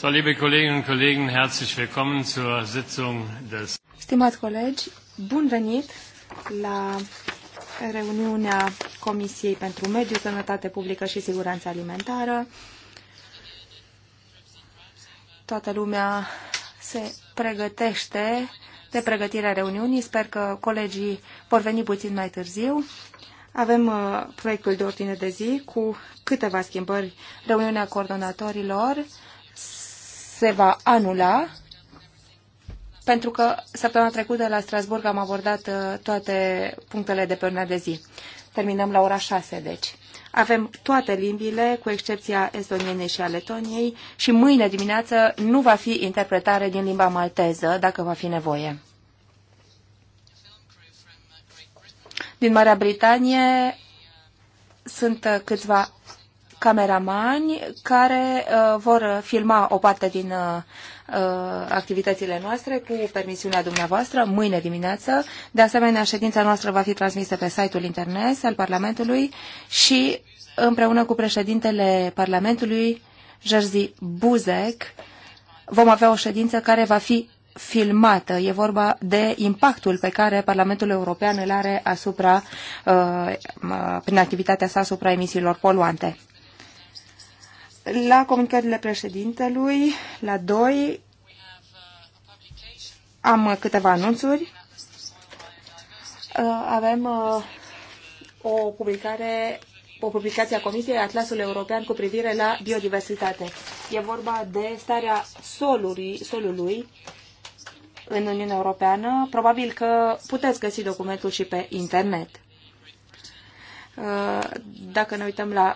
So, liebe Kolleginnen und Kollegen, herzlich willkommen zur Sitzung des... Stimați colegi, bun venit la reuniunea Comisiei pentru Mediu, Sănătate Publică și Siguranță Alimentară. Toată lumea se pregătește de pregătirea reuniunii. Sper că colegii vor veni puțin mai târziu. Avem uh, proiectul de ordine de zi cu câteva schimbări. Reuniunea coordonatorilor se va anula pentru că săptămâna trecută la Strasburg am abordat uh, toate punctele de pe urmă de zi. Terminăm la ora 6, deci. Avem toate limbile, cu excepția estonienei și a letoniei, și mâine dimineață nu va fi interpretare din limba malteză, dacă va fi nevoie. Din Marea Britanie sunt uh, câțiva cameramani care uh, vor filma o parte din uh, uh, activitățile noastre cu permisiunea dumneavoastră mâine dimineață. De asemenea, ședința noastră va fi transmisă pe site-ul internet al Parlamentului și împreună cu președintele Parlamentului, Jerzy Buzek, vom avea o ședință care va fi filmată. E vorba de impactul pe care Parlamentul European îl are asupra, uh, uh prin activitatea sa asupra emisiilor poluante. La comunicările președintelui, la 2, am câteva anunțuri. Uh, avem uh, o publicare o publicație a Comisiei Atlasul European cu privire la biodiversitate. E vorba de starea solului, solului în Uniunea Europeană. Probabil că puteți găsi documentul și pe internet. Uh, dacă ne uităm la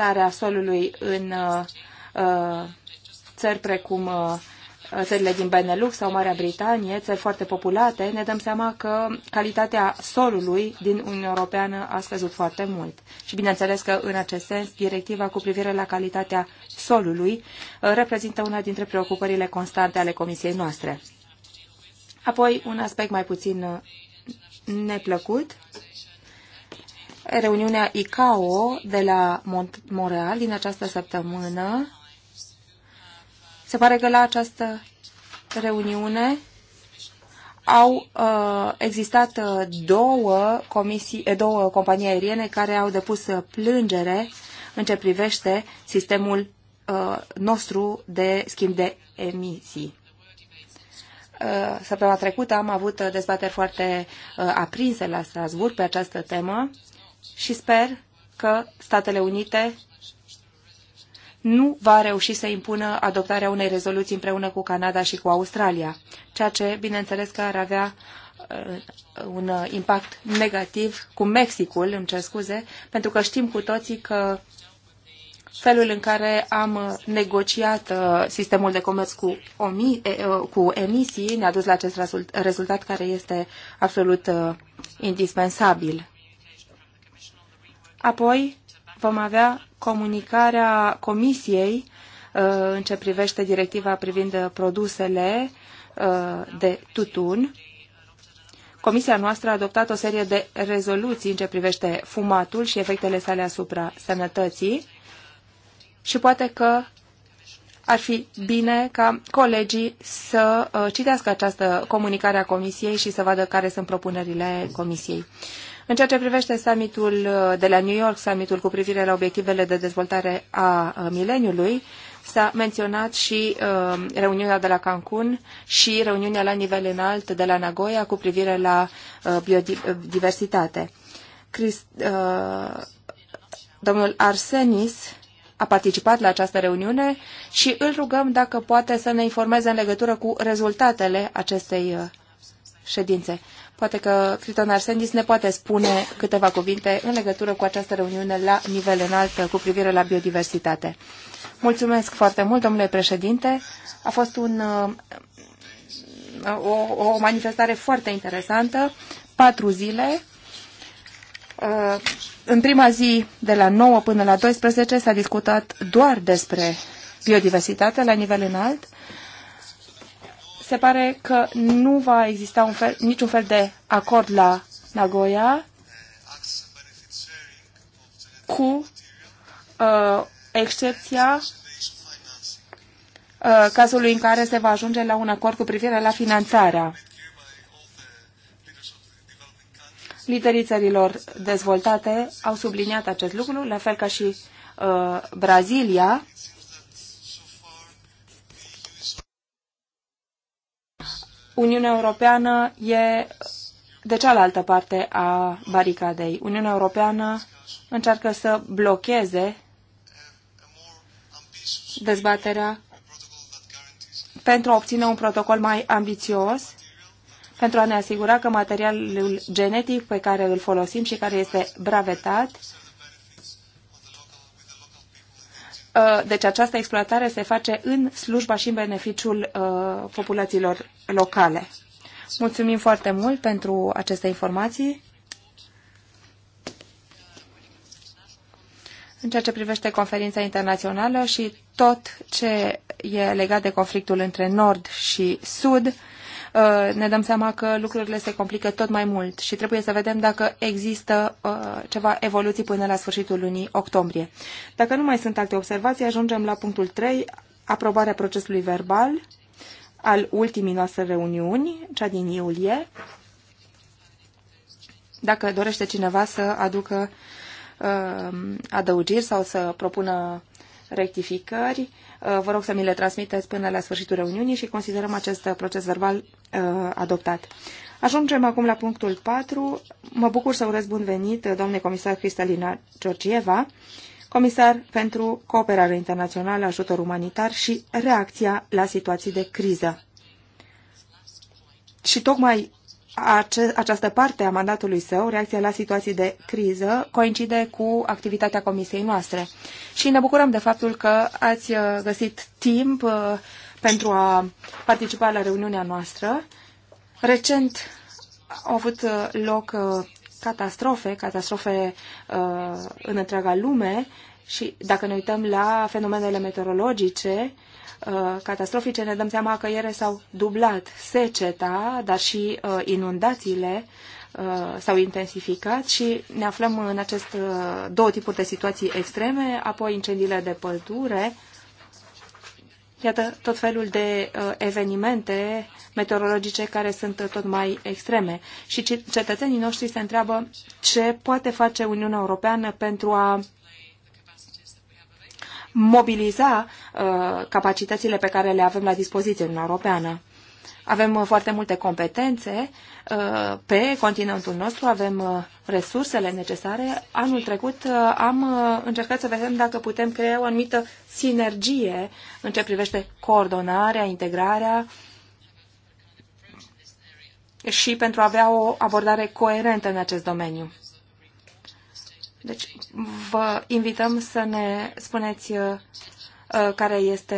exploatarea solului în uh, uh, țări precum uh, țările din Benelux sau Marea Britanie, țări foarte populate, ne dăm seama că calitatea solului din Uniunea Europeană a scăzut foarte mult. Și bineînțeles că, în acest sens, directiva cu privire la calitatea solului reprezintă una dintre preocupările constante ale Comisiei noastre. Apoi, un aspect mai puțin neplăcut reuniunea ICAO de la Montreal din această săptămână. Se pare că la această reuniune au uh, existat uh, două, comisii, eh, două companii aeriene care au depus uh, plângere în ce privește sistemul uh, nostru de schimb de emisii. Uh, săptămâna trecută am avut dezbateri foarte aprinse la Strasburg pe această temă și sper că Statele Unite nu va reuși să impună adoptarea unei rezoluții împreună cu Canada și cu Australia, ceea ce, bineînțeles, că ar avea uh, un uh, impact negativ cu Mexicul, îmi cer scuze, pentru că știm cu toții că felul în care am uh, negociat sistemul de comerț cu, omi, cu emisii ne-a dus la acest rezultat care este absolut indispensabil. Apoi vom avea comunicarea Comisiei uh, în ce privește directiva privind produsele uh, de tutun. Comisia noastră a adoptat o serie de rezoluții în ce privește fumatul și efectele sale asupra sănătății și poate că ar fi bine ca colegii să uh, citească această comunicare a Comisiei și să vadă care sunt propunerile Comisiei. În ceea ce privește summitul uh, de la New York, summitul cu privire la obiectivele de dezvoltare a uh, mileniului, s-a menționat și uh, reuniunea de la Cancun și reuniunea la nivel înalt de la Nagoya cu privire la uh, biodiversitate. Crist, uh, domnul Arsenis a participat la această reuniune și îl rugăm dacă poate să ne informeze în legătură cu rezultatele acestei uh, ședințe. Poate că Criton Arsenis ne poate spune câteva cuvinte în legătură cu această reuniune la nivel înalt cu privire la biodiversitate. Mulțumesc foarte mult, domnule președinte. A fost un, uh, o, o manifestare foarte interesantă, patru zile. Uh, în prima zi, de la 9 până la 12, s-a discutat doar despre biodiversitate la nivel înalt se pare că nu va exista un fel, niciun fel de acord la Nagoya cu uh, excepția uh, cazului în care se va ajunge la un acord cu privire la finanțarea Liderii țărilor dezvoltate au subliniat acest lucru, la fel ca și uh, Brazilia, Uniunea Europeană e de cealaltă parte a baricadei. Uniunea Europeană încearcă să blocheze dezbaterea pentru a obține un protocol mai ambițios, pentru a ne asigura că materialul genetic pe care îl folosim și care este bravetat Uh, deci această exploatare se face în slujba și în beneficiul uh, populațiilor locale. Mulțumim foarte mult pentru aceste informații. În ceea ce privește conferința internațională și tot ce e legat de conflictul între Nord și Sud, Uh, ne dăm seama că lucrurile se complică tot mai mult și trebuie să vedem dacă există uh, ceva evoluții până la sfârșitul lunii octombrie. Dacă nu mai sunt alte observații, ajungem la punctul 3, aprobarea procesului verbal al ultimii noastre reuniuni, cea din iulie. Dacă dorește cineva să aducă uh, adăugiri sau să propună rectificări, uh, Uh, vă rog să mi le transmiteți până la sfârșitul reuniunii și considerăm acest proces verbal uh, adoptat. Ajungem acum la punctul 4. Mă bucur să urez bun venit, uh, doamne comisar Cristalina Georgieva, comisar pentru cooperare internațională, ajutor umanitar și reacția la situații de criză. Și tocmai ace această parte a mandatului său, reacția la situații de criză, coincide cu activitatea comisiei noastre. Și ne bucurăm de faptul că ați uh, găsit timp uh, pentru a participa la reuniunea noastră. Recent au avut uh, loc catastrofe, catastrofe în întreaga lume și dacă ne uităm la fenomenele meteorologice, Uh, catastrofice, ne dăm seama că ele s-au dublat. Seceta, dar și uh, inundațiile uh, s-au intensificat și ne aflăm în acest două tipuri de situații extreme, apoi incendiile de pădure, iată tot felul de evenimente meteorologice care sunt tot mai extreme. Și cetățenii noștri se întreabă ce poate face Uniunea Europeană pentru a mobiliza uh, capacitățile pe care le avem la dispoziție în Europeană. Avem uh, foarte multe competențe uh, pe continentul nostru, avem uh, resursele necesare. Anul trecut am încercat să vedem dacă putem crea o anumită sinergie în ce privește coordonarea, integrarea și pentru a avea o abordare coerentă în acest domeniu. Deci vă invităm să ne spuneți uh, care este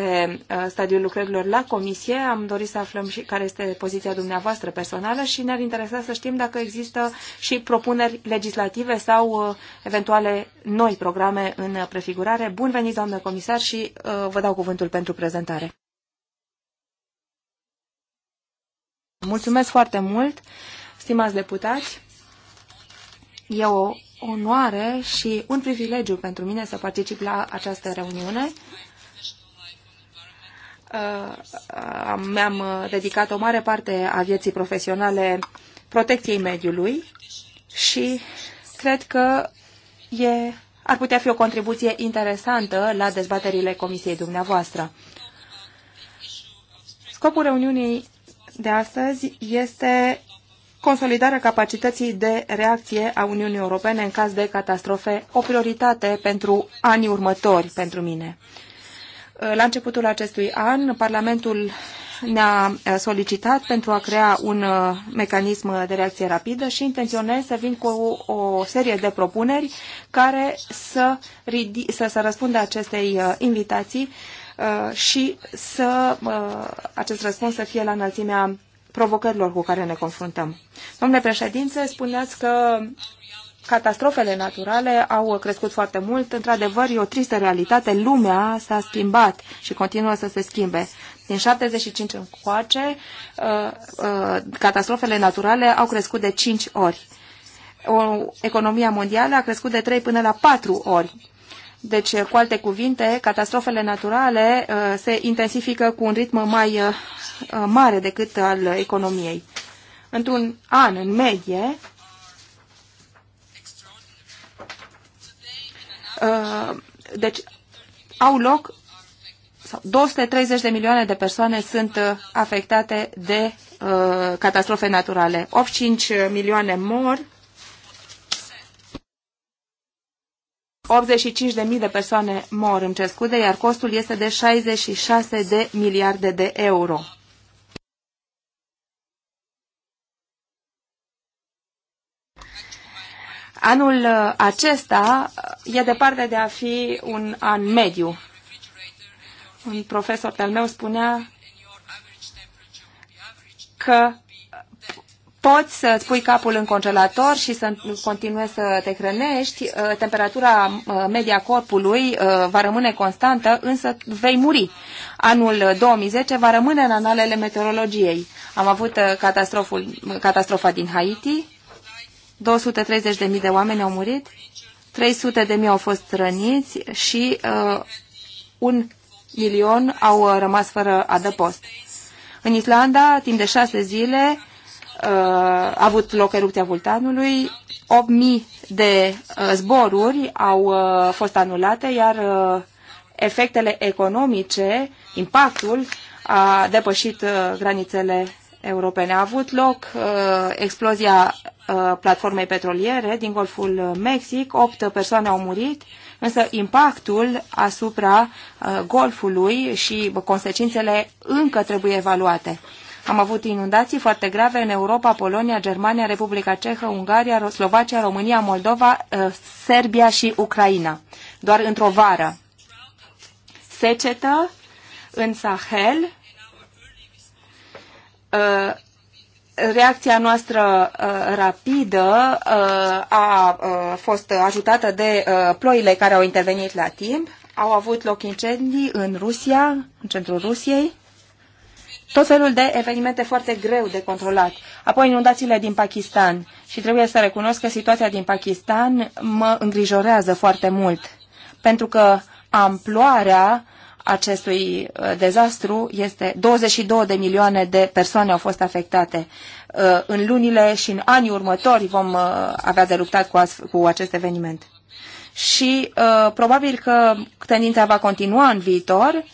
uh, stadiul lucrărilor la comisie. Am dorit să aflăm și care este poziția dumneavoastră personală și ne-ar interesa să știm dacă există și propuneri legislative sau uh, eventuale noi programe în prefigurare. Bun venit, doamnă comisar, și vă dau cuvântul pentru prezentare. Mulțumesc foarte mult, stimați deputați. E o onoare și un privilegiu pentru mine să particip la această reuniune. Uh, uh, mi-am dedicat o mare parte a vieții profesionale protecției mediului și cred că e, ar putea fi o contribuție interesantă la dezbaterile comisiei dumneavoastră. Scopul reuniunii de astăzi este consolidarea capacității de reacție a Uniunii Europene în caz de catastrofe, o prioritate pentru anii următori pentru mine. La începutul acestui an, Parlamentul ne-a eh, solicitat pentru a crea un eh, mecanism de reacție rapidă și intenționez să vin cu o, o serie de propuneri care să, să, să răspundă acestei eh, invitații și să acest răspuns să fie la înălțimea provocărilor cu care ne confruntăm. Domnule președinte, spuneați că catastrofele naturale au crescut foarte mult. Într-adevăr, e o tristă realitate. Lumea s-a schimbat și continuă să se schimbe. Din 75 încoace, uh, uh, catastrofele naturale au crescut de 5 ori. O, economia mondială a crescut de 3 până la 4 ori. Deci, cu alte cuvinte, catastrofele naturale uh, se intensifică cu un ritm mai uh, mare decât al economiei. Într-un an, în medie, uh, deci au loc 230 de milioane de persoane sunt afectate de catastrofe naturale. 85 milioane mor, 85.000 de persoane mor în Cescude, iar costul este de 66 de miliarde de euro. Anul uh, acesta uh, e departe de a fi un an mediu. Un profesor de-al meu spunea că poți să-ți pui capul în congelator și să continui să te hrănești, uh, temperatura uh, media corpului uh, va rămâne constantă, însă vei muri. Anul 2010 va rămâne în analele meteorologiei. Am avut catastroful, catastrofa din Haiti, 230.000 de oameni au murit, 300.000 au fost răniți și uh, un milion au rămas fără adăpost. În Islanda, timp de șase zile, uh, avut loc erupția vulcanului, 8000 de uh, zboruri au uh, fost anulate, iar uh, efectele economice, impactul a depășit uh, granițele europene. A avut loc uh, explozia uh, platformei petroliere din Golful Mexic, 8 persoane au murit, însă impactul asupra uh, Golfului și consecințele încă trebuie evaluate. Am avut inundații foarte grave în Europa, Polonia, Germania, Republica Cehă, Ungaria, Slovacia, România, Moldova, uh, Serbia și Ucraina. Doar într-o vară. Secetă în Sahel. Uh, reacția noastră uh, rapidă a fost ajutată de ploile care au intervenit la timp. Au avut loc incendii în Rusia, în centrul Rusiei tot felul de evenimente foarte greu de controlat. Apoi inundațiile din Pakistan și trebuie să recunosc că situația din Pakistan mă îngrijorează foarte mult, pentru că amploarea acestui uh, dezastru este 22 de milioane de persoane au fost afectate. Uh, în lunile și în anii următori vom uh, avea de luptat cu, acest eveniment. Și probabil că tendința va continua în viitor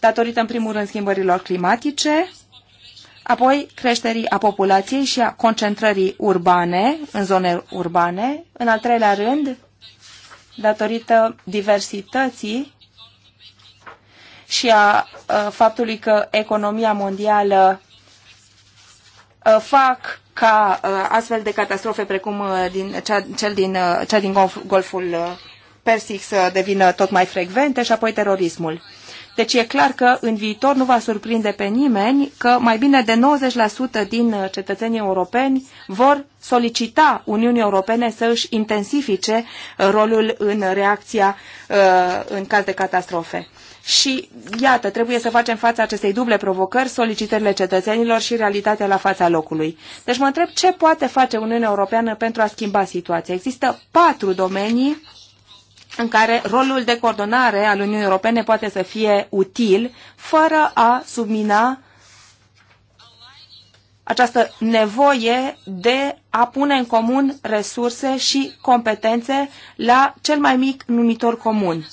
datorită, în primul rând, schimbărilor climatice, apoi creșterii a populației și a concentrării urbane, în zone urbane, în al treilea rând, datorită diversității și a, faptului că economia mondială fac ca astfel de catastrofe precum din, cea, cel din, cea din Golful Persic să devină tot mai frecvente și apoi terorismul. Deci e clar că în viitor nu va surprinde pe nimeni că mai bine de 90% din uh, cetățenii europeni vor solicita Uniunii Europene să își intensifice uh, rolul în reacția uh, în caz de catastrofe. Și iată, trebuie să facem fața acestei duble provocări, solicitările cetățenilor și realitatea la fața locului. Deci mă întreb ce poate face Uniunea Europeană pentru a schimba situația. Există patru domenii în care rolul de coordonare al Uniunii Europene poate să fie util fără a submina această nevoie de a pune în comun resurse și competențe la cel mai mic numitor comun.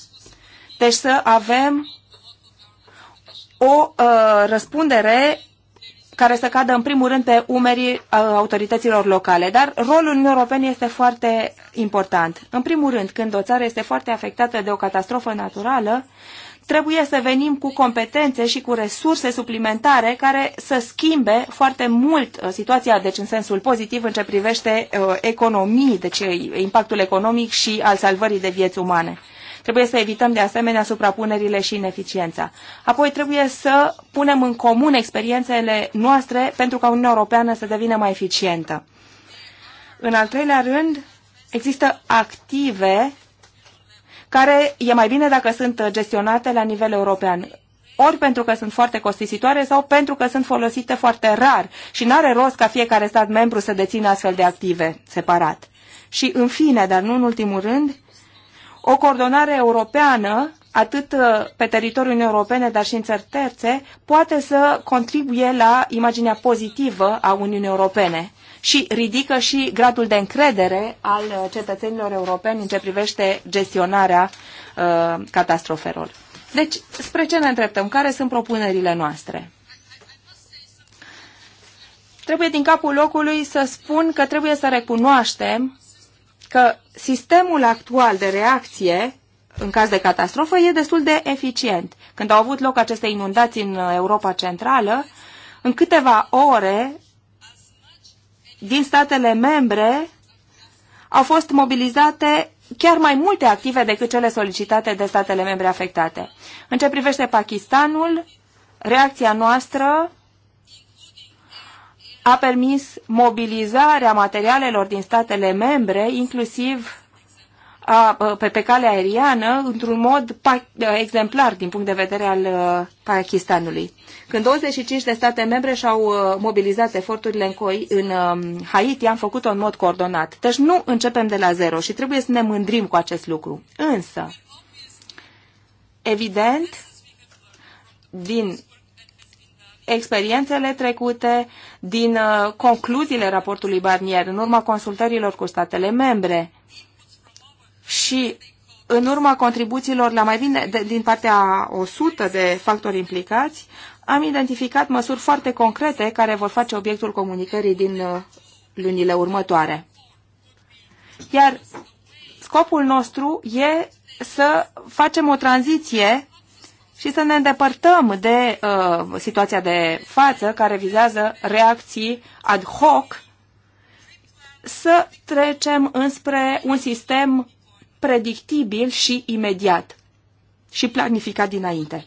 Deci să avem o uh, răspundere care să cadă în primul rând pe umerii uh, autorităților locale, dar rolul Uniunii Europene este foarte important. În primul rând, când o țară este foarte afectată de o catastrofă naturală, trebuie să venim cu competențe și cu resurse suplimentare care să schimbe foarte mult uh, situația, deci în sensul pozitiv, în ce privește uh, economii, deci impactul economic și al salvării de vieți umane. Trebuie să evităm de asemenea suprapunerile și ineficiența. Apoi trebuie să punem în comun experiențele noastre pentru ca Uniunea Europeană să devină mai eficientă. În al treilea rând, există active care e mai bine dacă sunt gestionate la nivel european ori pentru că sunt foarte costisitoare sau pentru că sunt folosite foarte rar și nu are rost ca fiecare stat membru să dețină astfel de active separat. Și în fine, dar nu în ultimul rând, o coordonare europeană, atât uh, pe teritoriul Uniunii Europene, dar și în țări terțe, poate să contribuie la imaginea pozitivă a Uniunii Europene și ridică și gradul de încredere al uh, cetățenilor europeni în ce privește gestionarea uh, catastrofelor. Deci, spre ce ne îndreptăm? Care sunt propunerile noastre? Trebuie din capul locului să spun că trebuie să recunoaștem că sistemul actual de reacție în caz de catastrofă e destul de eficient. Când au avut loc aceste inundații în uh, Europa Centrală, în câteva ore din statele membre au fost mobilizate chiar mai multe active decât cele solicitate de statele membre afectate. În ce privește Pakistanul, reacția noastră a permis mobilizarea materialelor din statele membre, inclusiv a, pe, pe cale aeriană, într-un mod exemplar din punct de vedere al Pakistanului. Când 25 de state membre și-au mobilizat eforturile în, coi, în Haiti, am făcut-o în mod coordonat. Deci nu începem de la zero și trebuie să ne mândrim cu acest lucru. Însă, evident, din experiențele trecute, din uh, concluziile raportului Barnier, în urma consultărilor cu statele membre și în urma contribuțiilor la mai bine de, din partea 100 de factori implicați, am identificat măsuri foarte concrete care vor face obiectul comunicării din uh, lunile următoare. Iar scopul nostru e să facem o tranziție și să ne îndepărtăm de uh, situația de față care vizează reacții ad hoc, să trecem înspre un sistem predictibil și imediat și planificat dinainte.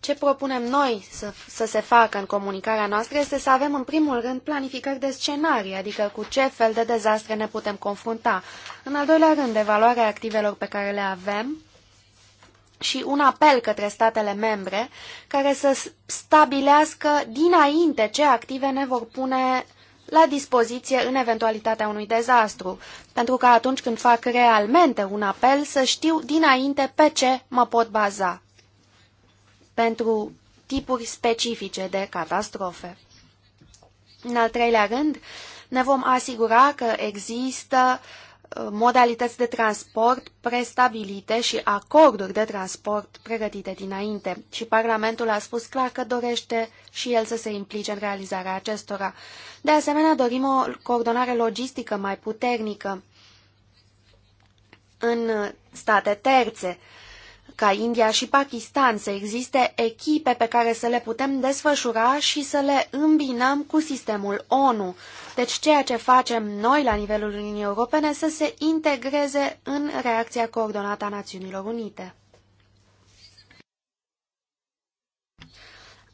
Ce propunem noi să, să se facă în comunicarea noastră este să avem în primul rând planificări de scenarii, adică cu ce fel de dezastre ne putem confrunta. În al doilea rând, evaluarea activelor pe care le avem, și un apel către statele membre care să stabilească dinainte ce active ne vor pune la dispoziție în eventualitatea unui dezastru, pentru că atunci când fac realmente un apel să știu dinainte pe ce mă pot baza pentru tipuri specifice de catastrofe. În al treilea rând, ne vom asigura că există uh, modalități de transport prestabilite și acorduri de transport pregătite dinainte. Și Parlamentul a spus clar că dorește și el să se implice în realizarea acestora. De asemenea, dorim o coordonare logistică mai puternică în state terțe ca India și Pakistan să existe echipe pe care să le putem desfășura și să le îmbinăm cu sistemul ONU. Deci ceea ce facem noi la nivelul Uniunii Europene să se integreze în reacția coordonată a Națiunilor Unite.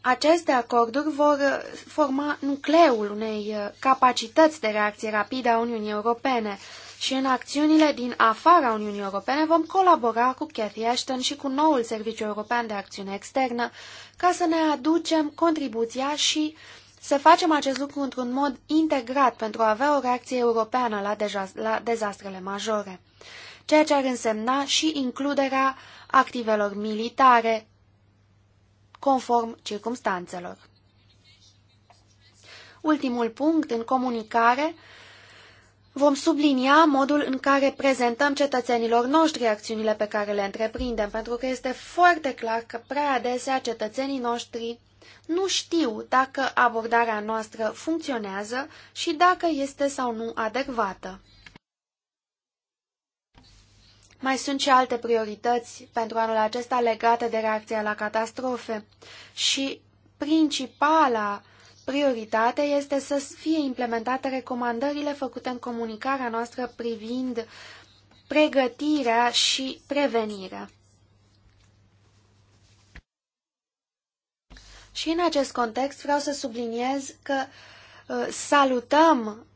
Aceste acorduri vor forma nucleul unei capacități de reacție rapidă a Uniunii Europene, și în acțiunile din afara Uniunii Europene vom colabora cu Cathy Ashton și cu noul Serviciu European de Acțiune Externă ca să ne aducem contribuția și să facem acest lucru într-un mod integrat pentru a avea o reacție europeană la, deja, la dezastrele majore, ceea ce ar însemna și includerea activelor militare conform circumstanțelor. Ultimul punct în comunicare Vom sublinia modul în care prezentăm cetățenilor noștri acțiunile pe care le întreprindem, pentru că este foarte clar că prea adesea cetățenii noștri nu știu dacă abordarea noastră funcționează și dacă este sau nu adecvată. Mai sunt și alte priorități pentru anul acesta legate de reacția la catastrofe și principala prioritate este să fie implementate recomandările făcute în comunicarea noastră privind pregătirea și prevenirea. Și în acest context vreau să subliniez că uh, salutăm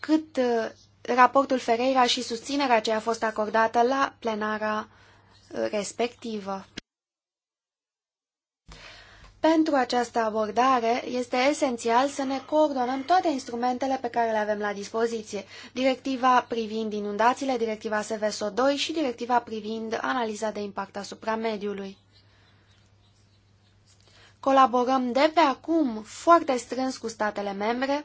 cât uh, raportul Ferreira și susținerea ce a fost acordată la plenara uh, respectivă. Pentru această abordare este esențial să ne coordonăm toate instrumentele pe care le avem la dispoziție. Directiva privind inundațiile, directiva SVSO 2 și directiva privind analiza de impact asupra mediului. Colaborăm de pe acum foarte strâns cu statele membre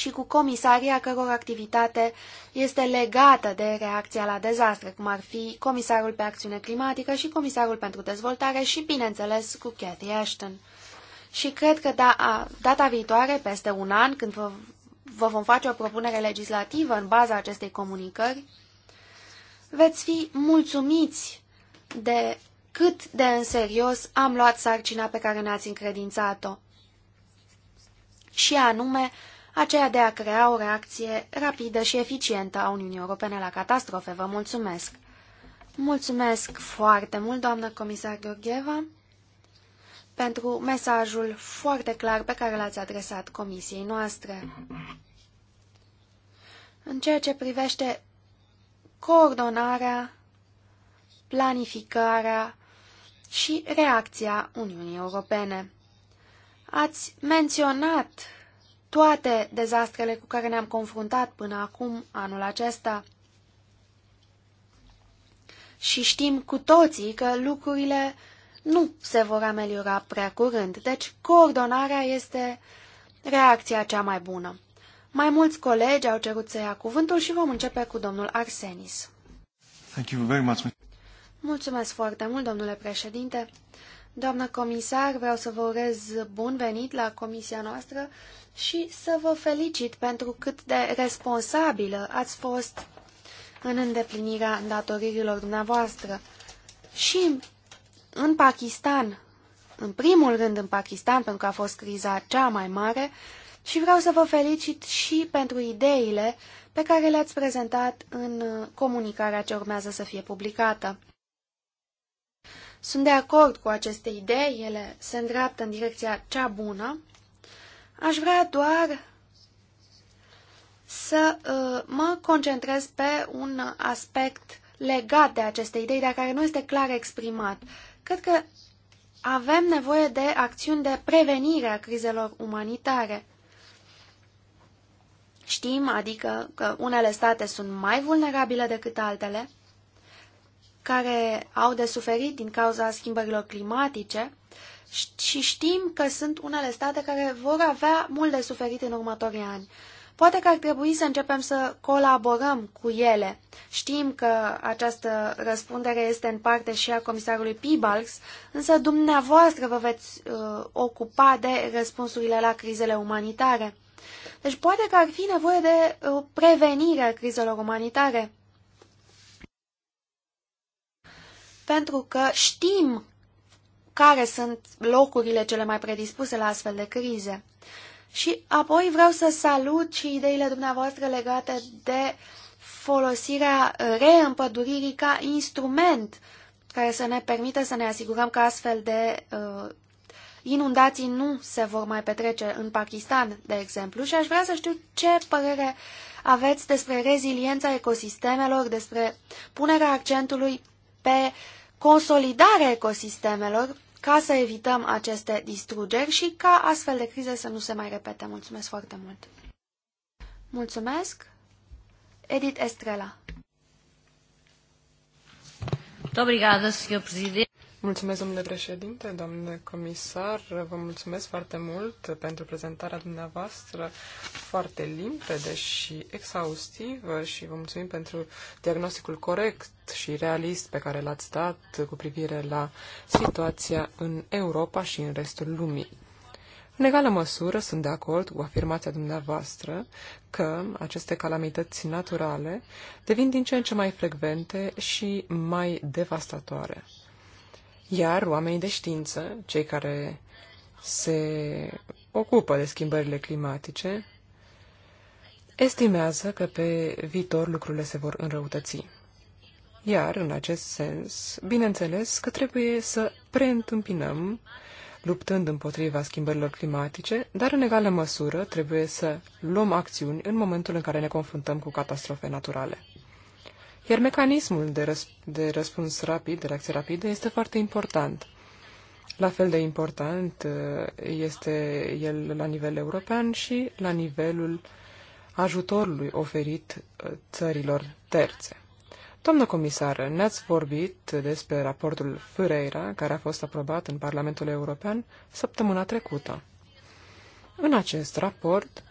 și cu comisaria căror activitate este legată de reacția la dezastre, cum ar fi Comisarul pe Acțiune Climatică și Comisarul pentru Dezvoltare și, bineînțeles, cu Cathy Ashton. Și cred că da, a, data viitoare, peste un an, când vă, vă vom face o propunere legislativă în baza acestei comunicări, veți fi mulțumiți de cât de în serios am luat sarcina pe care ne-ați încredințat-o. Și anume, aceea de a crea o reacție rapidă și eficientă a Uniunii Europene la catastrofe. Vă mulțumesc! Mulțumesc foarte mult, doamnă comisar Gheorgheva, pentru mesajul foarte clar pe care l-ați adresat comisiei noastre. În ceea ce privește coordonarea, planificarea și reacția Uniunii Europene. Ați menționat toate dezastrele cu care ne-am confruntat până acum anul acesta. Și știm cu toții că lucrurile nu se vor ameliora prea curând, deci coordonarea este reacția cea mai bună. Mai mulți colegi au cerut să ia cuvântul și vom începe cu domnul Arsenis. Thank you very much. Mulțumesc foarte mult, domnule președinte. Doamnă comisar, vreau să vă urez bun venit la comisia noastră și să vă felicit pentru cât de responsabilă ați fost în îndeplinirea îndatoririlor dumneavoastră. Și în Pakistan, în primul rând în Pakistan, pentru că a fost criza cea mai mare, și vreau să vă felicit și pentru ideile pe care le-ați prezentat în uh, comunicarea ce urmează să fie publicată. Sunt de acord cu aceste idei, ele se îndreaptă în direcția cea bună Aș vrea doar să uh, mă concentrez pe un aspect legat de aceste idei, dar care nu este clar exprimat. Cred că avem nevoie de acțiuni de prevenire a crizelor umanitare. Știm, adică, că unele state sunt mai vulnerabile decât altele, care au de suferit din cauza schimbărilor climatice și știm că sunt unele state care vor avea mult de suferit în următorii ani. Poate că ar trebui să începem să colaborăm cu ele. Știm că această răspundere este în parte și a comisarului Pibalks, însă dumneavoastră vă veți uh, ocupa de răspunsurile la crizele umanitare. Deci poate că ar fi nevoie de o uh, prevenire a crizelor umanitare. Pentru că știm care sunt locurile cele mai predispuse la astfel de crize. Și apoi vreau să salut și ideile dumneavoastră legate de folosirea reîmpăduririi ca instrument care să ne permită să ne asigurăm că astfel de uh, inundații nu se vor mai petrece în Pakistan, de exemplu, și aș vrea să știu ce părere aveți despre reziliența ecosistemelor, despre punerea accentului pe consolidarea ecosistemelor ca să evităm aceste distrugeri și ca astfel de crize să nu se mai repete. Mulțumesc foarte mult! Mulțumesc! Edith Estrela Obrigada, Sr. Presidente. Mulțumesc, domnule președinte, domnule comisar, vă mulțumesc foarte mult pentru prezentarea dumneavoastră foarte limpede și exhaustivă și vă mulțumim pentru diagnosticul corect și realist pe care l-ați dat cu privire la situația în Europa și în restul lumii. În egală măsură sunt de acord cu afirmația dumneavoastră că aceste calamități naturale devin din ce în ce mai frecvente și mai devastatoare. Iar oamenii de știință, cei care se ocupă de schimbările climatice, estimează că pe viitor lucrurile se vor înrăutăți. Iar, în acest sens, bineînțeles că trebuie să preîntâmpinăm, luptând împotriva schimbărilor climatice, dar în egală măsură trebuie să luăm acțiuni în momentul în care ne confruntăm cu catastrofe naturale. Iar mecanismul de, răsp- de răspuns rapid, de reacție rapidă, este foarte important. La fel de important uh, este el la nivel european și la nivelul ajutorului oferit uh, țărilor terțe. Doamnă Comisar ne-ați vorbit despre raportul Fureira, care a fost aprobat în Parlamentul European săptămâna trecută. În acest raport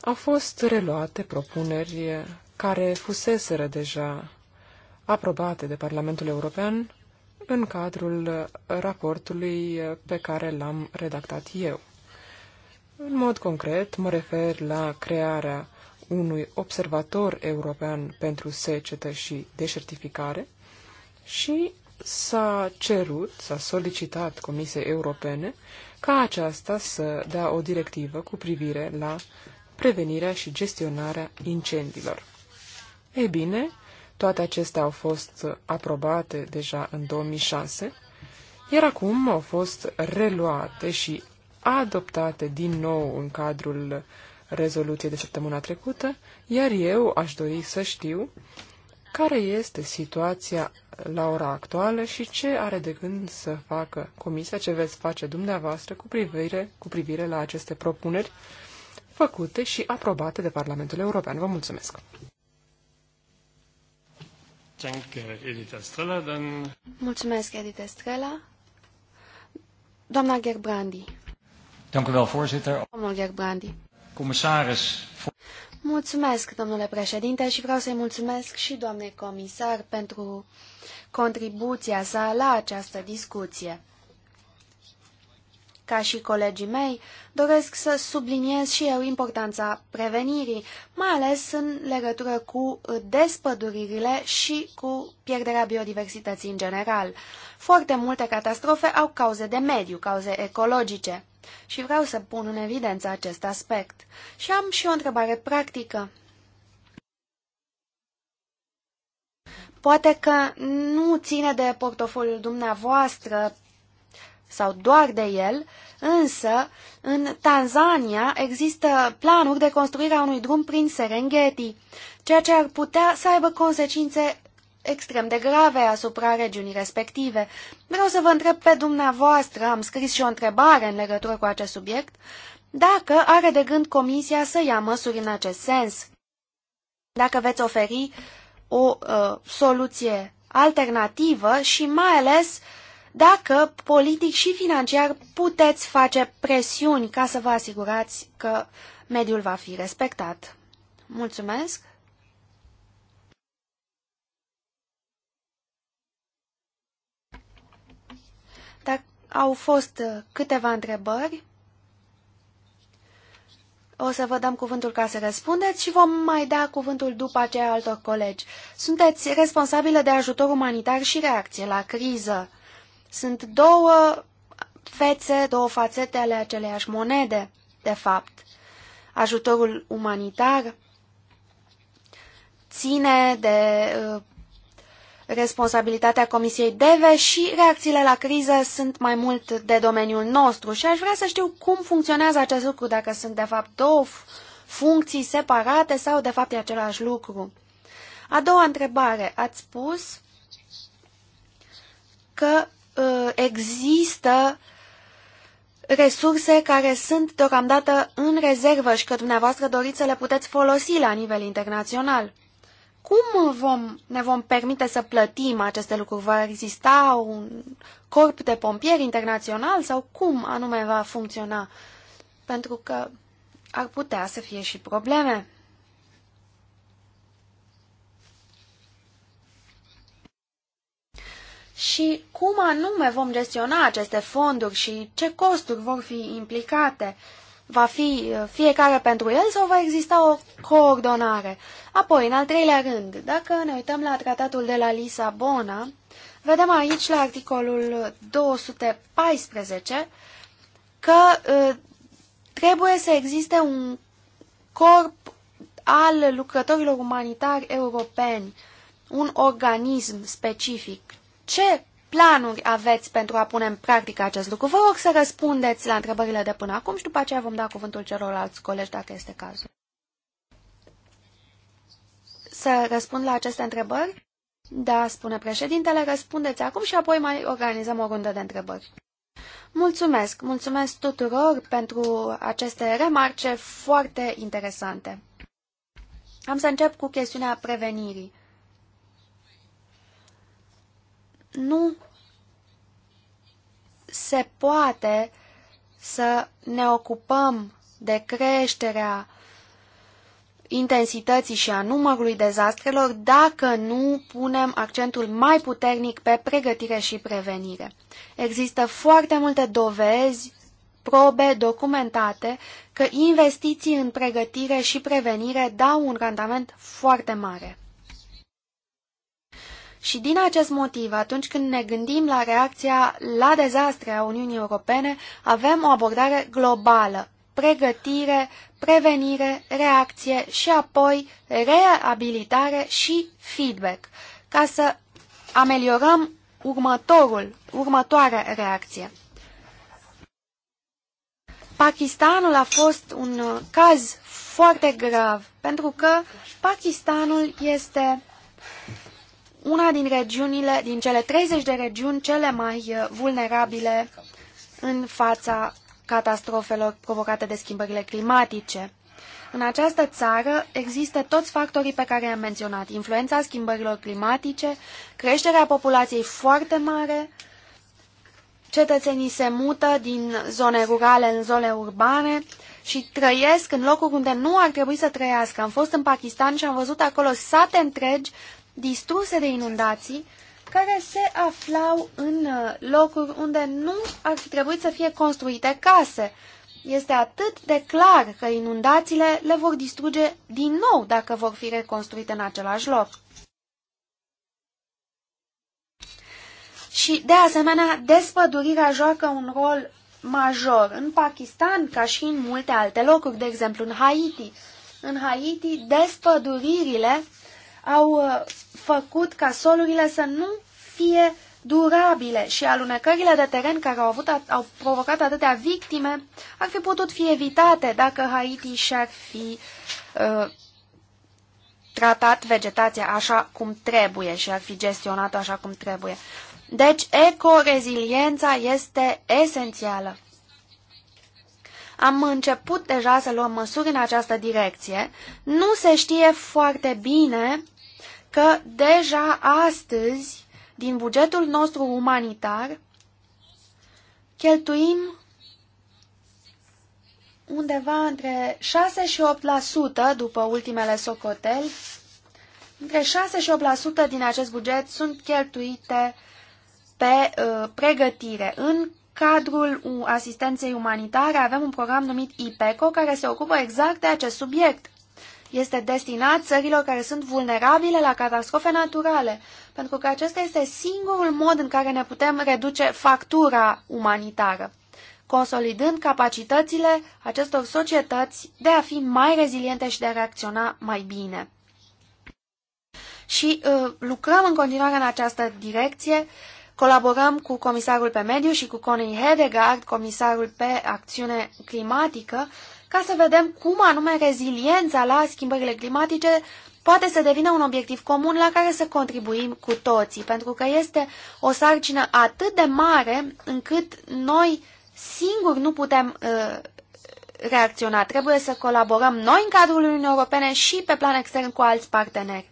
au fost reluate propuneri care fuseseră deja aprobate de Parlamentul European în cadrul raportului pe care l-am redactat eu. În mod concret, mă refer la crearea unui observator european pentru secetă și deșertificare și s-a cerut, s-a solicitat Comisiei Europene ca aceasta să dea o directivă cu privire la prevenirea și gestionarea incendiilor. Ei bine, toate acestea au fost aprobate deja în 2006, iar acum au fost reluate și adoptate din nou în cadrul rezoluției de săptămâna trecută, iar eu aș dori să știu care este situația la ora actuală și ce are de gând să facă comisia, ce veți face dumneavoastră cu privire, cu privire la aceste propuneri făcute și aprobate de Parlamentul European. Vă mulțumesc! Mulțumesc, Edith Estrella. Doamna Gerbrandi. Dank u wel, voorzitter. Domnul Gerbrandi. Commissaris. Mulțumesc, domnule președinte, și vreau să-i mulțumesc și doamnei comisar pentru contribuția sa la această discuție. Ca și colegii mei, doresc să subliniez și eu importanța prevenirii, mai ales în legătură cu despăduririle și cu pierderea biodiversității în general. Foarte multe catastrofe au cauze de mediu, cauze ecologice. Și vreau să pun în evidență acest aspect. Și am și o întrebare practică. Poate că nu ține de portofoliul dumneavoastră sau doar de el, însă în Tanzania există planuri de construire a unui drum prin Serengeti, ceea ce ar putea să aibă consecințe extrem de grave asupra regiunii respective. Vreau să vă întreb pe dumneavoastră, am scris și o întrebare în legătură cu acest subiect, dacă are de gând Comisia să ia măsuri în acest sens. Dacă veți oferi o uh, soluție alternativă și mai ales uh, dacă politic și financiar puteți face presiuni ca să vă asigurați că mediul va fi respectat. Mulțumesc! Dar au fost uh, câteva întrebări. O să vă dăm cuvântul ca să răspundeți și vom mai da cuvântul după aceea altor colegi. Sunteți responsabile de ajutor umanitar și reacție la criză. Sunt două fețe, două fațete ale aceleiași monede, de fapt. Ajutorul umanitar ține de uh, responsabilitatea Comisiei DEVE și reacțiile la criză sunt mai mult de domeniul nostru și aș vrea să știu cum funcționează acest lucru, dacă sunt de fapt două funcții separate sau de fapt e același lucru. A doua întrebare. Ați spus că Uh, există resurse care sunt deocamdată în rezervă și că dumneavoastră doriți să le puteți folosi la nivel internațional. Cum vom, ne vom permite să plătim aceste lucruri? Va exista un corp de pompieri internațional sau cum anume va funcționa? Pentru că ar putea să fie și probleme. și cum anume vom gestiona aceste fonduri și ce costuri vor fi implicate. Va fi uh, fiecare pentru el sau va exista o coordonare? Apoi, în al treilea rând, dacă ne uităm la tratatul de la Lisabona, vedem aici la articolul 214 că uh, trebuie să existe un corp al lucrătorilor umanitari europeni, un organism specific ce planuri aveți pentru a pune în practică acest lucru? Vă rog să răspundeți la întrebările de până acum și după aceea vom da cuvântul celorlalți colegi dacă este cazul. Să răspund la aceste întrebări? Da, spune președintele, răspundeți acum și apoi mai organizăm o rundă de întrebări. Mulțumesc, mulțumesc tuturor pentru aceste remarce foarte interesante. Am să încep cu chestiunea prevenirii. nu se poate să ne ocupăm de creșterea intensității și a numărului dezastrelor dacă nu punem accentul mai puternic pe pregătire și prevenire. Există foarte multe dovezi, probe documentate că investiții în pregătire și prevenire dau un randament foarte mare. Și din acest motiv, atunci când ne gândim la reacția la dezastre a Uniunii Europene, avem o abordare globală, pregătire, prevenire, reacție și apoi reabilitare și feedback, ca să ameliorăm următorul, următoarea reacție. Pakistanul a fost un caz foarte grav, pentru că Pakistanul este una din regiunile, din cele 30 de regiuni cele mai uh, vulnerabile în fața catastrofelor provocate de schimbările climatice. În această țară există toți factorii pe care i am menționat. Influența schimbărilor climatice, creșterea populației foarte mare, cetățenii se mută din zone rurale în zone urbane și trăiesc în locuri unde nu ar trebui să trăiască. Am fost în Pakistan și am văzut acolo sate întregi distruse de inundații, care se aflau în uh, locuri unde nu ar fi trebuit să fie construite case. Este atât de clar că inundațiile le vor distruge din nou dacă vor fi reconstruite în același loc. Și, de asemenea, despădurirea joacă un rol major în Pakistan, ca și în multe alte locuri, de exemplu în Haiti. În Haiti, despăduririle au uh, făcut ca solurile să nu fie durabile și alunecările de teren care au, avut, au provocat atâtea victime ar fi putut fi evitate dacă Haiti și-ar fi uh, tratat vegetația așa cum trebuie și ar fi gestionat așa cum trebuie. Deci, ecoreziliența este esențială. Am început deja să luăm măsuri în această direcție. Nu se știe foarte bine că deja astăzi, din bugetul nostru umanitar, cheltuim undeva între 6 și 8% după ultimele socoteli. Între 6 și 8% din acest buget sunt cheltuite pe uh, pregătire, în cadrul asistenței umanitare avem un program numit IPECO care se ocupă exact de acest subiect. Este destinat țărilor care sunt vulnerabile la catastrofe naturale, pentru că acesta este singurul mod în care ne putem reduce factura umanitară, consolidând capacitățile acestor societăți de a fi mai reziliente și de a reacționa mai bine. Și uh, lucrăm în continuare în această direcție Colaborăm cu comisarul pe mediu și cu Connie Hedegaard, comisarul pe acțiune climatică, ca să vedem cum anume reziliența la schimbările climatice poate să devină un obiectiv comun la care să contribuim cu toții, pentru că este o sarcină atât de mare încât noi singuri nu putem uh, reacționa. Trebuie să colaborăm noi în cadrul Uniunii Europene și pe plan extern cu alți parteneri.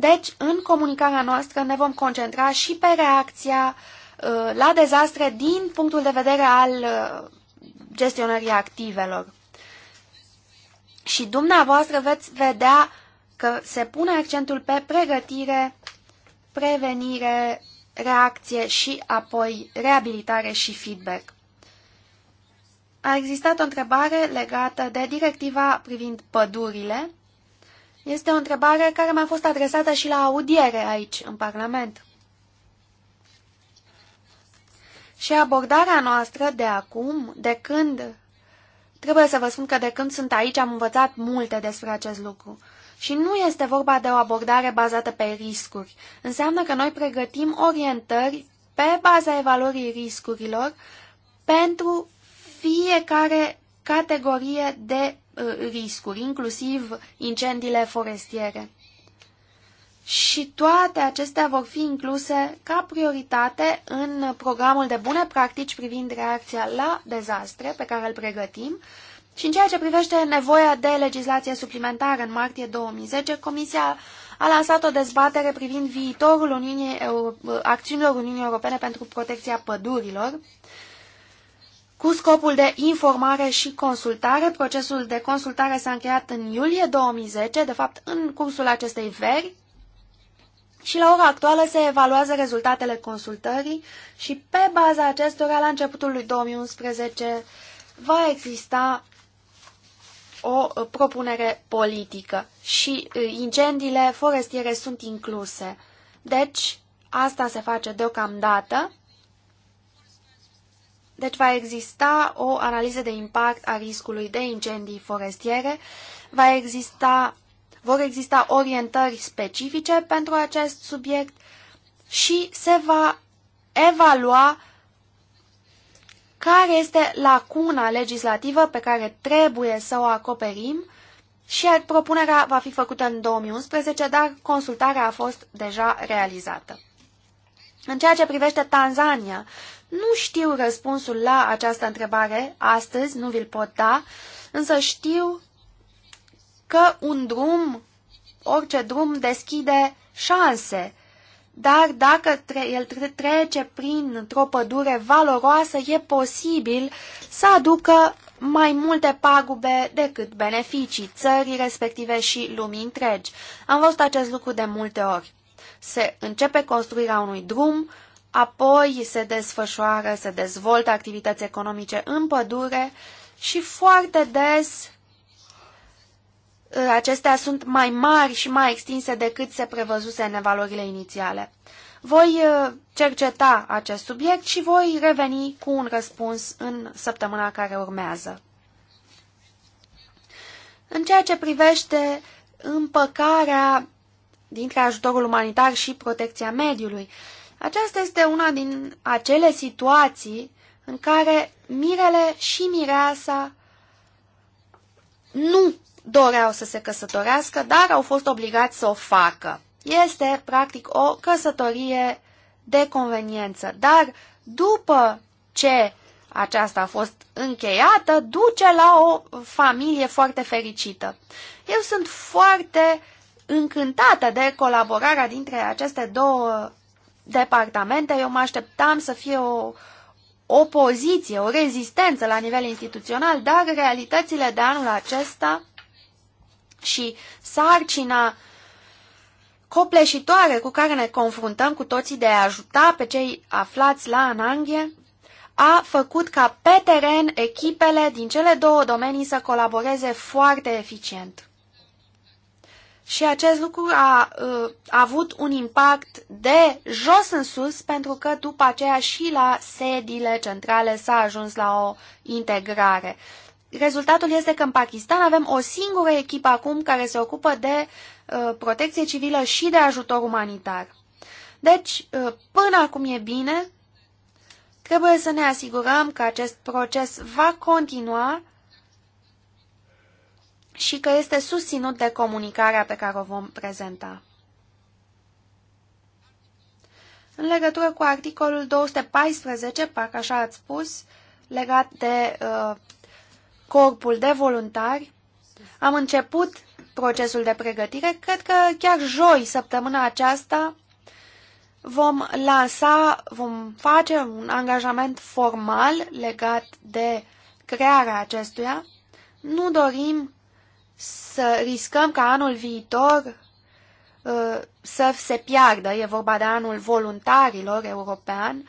Deci, în comunicarea noastră ne vom concentra și pe reacția uh, la dezastre din punctul de vedere al uh, gestionării activelor. Și dumneavoastră veți vedea că se pune accentul pe pregătire, prevenire, reacție și apoi reabilitare și feedback. A existat o întrebare legată de directiva privind pădurile este o întrebare care mi-a fost adresată și la audiere aici, în Parlament. Și abordarea noastră de acum, de când... Trebuie să vă spun că de când sunt aici am învățat multe despre acest lucru. Și nu este vorba de o abordare bazată pe riscuri. Înseamnă că noi pregătim orientări pe baza evaluării riscurilor pentru fiecare categorie de Uh, riscuri, inclusiv incendiile forestiere. Și toate acestea vor fi incluse ca prioritate în programul de bune practici privind reacția la dezastre pe care îl pregătim, și în ceea ce privește nevoia de legislație suplimentară, în martie 2010, Comisia a lansat o dezbatere privind viitorul Uniunii Euro acțiunilor Uniunii Europene pentru protecția pădurilor cu scopul de informare și consultare. Procesul de consultare s-a încheiat în iulie 2010, de fapt în cursul acestei veri, și la ora actuală se evaluează rezultatele consultării și pe baza acestora, la începutul lui 2011, va exista o uh, propunere politică și uh, incendiile forestiere sunt incluse. Deci, asta se face deocamdată deci va exista o analiză de impact a riscului de incendii forestiere, va exista, vor exista orientări specifice pentru acest subiect și se va evalua care este lacuna legislativă pe care trebuie să o acoperim și propunerea va fi făcută în 2011, dar consultarea a fost deja realizată. În ceea ce privește Tanzania, nu știu răspunsul la această întrebare astăzi, nu vi-l pot da, însă știu că un drum, orice drum, deschide șanse. Dar dacă tre el trece printr-o pădure valoroasă, e posibil să aducă mai multe pagube decât beneficii țării respective și lumii întregi. Am văzut acest lucru de multe ori se începe construirea unui drum, apoi se desfășoară, se dezvoltă activități economice în pădure și foarte des uh, acestea sunt mai mari și mai extinse decât se prevăzuse în evaluările inițiale. Voi uh, cerceta acest subiect și voi reveni cu un răspuns în săptămâna care urmează. În ceea ce privește împăcarea dintre ajutorul umanitar și protecția mediului. Aceasta este una din acele situații în care mirele și mireasa nu doreau să se căsătorească, dar au fost obligați să o facă. Este, practic, o căsătorie de conveniență, dar după ce aceasta a fost încheiată, duce la o familie foarte fericită. Eu sunt foarte încântată de colaborarea dintre aceste două departamente. Eu mă așteptam să fie o opoziție, o rezistență la nivel instituțional, dar realitățile de anul acesta și sarcina copleșitoare cu care ne confruntăm cu toții de a ajuta pe cei aflați la ananghe, a făcut ca pe teren echipele din cele două domenii să colaboreze foarte eficient. Și acest lucru a, uh, a avut un impact de jos în sus, pentru că după aceea și la sediile centrale s-a ajuns la o integrare. Rezultatul este că în Pakistan avem o singură echipă acum care se ocupă de uh, protecție civilă și de ajutor umanitar. Deci, uh, până acum e bine, trebuie să ne asigurăm că acest proces va continua și că este susținut de comunicarea pe care o vom prezenta. În legătură cu articolul 214, parcă așa ați spus, legat de uh, corpul de voluntari, am început procesul de pregătire. Cred că chiar joi, săptămâna aceasta, vom lansa, vom face un angajament formal legat de crearea acestuia. Nu dorim să riscăm ca anul viitor uh, să se piardă, e vorba de anul voluntarilor european,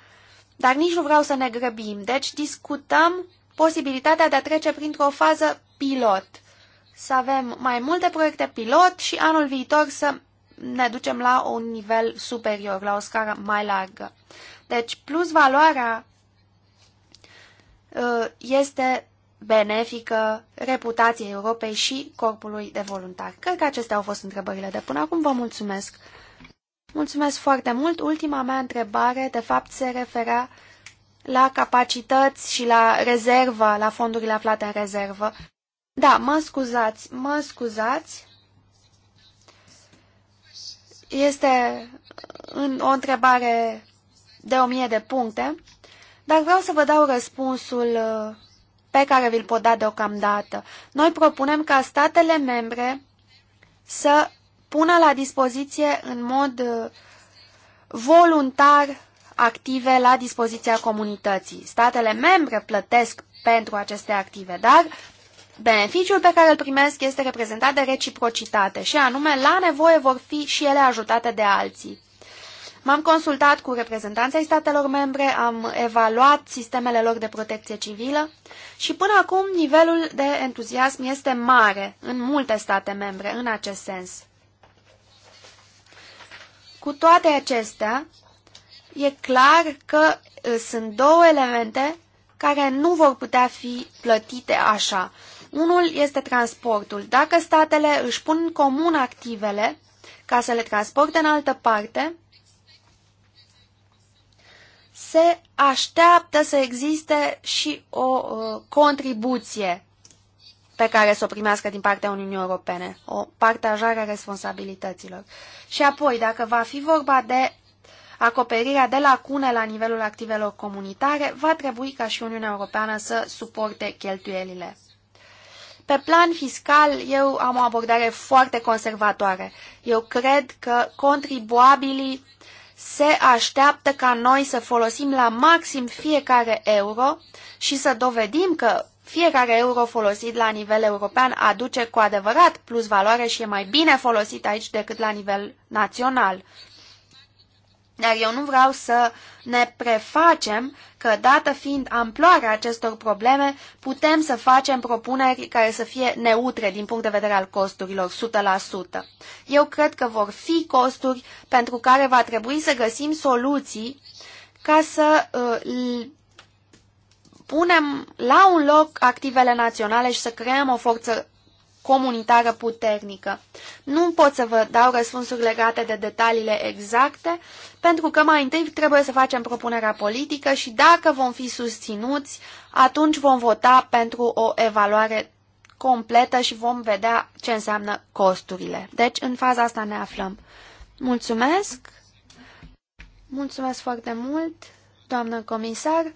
dar nici nu vreau să ne grăbim. Deci discutăm posibilitatea de a trece printr-o fază pilot. Să avem mai multe proiecte pilot și anul viitor să ne ducem la un nivel superior, la o scară mai largă. Deci plus valoarea uh, este benefică reputației Europei și corpului de voluntari. Cred că acestea au fost întrebările de până acum. Vă mulțumesc! Mulțumesc foarte mult! Ultima mea întrebare, de fapt, se referea la capacități și la rezervă, la fondurile aflate în rezervă. Da, mă scuzați, mă scuzați. Este în o întrebare de o mie de puncte, dar vreau să vă dau răspunsul uh, pe care vi-l pot da deocamdată. Noi propunem ca statele membre să pună la dispoziție în mod uh, voluntar active la dispoziția comunității. Statele membre plătesc pentru aceste active, dar beneficiul pe care îl primesc este reprezentat de reciprocitate și anume, la nevoie vor fi și ele ajutate de alții. M-am consultat cu reprezentanții statelor membre, am evaluat sistemele lor de protecție civilă și până acum nivelul de entuziasm este mare în multe state membre în acest sens. Cu toate acestea, e clar că uh, sunt două elemente care nu vor putea fi plătite așa. Unul este transportul. Dacă statele își pun în comun activele ca să le transporte în altă parte, se așteaptă să existe și o uh, contribuție pe care să o primească din partea Uniunii Europene, o partajare a responsabilităților. Și apoi, dacă va fi vorba de acoperirea de lacune la nivelul activelor comunitare, va trebui ca și Uniunea Europeană să suporte cheltuielile. Pe plan fiscal, eu am o abordare foarte conservatoare. Eu cred că contribuabilii se așteaptă ca noi să folosim la maxim fiecare euro și să dovedim că fiecare euro folosit la nivel european aduce cu adevărat plus valoare și e mai bine folosit aici decât la nivel național. Dar eu nu vreau să ne prefacem că, dată fiind amploarea acestor probleme, putem să facem propuneri care să fie neutre din punct de vedere al costurilor, 100%. Eu cred că vor fi costuri pentru care va trebui să găsim soluții ca să uh, punem la un loc activele naționale și să creăm o forță comunitară puternică. Nu pot să vă dau răspunsuri legate de detaliile exacte, pentru că mai întâi trebuie să facem propunerea politică și dacă vom fi susținuți, atunci vom vota pentru o evaluare completă și vom vedea ce înseamnă costurile. Deci, în faza asta ne aflăm. Mulțumesc! Mulțumesc foarte mult, doamnă comisar!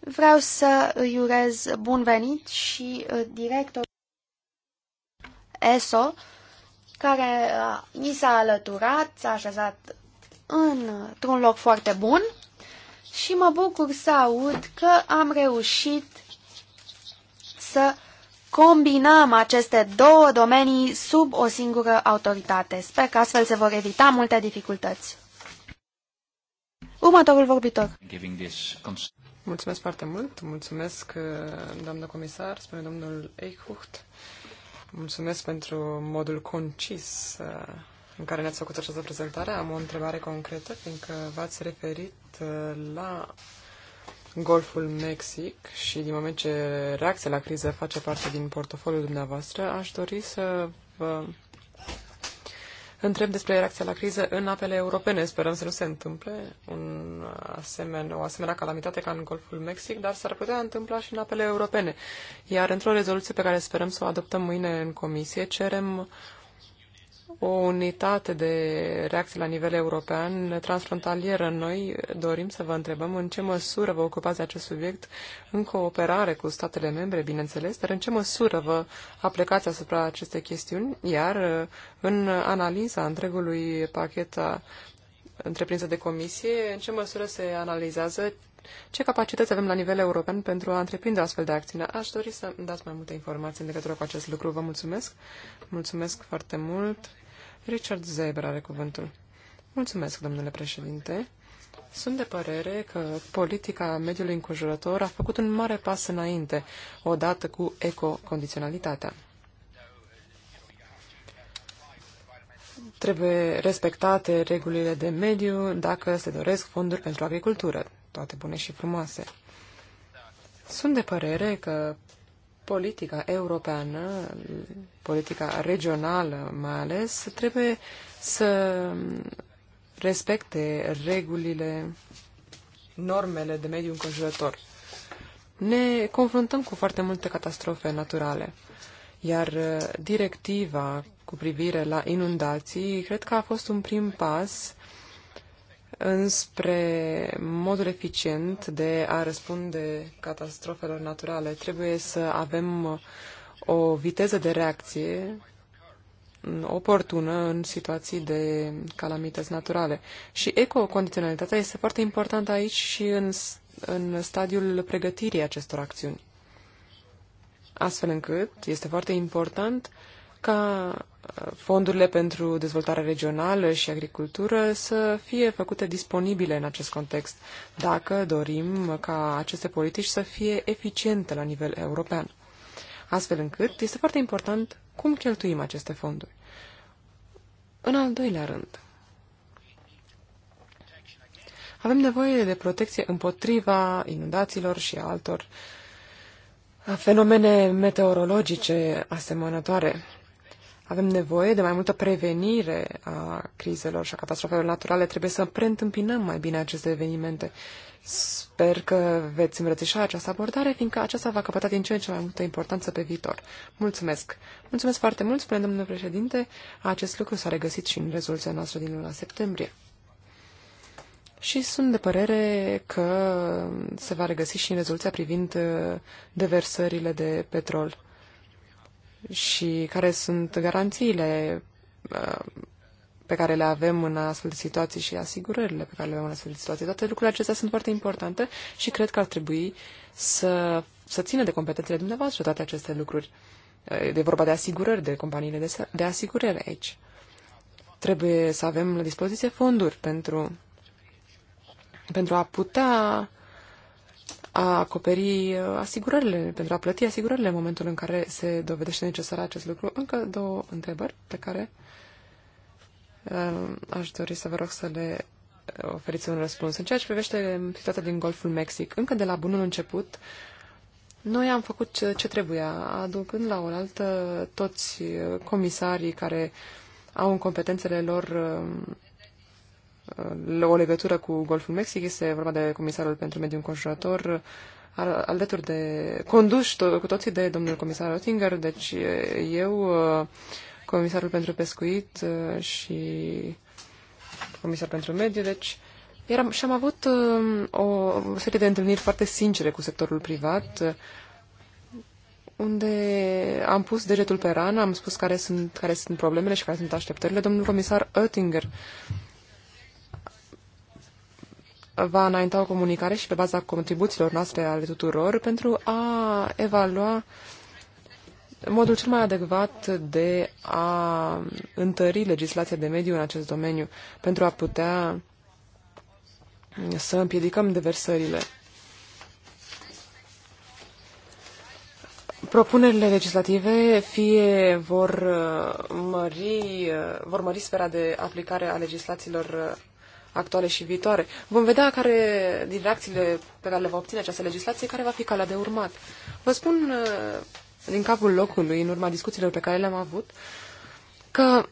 Vreau să îi urez bun venit și uh, director. ESO, care uh, mi s-a alăturat, s-a așezat într-un loc foarte bun și mă bucur să aud că am reușit să combinăm aceste două domenii sub o singură autoritate. Sper că astfel se vor evita multe dificultăți. Următorul vorbitor. Mulțumesc foarte mult, mulțumesc, uh, doamnă comisar, spune domnul Eichhucht. Mulțumesc pentru modul concis uh, în care ne-ați făcut această prezentare. Am o întrebare concretă, fiindcă v-ați referit uh, la Golful Mexic și din moment ce reacția la criză face parte din portofoliul dumneavoastră, aș dori să vă întreb despre reacția la criză în apele europene. Sperăm să nu se întâmple un asemenea, o asemenea calamitate ca în Golful Mexic, dar s-ar putea întâmpla și în apele europene. Iar într-o rezoluție pe care sperăm să o adoptăm mâine în comisie, cerem o unitate de reacție la nivel european transfrontalieră. Noi dorim să vă întrebăm în ce măsură vă ocupați acest subiect în cooperare cu statele membre, bineînțeles, dar în ce măsură vă aplicați asupra acestei chestiuni, iar în analiza întregului pachet întreprinsă de comisie, în ce măsură se analizează, ce capacități avem la nivel european pentru a întreprinde astfel de acțiune. Aș dori să îmi dați mai multe informații în legătură cu acest lucru. Vă mulțumesc. Mulțumesc foarte mult. Richard Zeber are cuvântul. Mulțumesc, domnule președinte. Sunt de părere că politica mediului înconjurător a făcut un mare pas înainte, odată cu ecocondiționalitatea. Trebuie respectate regulile de mediu dacă se doresc fonduri pentru agricultură, toate bune și frumoase. Sunt de părere că politica europeană, politica regională mai ales, trebuie să respecte regulile, normele de mediu înconjurător. Ne confruntăm cu foarte multe catastrofe naturale. Iar uh, directiva cu privire la inundații, cred că a fost un prim pas înspre modul eficient de a răspunde catastrofelor naturale. Trebuie să avem uh, o viteză de reacție mm, oportună în situații de calamități naturale. Și ecocondiționalitatea este foarte importantă aici și în, în stadiul pregătirii acestor acțiuni astfel încât este foarte important ca uh, fondurile pentru dezvoltare regională și agricultură să fie făcute disponibile în acest context, dacă dorim ca aceste politici să fie eficiente la nivel european. Astfel încât este foarte important cum cheltuim aceste fonduri. În al doilea rând, avem nevoie de protecție împotriva inundațiilor și altor uh, fenomene meteorologice asemănătoare. Avem nevoie de mai multă prevenire a crizelor și a catastrofelor naturale. Trebuie să preîntâmpinăm mai bine aceste evenimente. Sper că veți îmbrățișa această abordare, fiindcă aceasta va căpăta din ce în ce mai multă importanță pe viitor. Mulțumesc! Mulțumesc foarte mult, spune domnule președinte. Acest lucru s-a regăsit și în rezoluția noastră din luna septembrie și sunt de părere că se va regăsi și în rezoluția privind uh, deversările de petrol și care sunt garanțiile uh, pe care le avem în astfel de situații și asigurările pe care le avem în astfel de situații. Toate lucrurile acestea sunt foarte importante și cred că ar trebui să, să țină de competențele dumneavoastră toate aceste lucruri. de uh, vorba de asigurări, de companiile de, de asigurări aici. Trebuie să avem la dispoziție fonduri pentru pentru a putea a acoperi uh, asigurările, pentru a plăti asigurările în momentul în care se dovedește necesar acest lucru. Încă două întrebări pe care uh, aș dori să vă rog să le oferiți un răspuns. În ceea ce privește situația din Golful Mexic, încă de la bunul început, noi am făcut ce, ce trebuia, aducând la oaltă toți comisarii care au în competențele lor uh, Uh, o legătură cu Golful Mexic. Este vorba de comisarul pentru mediul înconjurător, alături de conduși to- cu toții de domnul comisar Oettinger, deci uh, eu, uh, comisarul pentru pescuit și comisar pentru mediu, deci eram, și am avut o serie de întâlniri foarte sincere cu sectorul privat, unde am pus degetul pe rană, am spus care sunt, care sunt problemele și care sunt așteptările. Domnul comisar Oettinger va înainta o comunicare și pe baza contribuțiilor noastre ale tuturor pentru a evalua modul cel mai adecvat de a întări legislația de mediu în acest domeniu pentru a putea să împiedicăm deversările. Propunerile legislative fie vor uh, mări, uh, vor mări sfera de aplicare a legislațiilor uh, actuale și viitoare. Vom vedea care din reacțiile pe care le va obține această legislație, care va fi calea de urmat. Vă spun uh, din capul locului, în urma discuțiilor pe care le-am avut, că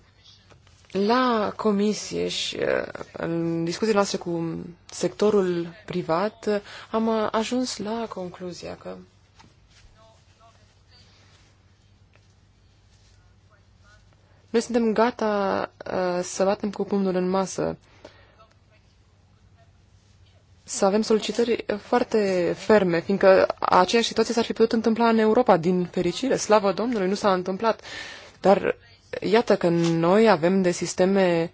la comisie și uh, în discuțiile noastre cu sectorul privat uh, am ajuns la concluzia că noi suntem gata să batem cu pumnul în masă să avem solicitări foarte ferme, fiindcă aceeași situație s-ar fi putut întâmpla în Europa, din fericire, slavă Domnului, nu s-a întâmplat. Dar iată că noi avem de sisteme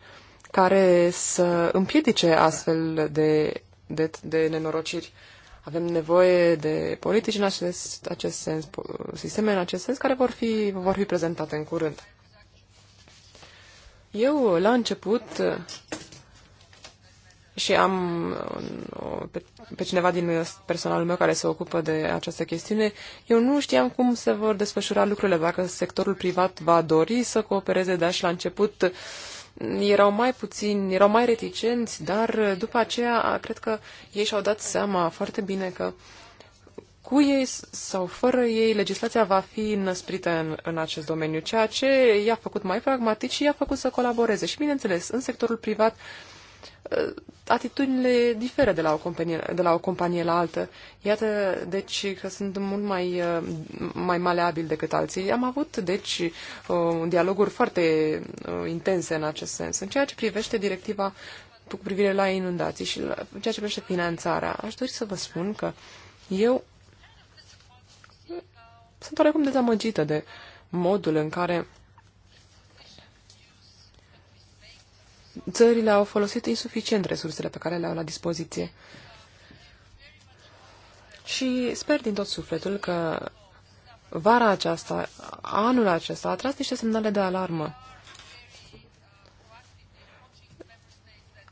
care să împiedice astfel de, de, de nenorociri. Avem nevoie de politici în acest, acest sens, sisteme în acest sens, care vor fi, vor fi prezentate în curând. Eu, la început, și am um, pe, pe cineva din personalul meu care se ocupă de această chestiune, eu nu știam cum se vor desfășura lucrurile, dacă sectorul privat va dori să coopereze, dar și la început erau mai puțini, erau mai reticenți, dar după aceea cred că ei și-au dat seama foarte bine că cu ei sau fără ei, legislația va fi năsprită în, în acest domeniu, ceea ce i-a făcut mai pragmatic și i-a făcut să colaboreze. Și, bineînțeles, în sectorul privat, uh, Eh, atitudinile diferă de la, o companie, de la o companie la altă. Iată, deci, că sunt mult mai, eh, mai maleabil decât alții. Am avut, deci, eh, dialoguri foarte intense în acest sens. În ceea ce privește directiva cu privire la inundații și la, în ceea ce privește finanțarea, aș dori să vă spun că eu sunt oarecum dezamăgită de modul în care țările au folosit insuficient resursele pe care le au la dispoziție. Și sper din tot sufletul că vara aceasta, anul acesta, a tras niște semnale de alarmă.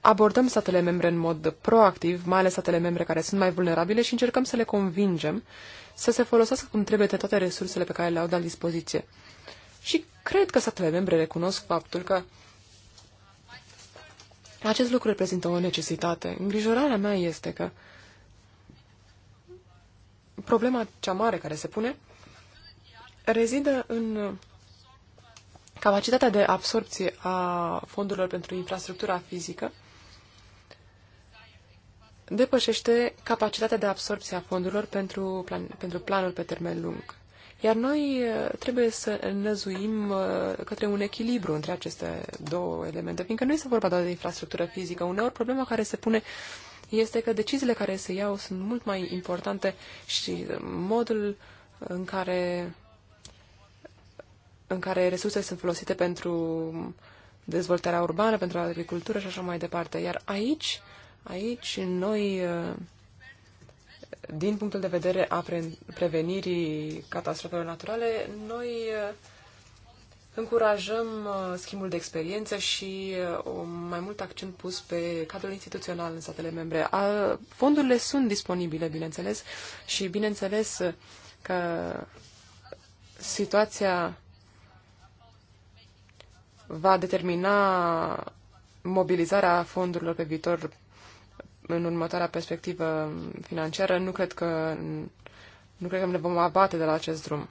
Abordăm statele membre în mod proactiv, mai ales statele membre care sunt mai vulnerabile și încercăm să le convingem să se folosească cum trebuie de toate resursele pe care le au la dispoziție. Și cred că statele membre recunosc faptul că acest lucru reprezintă o necesitate. Îngrijorarea mea este că problema cea mare care se pune rezidă în capacitatea de absorpție a fondurilor pentru infrastructura fizică depășește capacitatea de absorpție a fondurilor pentru, plan, pentru planul pe termen lung. Iar noi uh, trebuie să năzuim uh, către un echilibru între aceste două elemente, fiindcă nu este vorba doar de infrastructură fizică. Uneori problema care se pune este că deciziile care se iau sunt mult mai importante și modul în care, în care resursele sunt folosite pentru dezvoltarea urbană, pentru agricultură și așa mai departe. Iar aici, aici noi uh, din punctul de vedere a pre- prevenirii catastrofelor naturale, noi uh, încurajăm uh, schimbul de experiență și uh, mai mult accent pus pe cadrul instituțional în statele membre. Fondurile sunt disponibile, bineînțeles, și bineînțeles că situația va determina mobilizarea fondurilor pe viitor în următoarea perspectivă financiară, nu cred că nu cred că ne vom abate de la acest drum.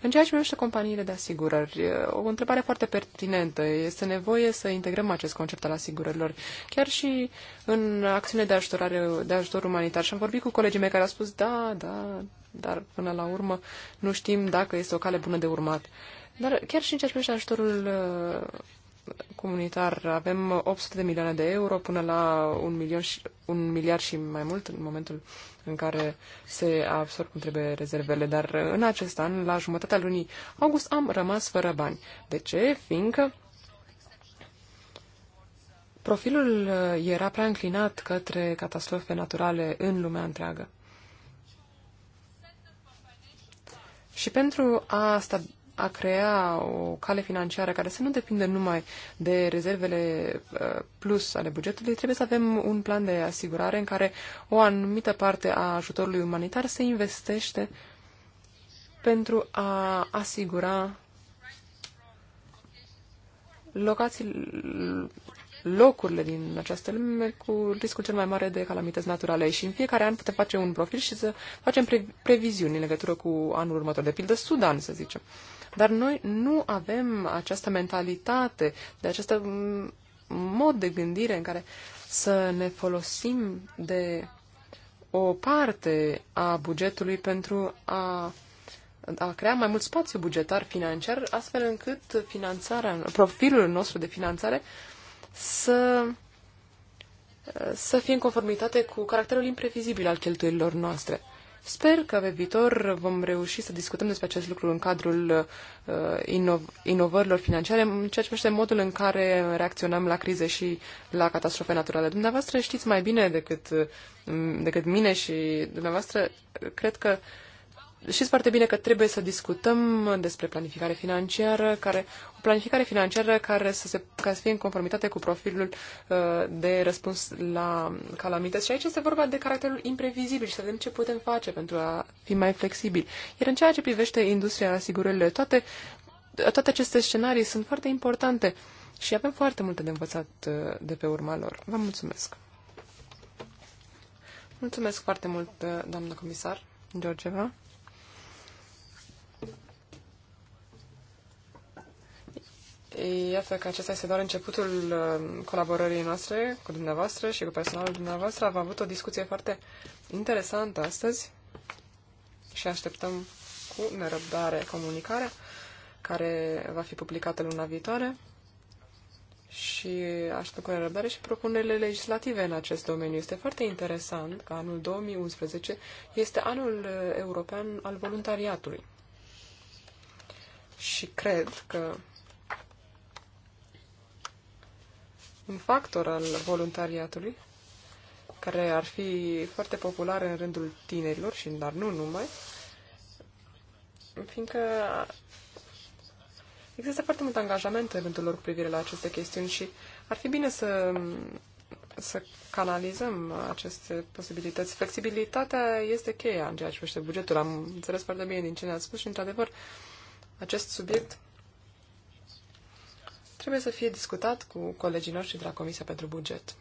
În ceea ce privește companiile de asigurări, o întrebare foarte pertinentă. Este nevoie să integrăm acest concept al asigurărilor, chiar și în acțiune de, ajutorare, de ajutor umanitar. Și am vorbit cu colegii mei care au spus, da, da, dar până la urmă nu știm dacă este o cale bună de urmat. Dar chiar și în ceea ce privește ajutorul comunitar avem 800 de milioane de euro până la un, milion și, un miliard și mai mult în momentul în care se absorb cum trebuie rezervele, dar în acest an, la jumătatea lunii august, am rămas fără bani. De ce? Fiindcă profilul uh, era prea înclinat către catastrofe naturale în lumea întreagă. Și pentru a, sta- a crea o cale financiară care să nu depindă numai de rezervele uh, plus ale bugetului, trebuie să avem un plan de asigurare în care o anumită parte a ajutorului umanitar se investește pentru a asigura locații, locurile din această lume cu riscul cel mai mare de calamități naturale și în fiecare an putem face un profil și să facem pre- previziuni în legătură cu anul următor, de pildă Sudan, să zicem. Dar noi nu avem această mentalitate, de acest mm, mod de gândire în care să ne folosim de o parte a bugetului pentru a, a crea mai mult spațiu bugetar financiar, astfel încât finanțarea, profilul nostru de finanțare să, să fie în conformitate cu caracterul imprevizibil al cheltuielilor noastre. Sper că pe viitor vom reuși să discutăm despre acest lucru în cadrul uh, inov- inovărilor financiare, în ceea ce privește modul în care reacționăm la crize și la catastrofe naturale. Dumneavoastră știți mai bine decât, uh, decât mine și dumneavoastră cred că uh, Știți foarte bine că trebuie să discutăm despre planificare financiară, care, o planificare financiară care să, se, ca să fie în conformitate cu profilul uh, de răspuns la calamități. Și aici este vorba de caracterul imprevizibil și să vedem ce putem face pentru a fi mai flexibil. Iar în ceea ce privește industria asigurărilor, toate, toate aceste scenarii sunt foarte importante și avem foarte multe de învățat uh, de pe urma lor. Vă mulțumesc! Mulțumesc foarte mult, uh, doamnă comisar Georgeva. Iată că acesta este doar începutul uh, colaborării noastre cu dumneavoastră și cu personalul dumneavoastră. Am avut o discuție foarte interesantă astăzi și așteptăm cu nerăbdare comunicarea care va fi publicată luna viitoare și aștept cu nerăbdare și propunerile legislative în acest domeniu. Este foarte interesant că anul 2011 este anul uh, european al voluntariatului. Și cred că un factor al voluntariatului, care ar fi foarte popular în rândul tinerilor, și dar nu numai, fiindcă există foarte mult angajament în rândul lor cu privire la aceste chestiuni și ar fi bine să, să canalizăm aceste posibilități. Flexibilitatea este cheia în ceea ce privește bugetul. Am înțeles foarte bine din ce ne-ați spus și, într-adevăr, acest subiect trebuie să fie discutat cu colegii noștri de la Comisia pentru Buget.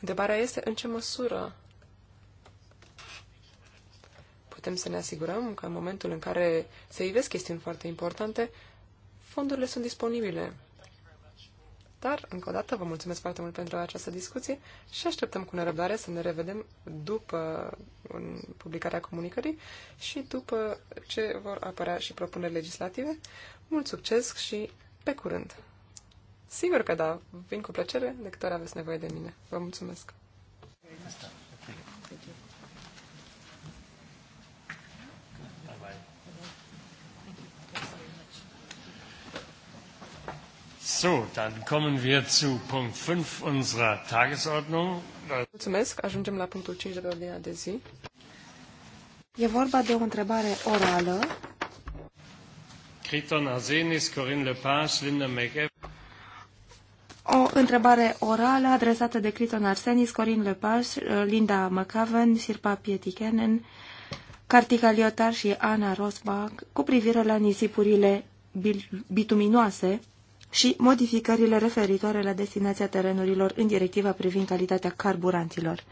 Întrebarea este în ce măsură putem să ne asigurăm că în momentul în care se ivesc chestiuni foarte importante, fondurile sunt disponibile. Dar, încă o dată, vă mulțumesc foarte mult pentru această discuție și așteptăm cu nerăbdare să ne revedem după publicarea comunicării și după ce vor apărea și propuneri legislative. Mult succes și pe curând! Sigur că da, vin cu plăcere de câte ori aveți nevoie de mine. Vă mulțumesc! So, dann kommen wir zu Punkt 5 unserer Tagesordnung. Mulțumesc, ajungem la punctul 5 de pe ordinea de zi. E vorba de o întrebare orală Azenis, Corinne Lepage, Linda O întrebare orală adresată de Criton Arsenis, Corin Lepage, Linda McAven, Sirpa Pietikenen, Cartica Liotar și Ana Rosbach cu privire la nisipurile bituminoase și modificările referitoare la destinația terenurilor în directiva privind calitatea carburanților.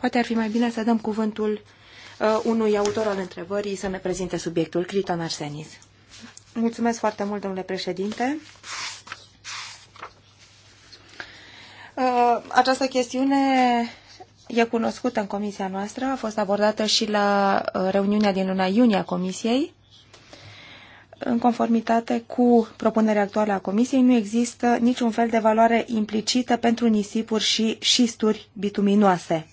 Poate ar fi mai bine să dăm cuvântul uh, unui autor al întrebării să ne prezinte subiectul, Criton Arsenis. Mulțumesc foarte mult, domnule președinte. Uh, această chestiune e cunoscută în comisia noastră, a fost abordată și la uh, reuniunea din luna iunie a comisiei. În conformitate cu propunerea actuală a comisiei, nu există niciun fel de valoare implicită pentru nisipuri și șisturi bituminoase.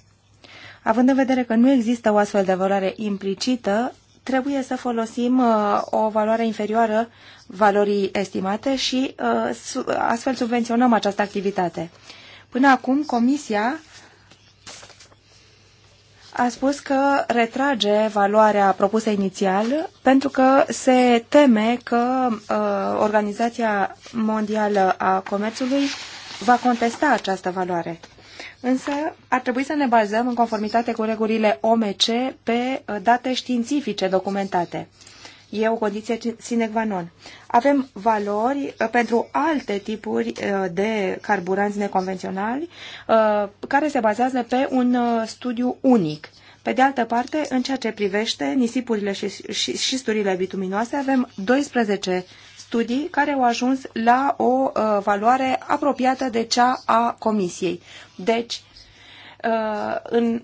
Având în vedere că nu există o astfel de valoare implicită, trebuie să folosim uh, o valoare inferioară valorii estimate și uh, astfel subvenționăm această activitate. Până acum, Comisia a spus că retrage valoarea propusă inițial pentru că se teme că uh, Organizația Mondială a Comerțului va contesta această valoare. Însă ar trebui să ne bazăm în conformitate cu regulile OMC pe uh, date științifice documentate. E o condiție sine qua non. Avem valori uh, pentru alte tipuri uh, de carburanți neconvenționali care se bazează pe un studiu unic. Pe de altă parte, în ceea ce privește nisipurile și șisturile bituminoase, avem 12 studii care au ajuns la o uh, valoare apropiată de cea a Comisiei. Deci, uh, în,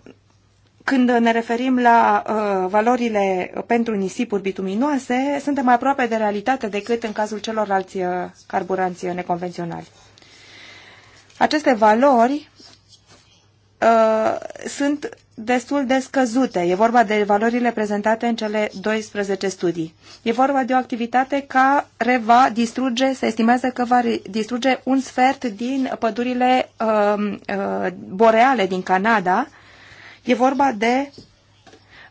când ne referim la uh, valorile pentru nisipuri bituminoase, suntem mai aproape de realitate decât în cazul celorlalți uh, carburanți neconvenționali. Aceste valori Uh, sunt destul de scăzute. E vorba de valorile prezentate în cele 12 studii. E vorba de o activitate care va distruge, se estimează că va distruge un sfert din pădurile uh, uh, boreale din Canada. E vorba de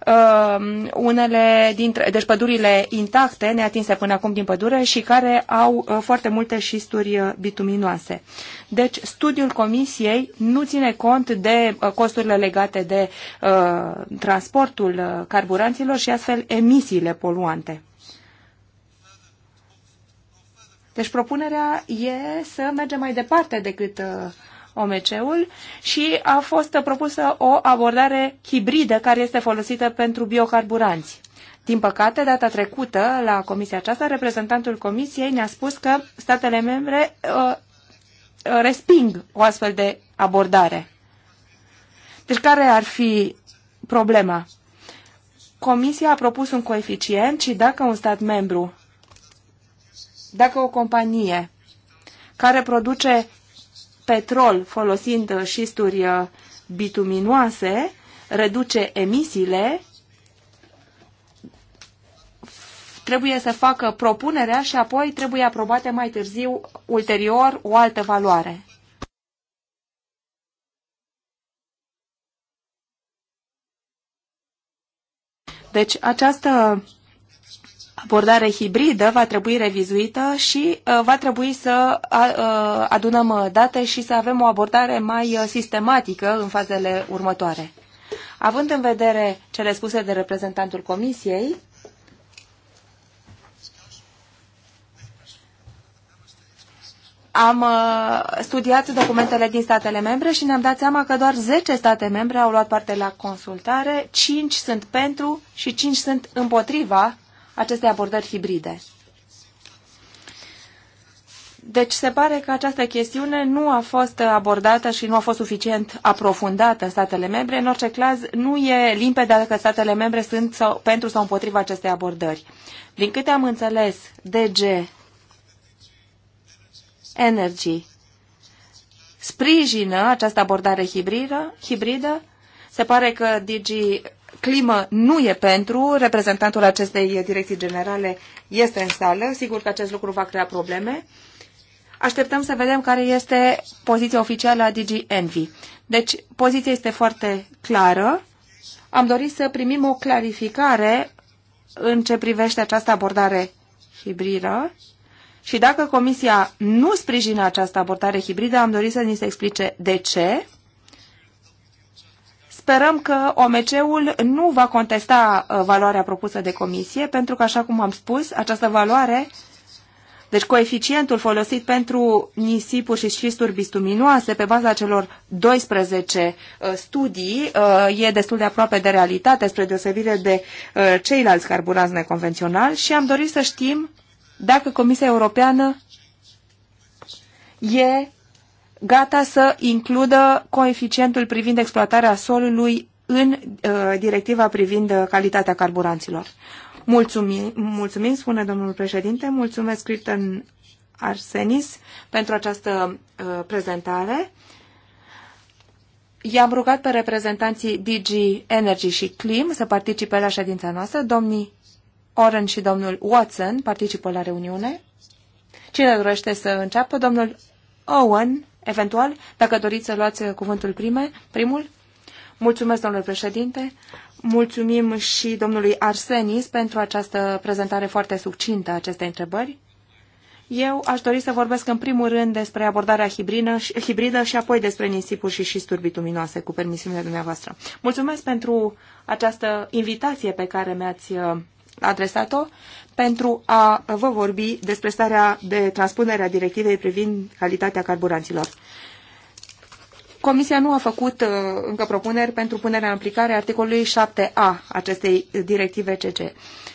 uh, unele dintre, deci pădurile intacte, neatinse până acum din pădure și care au uh, foarte multe șisturi uh, bituminoase. Deci studiul comisiei nu ține cont de uh, costurile legate de uh, transportul uh, carburanților și astfel emisiile poluante. Deci propunerea e să mergem mai departe decât uh, OMC-ul și a fost propusă o abordare hibridă care este folosită pentru biocarburanți. Din păcate, data trecută, la comisia aceasta, reprezentantul comisiei ne-a spus că statele membre uh, uh, resping o astfel de abordare. Deci care ar fi problema? Comisia a propus un coeficient și dacă un stat membru, dacă o companie care produce petrol folosind uh, șisturi uh, bituminoase reduce emisiile, trebuie să facă propunerea și apoi trebuie aprobate mai târziu, ulterior, o altă valoare. Deci această abordare hibridă va trebui revizuită și uh, va trebui să uh, adunăm uh, date și să avem o abordare mai sistematică în fazele următoare. Având în vedere cele spuse de reprezentantul Comisiei, am studiat documentele din statele membre și ne-am dat seama că doar 10 state membre au luat parte la consultare, 5 sunt pentru și 5 sunt împotriva aceste abordări hibride. Deci se pare că această chestiune nu a fost abordată și nu a fost suficient aprofundată în statele membre. În orice caz, nu e limpede dacă statele membre sunt sau, pentru sau împotriva acestei abordări. Din câte am înțeles, DG Energy sprijină această abordare hibridă, hibridă. Se pare că DG climă nu e pentru, reprezentantul acestei direcții generale este în sală, sigur că acest lucru va crea probleme. Așteptăm să vedem care este poziția oficială a DG Envy. Deci, poziția este foarte clară. Am dorit să primim o clarificare în ce privește această abordare hibridă și dacă Comisia nu sprijină această abordare hibridă, am dorit să ni se explice de ce Sperăm că OMC-ul nu va contesta uh, valoarea propusă de comisie, pentru că, așa cum am spus, această valoare, deci coeficientul folosit pentru nisipuri și șisturi bistuminoase pe baza celor 12 uh, studii uh, e destul de aproape de realitate, spre deosebire de ceilalți carburanți neconvenționali și am dorit să știm dacă Comisia Europeană e gata să includă coeficientul privind exploatarea solului în uh, directiva privind uh, calitatea carburanților. Mulțumim, mulțumim, spune domnul președinte, mulțumesc Cristian Arsenis pentru această uh, prezentare. I-am rugat pe reprezentanții DG Energy și Clim să participe la ședința noastră. Domnii Oren și domnul Watson participă la reuniune. Cine dorește să înceapă? Domnul Owen Eventual, dacă doriți să luați cuvântul prime, primul, mulțumesc, domnule președinte, mulțumim și domnului Arsenis pentru această prezentare foarte succintă a acestei întrebări. Eu aș dori să vorbesc în primul rând despre abordarea hibrină, hibridă și apoi despre nisipuri și șisturi bituminoase, cu permisiunea dumneavoastră. Mulțumesc pentru această invitație pe care mi-ați uh, adresat-o pentru a vă vorbi despre starea de transpunere a directivei privind calitatea carburanților. Comisia nu a făcut uh, încă propuneri pentru punerea în aplicare articolului 7a acestei directive CC.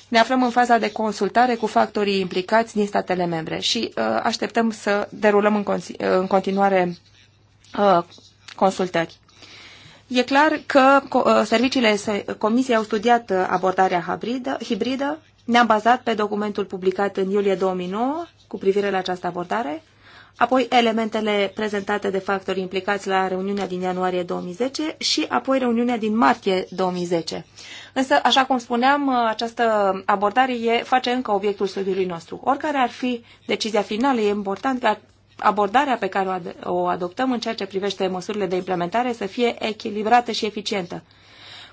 Ne aflăm în faza de consultare cu factorii implicați din statele membre și uh, așteptăm să derulăm în, uh, continuare consultări. E clar că serviciile Comisiei au studiat abordarea hibridă ne-am bazat pe documentul publicat în iulie 2009 cu privire la această abordare, apoi elementele prezentate de factori implicați la reuniunea din ianuarie 2010 și apoi reuniunea din martie 2010. Însă, așa cum spuneam, această abordare e, face încă obiectul studiului nostru. Oricare ar fi decizia finală, e important ca abordarea pe care o adoptăm în ceea ce privește măsurile de implementare să fie echilibrată și eficientă.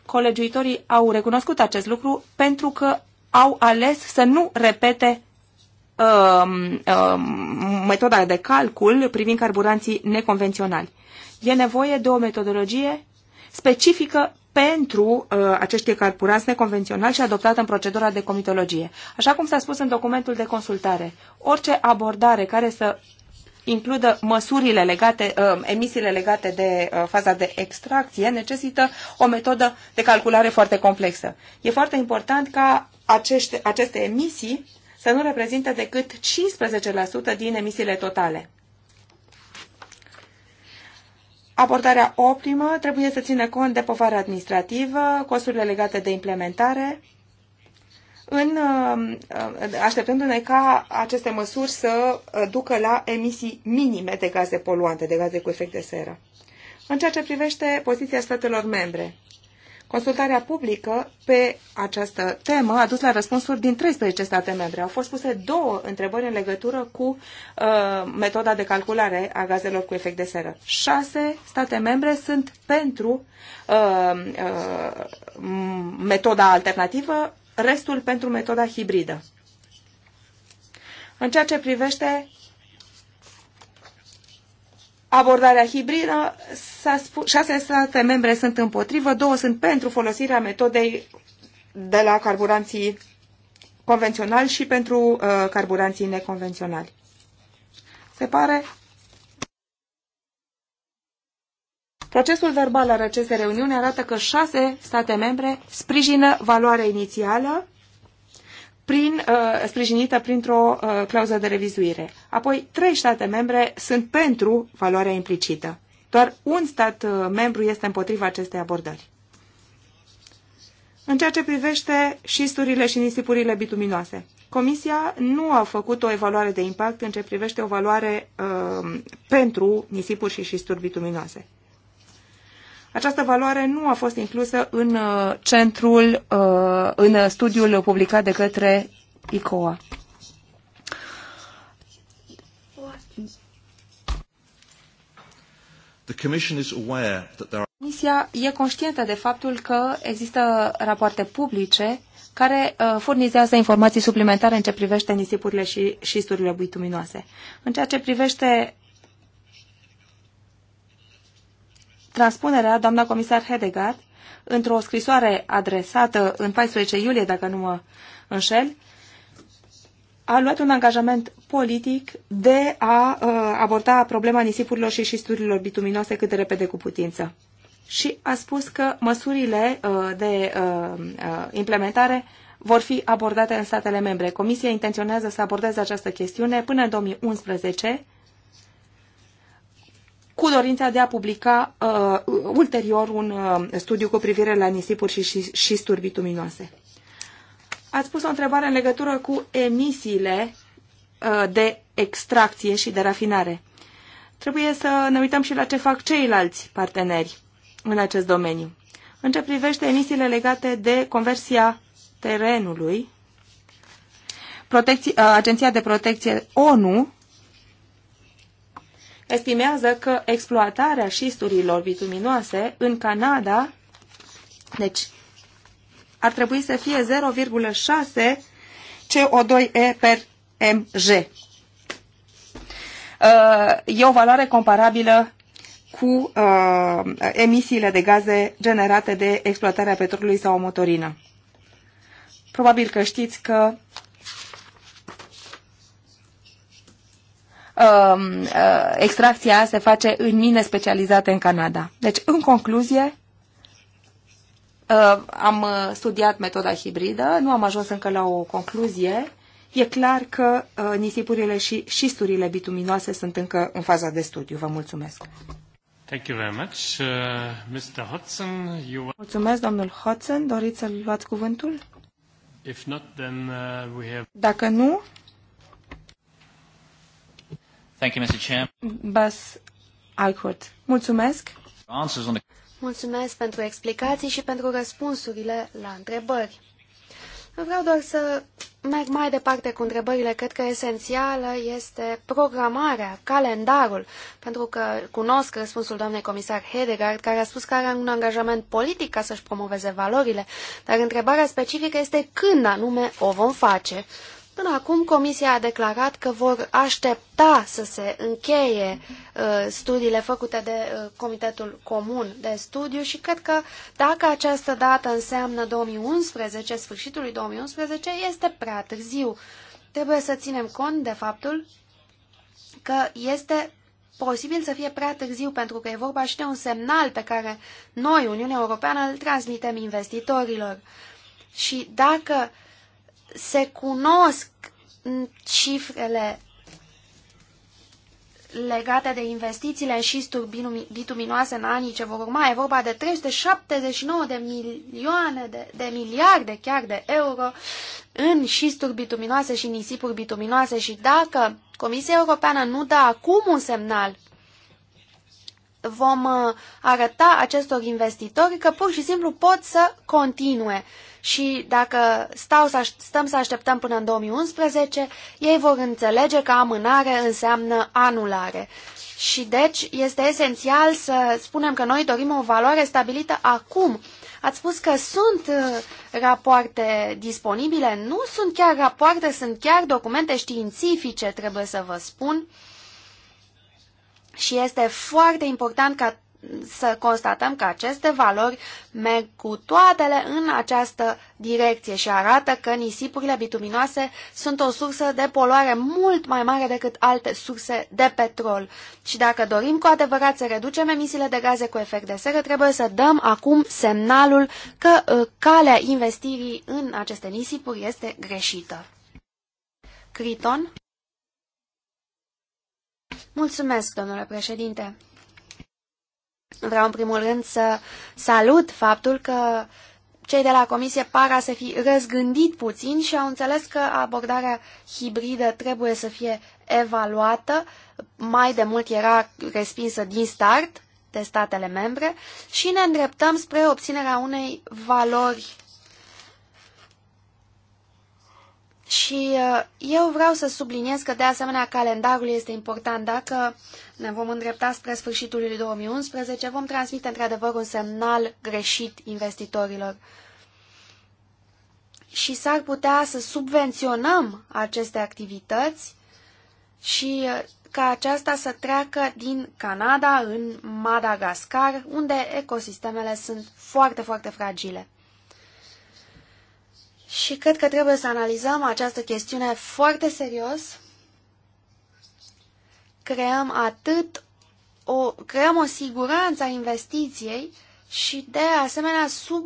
Colegiuitorii au recunoscut acest lucru pentru că au ales să nu repete um, um, metoda de calcul privind carburanții neconvenționali. E nevoie de o metodologie specifică pentru uh, acești carburanți neconvenționali și adoptată în procedura de comitologie. Așa cum s-a spus în documentul de consultare, orice abordare care să includă măsurile legate, uh, emisiile legate de uh, faza de extracție, necesită o metodă de calculare foarte complexă. E foarte important ca acești, aceste emisii să nu reprezinte decât 15% din emisiile totale. Abordarea optimă trebuie să țină cont de povara administrativă, costurile legate de implementare, în, uh, așteptându-ne ca aceste măsuri să uh, ducă la emisii minime de gaze poluante, de gaze cu efect de seră. În ceea ce privește poziția statelor membre, Consultarea publică pe această temă a dus la răspunsuri din 13 state membre. Au fost puse două întrebări în legătură cu uh, metoda de calculare a gazelor cu efect de seră. Șase state membre sunt pentru uh, uh, metoda alternativă, restul pentru metoda hibridă. În ceea ce privește abordarea hibridă, șase state membre sunt împotrivă, două sunt pentru folosirea metodei de la carburanții convenționali și pentru uh, carburanții neconvenționali. Se pare Procesul verbal al acestei reuniuni arată că șase state membre sprijină valoarea inițială prin, uh, sprijinită printr-o uh, clauză de revizuire. Apoi, trei state membre sunt pentru valoarea implicită. Doar un stat uh, membru este împotriva acestei abordări. În ceea ce privește șisturile și nisipurile bituminoase, Comisia nu a făcut o evaluare de impact în ce privește o valoare uh, pentru nisipuri și șisturi bituminoase. Această valoare nu a fost inclusă în uh, centrul, uh, în studiul publicat de către ICOA. Comisia e conștientă de faptul că există rapoarte publice care uh, furnizează informații suplimentare în ce privește nisipurile și șisturile bituminoase. În ceea ce privește Transpunerea, doamna comisar Hedegaard, într-o scrisoare adresată în 14 iulie, dacă nu mă înșel, a luat un angajament politic de a uh, aborda problema nisipurilor și șisturilor bituminoase cât de repede cu putință. Și a spus că măsurile uh, de uh, uh implementare vor fi abordate în statele membre. Comisia intenționează să abordeze această chestiune până în 2011 cu dorința de a publica uh, ulterior un uh, studiu cu privire la nisipuri și, și, și sturi Ați pus o întrebare în legătură cu emisiile uh, de extracție și de rafinare. Trebuie să ne uităm și la ce fac ceilalți parteneri în acest domeniu. În ce privește emisiile legate de conversia terenului, Protecție, uh, Agenția de Protecție ONU estimează că exploatarea șisturilor bituminoase în Canada, deci ar trebui să fie 0,6 CO2e per mg. Uh, e o valoare comparabilă cu uh, emisiile de gaze generate de exploatarea petrolului sau motorină. Probabil că știți că Um, uh, extracția se face în mine specializate în Canada. Deci, în concluzie, uh, am uh, studiat metoda hibridă, nu am ajuns încă la o concluzie. E clar că nisipurile și șisturile bituminoase sunt încă în faza de studiu. Vă mulțumesc! Thank you very much. Uh, Mr. Hudson, you... Mulțumesc, domnul Hudson. Doriți să luați cuvântul? If not, then, uh, we have... Dacă nu, Thank you, Mr. Chair. Bas Alcott. Mulțumesc. Mulțumesc pentru explicații și pentru răspunsurile la întrebări. Vreau doar să merg mai departe cu întrebările. Cred că esențială este programarea, calendarul, pentru că cunosc răspunsul doamnei comisar Hedegaard, care a spus că are un angajament politic ca să-și promoveze valorile, dar întrebarea specifică este când anume o vom face. Până acum, Comisia a declarat că vor aștepta să se încheie uh, studiile făcute de uh, Comitetul Comun de Studiu și cred că dacă această dată înseamnă 2011, sfârșitul lui 2011, este prea târziu. Trebuie să ținem cont de faptul că este posibil să fie prea târziu pentru că e vorba și de un semnal pe care noi, Uniunea Europeană, îl transmitem investitorilor. Și dacă se cunosc cifrele legate de investițiile în șisturi bituminoase în anii ce vor urma. E vorba de 379 de milioane, de, de miliarde chiar de euro în șisturi bituminoase și nisipuri bituminoase și dacă Comisia Europeană nu dă acum un semnal vom uh, arăta acestor investitori că pur și simplu pot să continue și dacă stau să stăm să așteptăm până în 2011, ei vor înțelege că amânare înseamnă anulare. Și deci este esențial să spunem că noi dorim o valoare stabilită acum. Ați spus că sunt uh, rapoarte disponibile, nu sunt chiar rapoarte, sunt chiar documente științifice, trebuie să vă spun. Și este foarte important ca să constatăm că aceste valori merg cu toatele în această direcție și arată că nisipurile bituminoase sunt o sursă de poluare mult mai mare decât alte surse de petrol. Și dacă dorim cu adevărat să reducem emisiile de gaze cu efect de seră, trebuie să dăm acum semnalul că uh, calea investirii în aceste nisipuri este greșită. Criton? Mulțumesc, domnule președinte. Vreau în primul rând să salut faptul că cei de la comisie par a să fi răzgândit puțin și au înțeles că abordarea hibridă trebuie să fie evaluată. Mai de mult era respinsă din start de statele membre și ne îndreptăm spre obținerea unei valori Și uh, eu vreau să subliniez că, de asemenea, calendarul este important. Dacă ne vom îndrepta spre sfârșitul lui 2011, vom transmite, într-adevăr, un semnal greșit investitorilor. Și s-ar putea să subvenționăm aceste activități și uh, ca aceasta să treacă din Canada în Madagascar, unde ecosistemele sunt foarte, foarte fragile. Și cred că trebuie să analizăm această chestiune foarte serios. Creăm atât o, creăm o siguranță a investiției și de asemenea sub,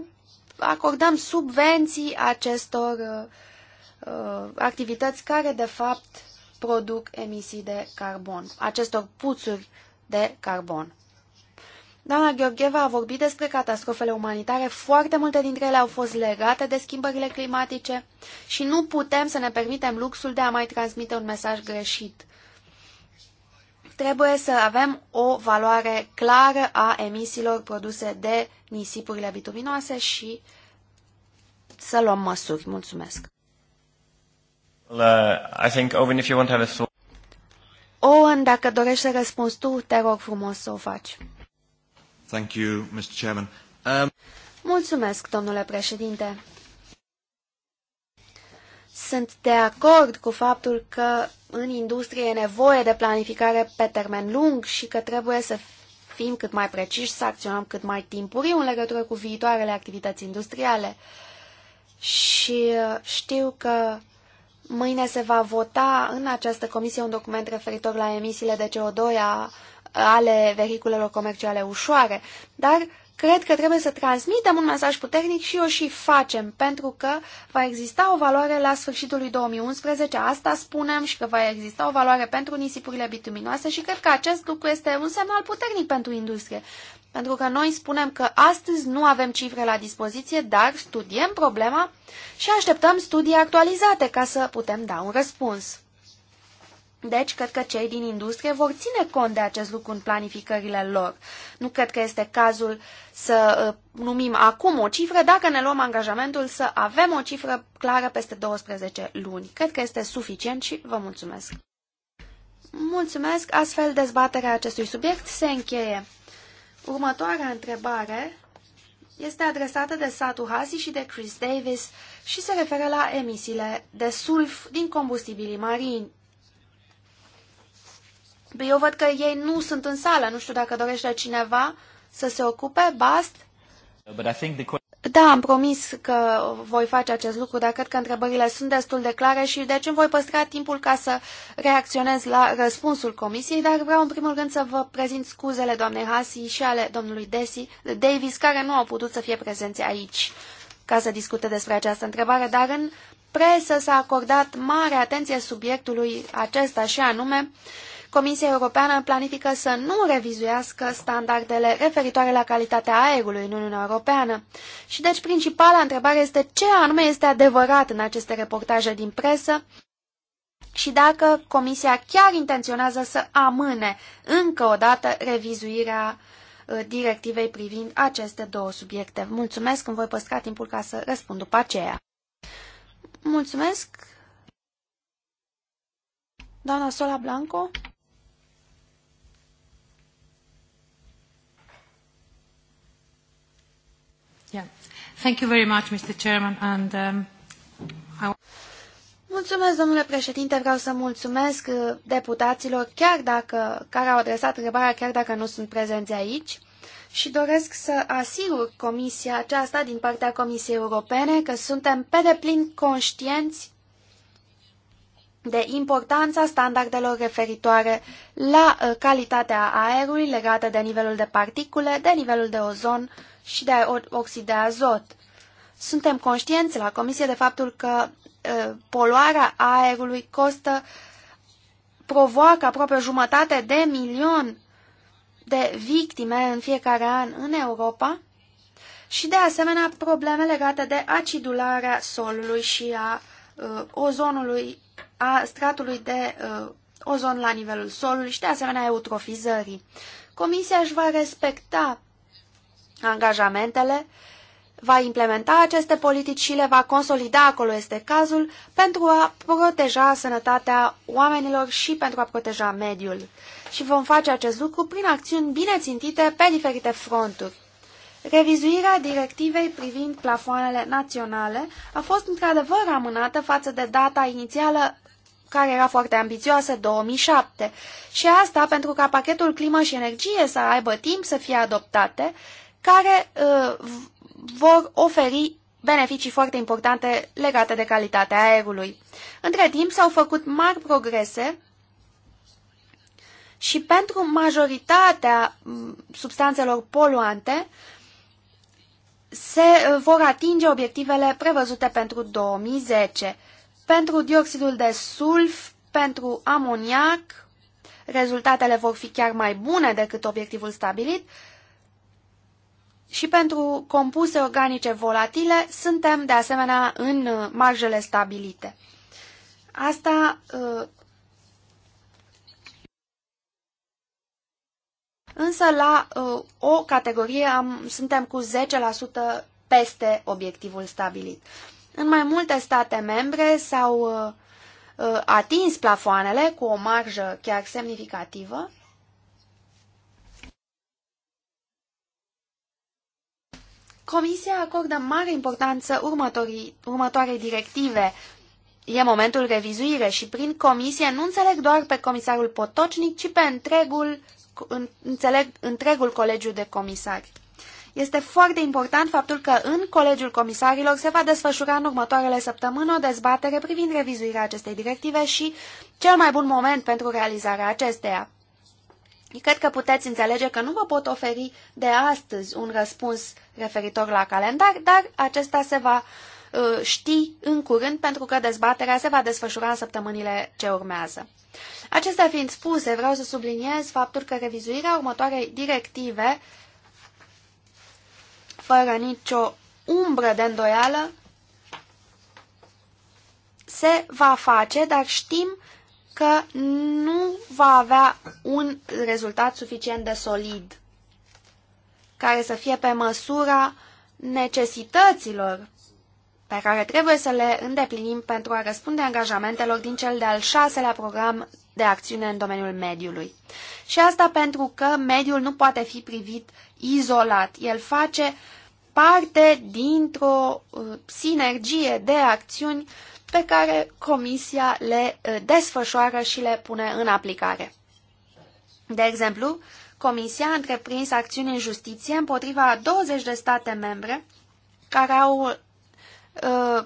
acordăm subvenții acestor uh, uh activități care de fapt produc emisii de carbon, acestor puțuri de carbon. Doamna Gheorgheva a vorbit despre catastrofele umanitare, foarte multe dintre ele au fost legate de schimbările climatice și nu putem să ne permitem luxul de a mai transmite un mesaj greșit. Trebuie să avem o valoare clară a emisiilor produse de nisipurile bituminoase și să luăm măsuri. Mulțumesc! Well, uh, I think, Owen, if you want to have a... Owen, dacă dorești să răspunzi tu, te rog frumos să o faci. Um, Mulțumesc, domnule președinte. Sunt de acord cu faptul că în industrie e nevoie de planificare pe termen lung și că trebuie să fim cât mai preciși, să acționăm cât mai timpuriu în legătură cu viitoarele activități industriale. Și uh, știu că mâine se va vota în această comisie un document referitor la emisiile de CO2 a ale vehiculelor comerciale ușoare, dar cred că trebuie să transmitem un mesaj puternic și o și facem, pentru că va exista o valoare la sfârșitul lui 2011, asta spunem, și că va exista o valoare pentru nisipurile bituminoase și cred că acest lucru este un semnal puternic pentru industrie. Pentru că noi spunem că astăzi nu avem cifre la dispoziție, dar studiem problema și așteptăm studii actualizate ca să putem da un răspuns. Deci, cred că cei din industrie vor ține cont de acest lucru în planificările lor. Nu cred că este cazul să uh, numim acum o cifră, dacă ne luăm angajamentul să avem o cifră clară peste 12 luni. Cred că este suficient și vă mulțumesc. Mulțumesc, astfel dezbaterea acestui subiect se încheie. Următoarea întrebare este adresată de Satu Hasi și de Chris Davis și se referă la emisiile de sulf din combustibilii marini. Eu văd că ei nu sunt în sală, nu știu dacă dorește cineva să se ocupe, bast. Da, am promis că voi face acest lucru, dar cred că întrebările sunt destul de clare și deci îmi voi păstra timpul ca să reacționez la răspunsul comisiei, dar vreau în primul rând să vă prezint scuzele doamnei Hasi și ale domnului Desi, Davis, care nu au putut să fie prezenți aici ca să discute despre această întrebare, dar în presă s-a acordat mare atenție subiectului acesta și anume Comisia Europeană planifică să nu revizuiască standardele referitoare la calitatea aerului în Uniunea Europeană. Și deci principala întrebare este ce anume este adevărat în aceste reportaje din presă și dacă Comisia chiar intenționează să amâne încă o dată revizuirea uh, directivei privind aceste două subiecte. Mulțumesc, îmi voi păstra timpul ca să răspund după aceea. Mulțumesc! Doamna Sola Blanco? Thank you very much, Mr. Chairman, and um, I... Mulțumesc, domnule președinte, vreau să mulțumesc uh, deputaților, chiar dacă, care au adresat întrebarea, chiar dacă nu sunt prezenți aici, și doresc să asigur comisia aceasta din partea Comisiei Europene că suntem pe deplin conștienți de importanța standardelor referitoare la uh, calitatea aerului legată de nivelul de particule, de nivelul de ozon și de oxid de azot. Suntem conștienți la Comisie de faptul că poluarea aerului costă, provoacă aproape o jumătate de milion de victime în fiecare an în Europa și de asemenea probleme legate de acidularea solului și a uh, ozonului, a stratului de uh, ozon la nivelul solului și de asemenea eutrofizării. Comisia își va respecta angajamentele, va implementa aceste politici și le va consolida, acolo este cazul, pentru a proteja sănătatea oamenilor și pentru a proteja mediul. Și vom face acest lucru prin acțiuni bine țintite pe diferite fronturi. Revizuirea directivei privind plafoanele naționale a fost într-adevăr amânată față de data inițială care era foarte ambițioasă, 2007, și asta pentru ca pachetul climă și energie să aibă timp să fie adoptate, care uh, vor oferi beneficii foarte importante legate de calitatea aerului. Între timp s-au făcut mari progrese și pentru majoritatea mm, substanțelor poluante se uh, vor atinge obiectivele prevăzute pentru 2010. Pentru dioxidul de sulf, pentru amoniac, rezultatele vor fi chiar mai bune decât obiectivul stabilit și pentru compuse organice volatile suntem de asemenea în uh, marjele stabilite. Asta uh, însă la uh, o categorie am, suntem cu 10% peste obiectivul stabilit. În mai multe state membre s-au atins plafoanele cu o marjă chiar semnificativă Comisia acordă mare importanță următoarei directive. E momentul revizuire și prin comisie nu înțeleg doar pe comisarul Potocnic, ci pe întregul, înțeleg, întregul colegiu de comisari. Este foarte important faptul că în Colegiul Comisarilor se va desfășura în următoarele săptămâni o dezbatere privind revizuirea acestei directive și cel mai bun moment pentru realizarea acesteia. Cred că puteți înțelege că nu vă pot oferi de astăzi un răspuns referitor la calendar, dar acesta se va uh, ști în curând pentru că dezbaterea se va desfășura în săptămânile ce urmează. Acestea fiind spuse, vreau să subliniez faptul că revizuirea următoarei directive, fără nicio umbră de îndoială, se va face, dar știm că nu va avea un rezultat suficient de solid care să fie pe măsura necesităților pe care trebuie să le îndeplinim pentru a răspunde angajamentelor din cel de-al șaselea program de acțiune în domeniul mediului. Și asta pentru că mediul nu poate fi privit izolat. El face parte dintr-o uh, sinergie de acțiuni pe care Comisia le uh, desfășoară și le pune în aplicare. De exemplu, Comisia a întreprins acțiuni în justiție împotriva a 20 de state membre care au uh,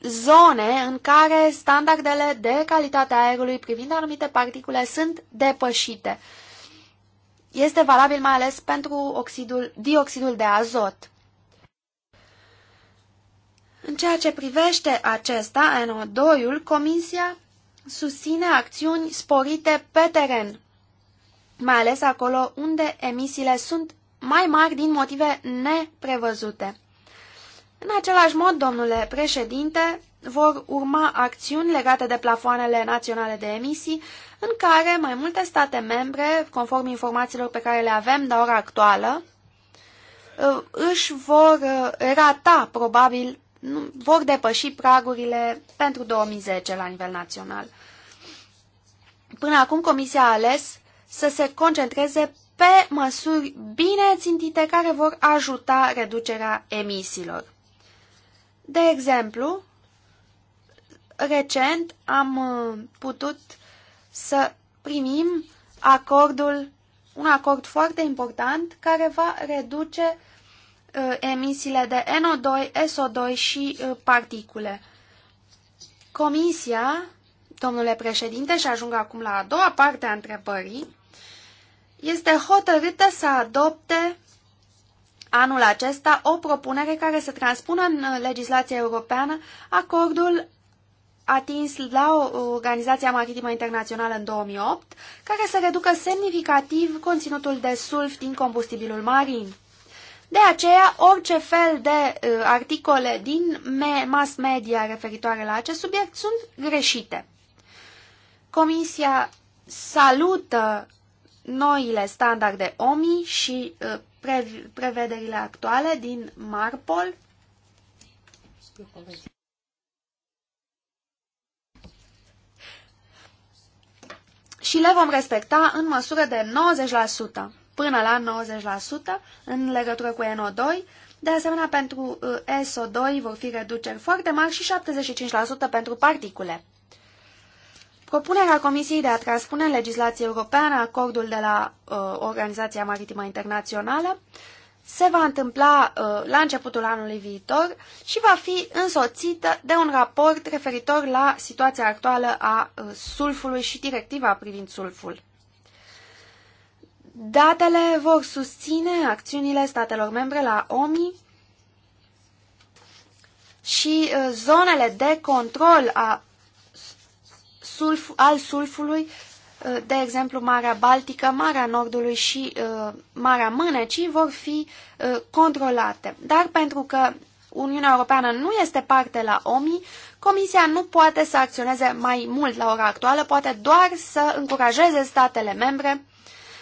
zone în care standardele de calitate a aerului privind anumite particule sunt depășite. Este valabil mai ales pentru oxidul, dioxidul de azot. În ceea ce privește acesta, NO2-ul, Comisia susține acțiuni sporite pe teren mai ales acolo unde emisiile sunt mai mari din motive neprevăzute. În același mod, domnule președinte, vor urma acțiuni legate de plafoanele naționale de emisii, în care mai multe state membre, conform informațiilor pe care le avem de ora actuală, uh, își vor uh, rata, probabil, vor depăși pragurile pentru 2010 la nivel național. Până acum, Comisia a ales să se concentreze pe măsuri bine țintite care vor ajuta reducerea emisiilor. De exemplu, recent am uh, putut să primim acordul, un acord foarte important care va reduce uh, emisiile de NO2, SO2 și uh, particule. Comisia domnule președinte, și ajung acum la a doua parte a întrebării, este hotărâtă să adopte anul acesta o propunere care să transpună în legislația europeană acordul atins la Organizația Maritimă Internațională în 2008, care să reducă semnificativ conținutul de sulf din combustibilul marin. De aceea, orice fel de uh, articole din mass media referitoare la acest subiect sunt greșite. Comisia salută noile standarde OMI și uh, prevederile actuale din MARPOL. Și le vom respecta în măsură de 90%, până la 90% în legătură cu NO2. De asemenea, pentru uh, SO2 vor fi reduceri foarte mari și 75% pentru particule. Propunerea Comisiei de a transpune în legislație europeană acordul de la uh, Organizația Maritimă Internațională se va întâmpla uh, la începutul anului viitor și va fi însoțită de un raport referitor la situația actuală a uh, sulfului și directiva privind sulful. Datele vor susține acțiunile statelor membre la OMI și uh, zonele de control a sulf, al sulfului, uh, de exemplu Marea Baltică, Marea Nordului și uh, Marea Mânecii, vor fi uh, controlate. Dar pentru că Uniunea Europeană nu este parte la OMI, Comisia nu poate să acționeze mai mult la ora actuală, poate doar să încurajeze statele membre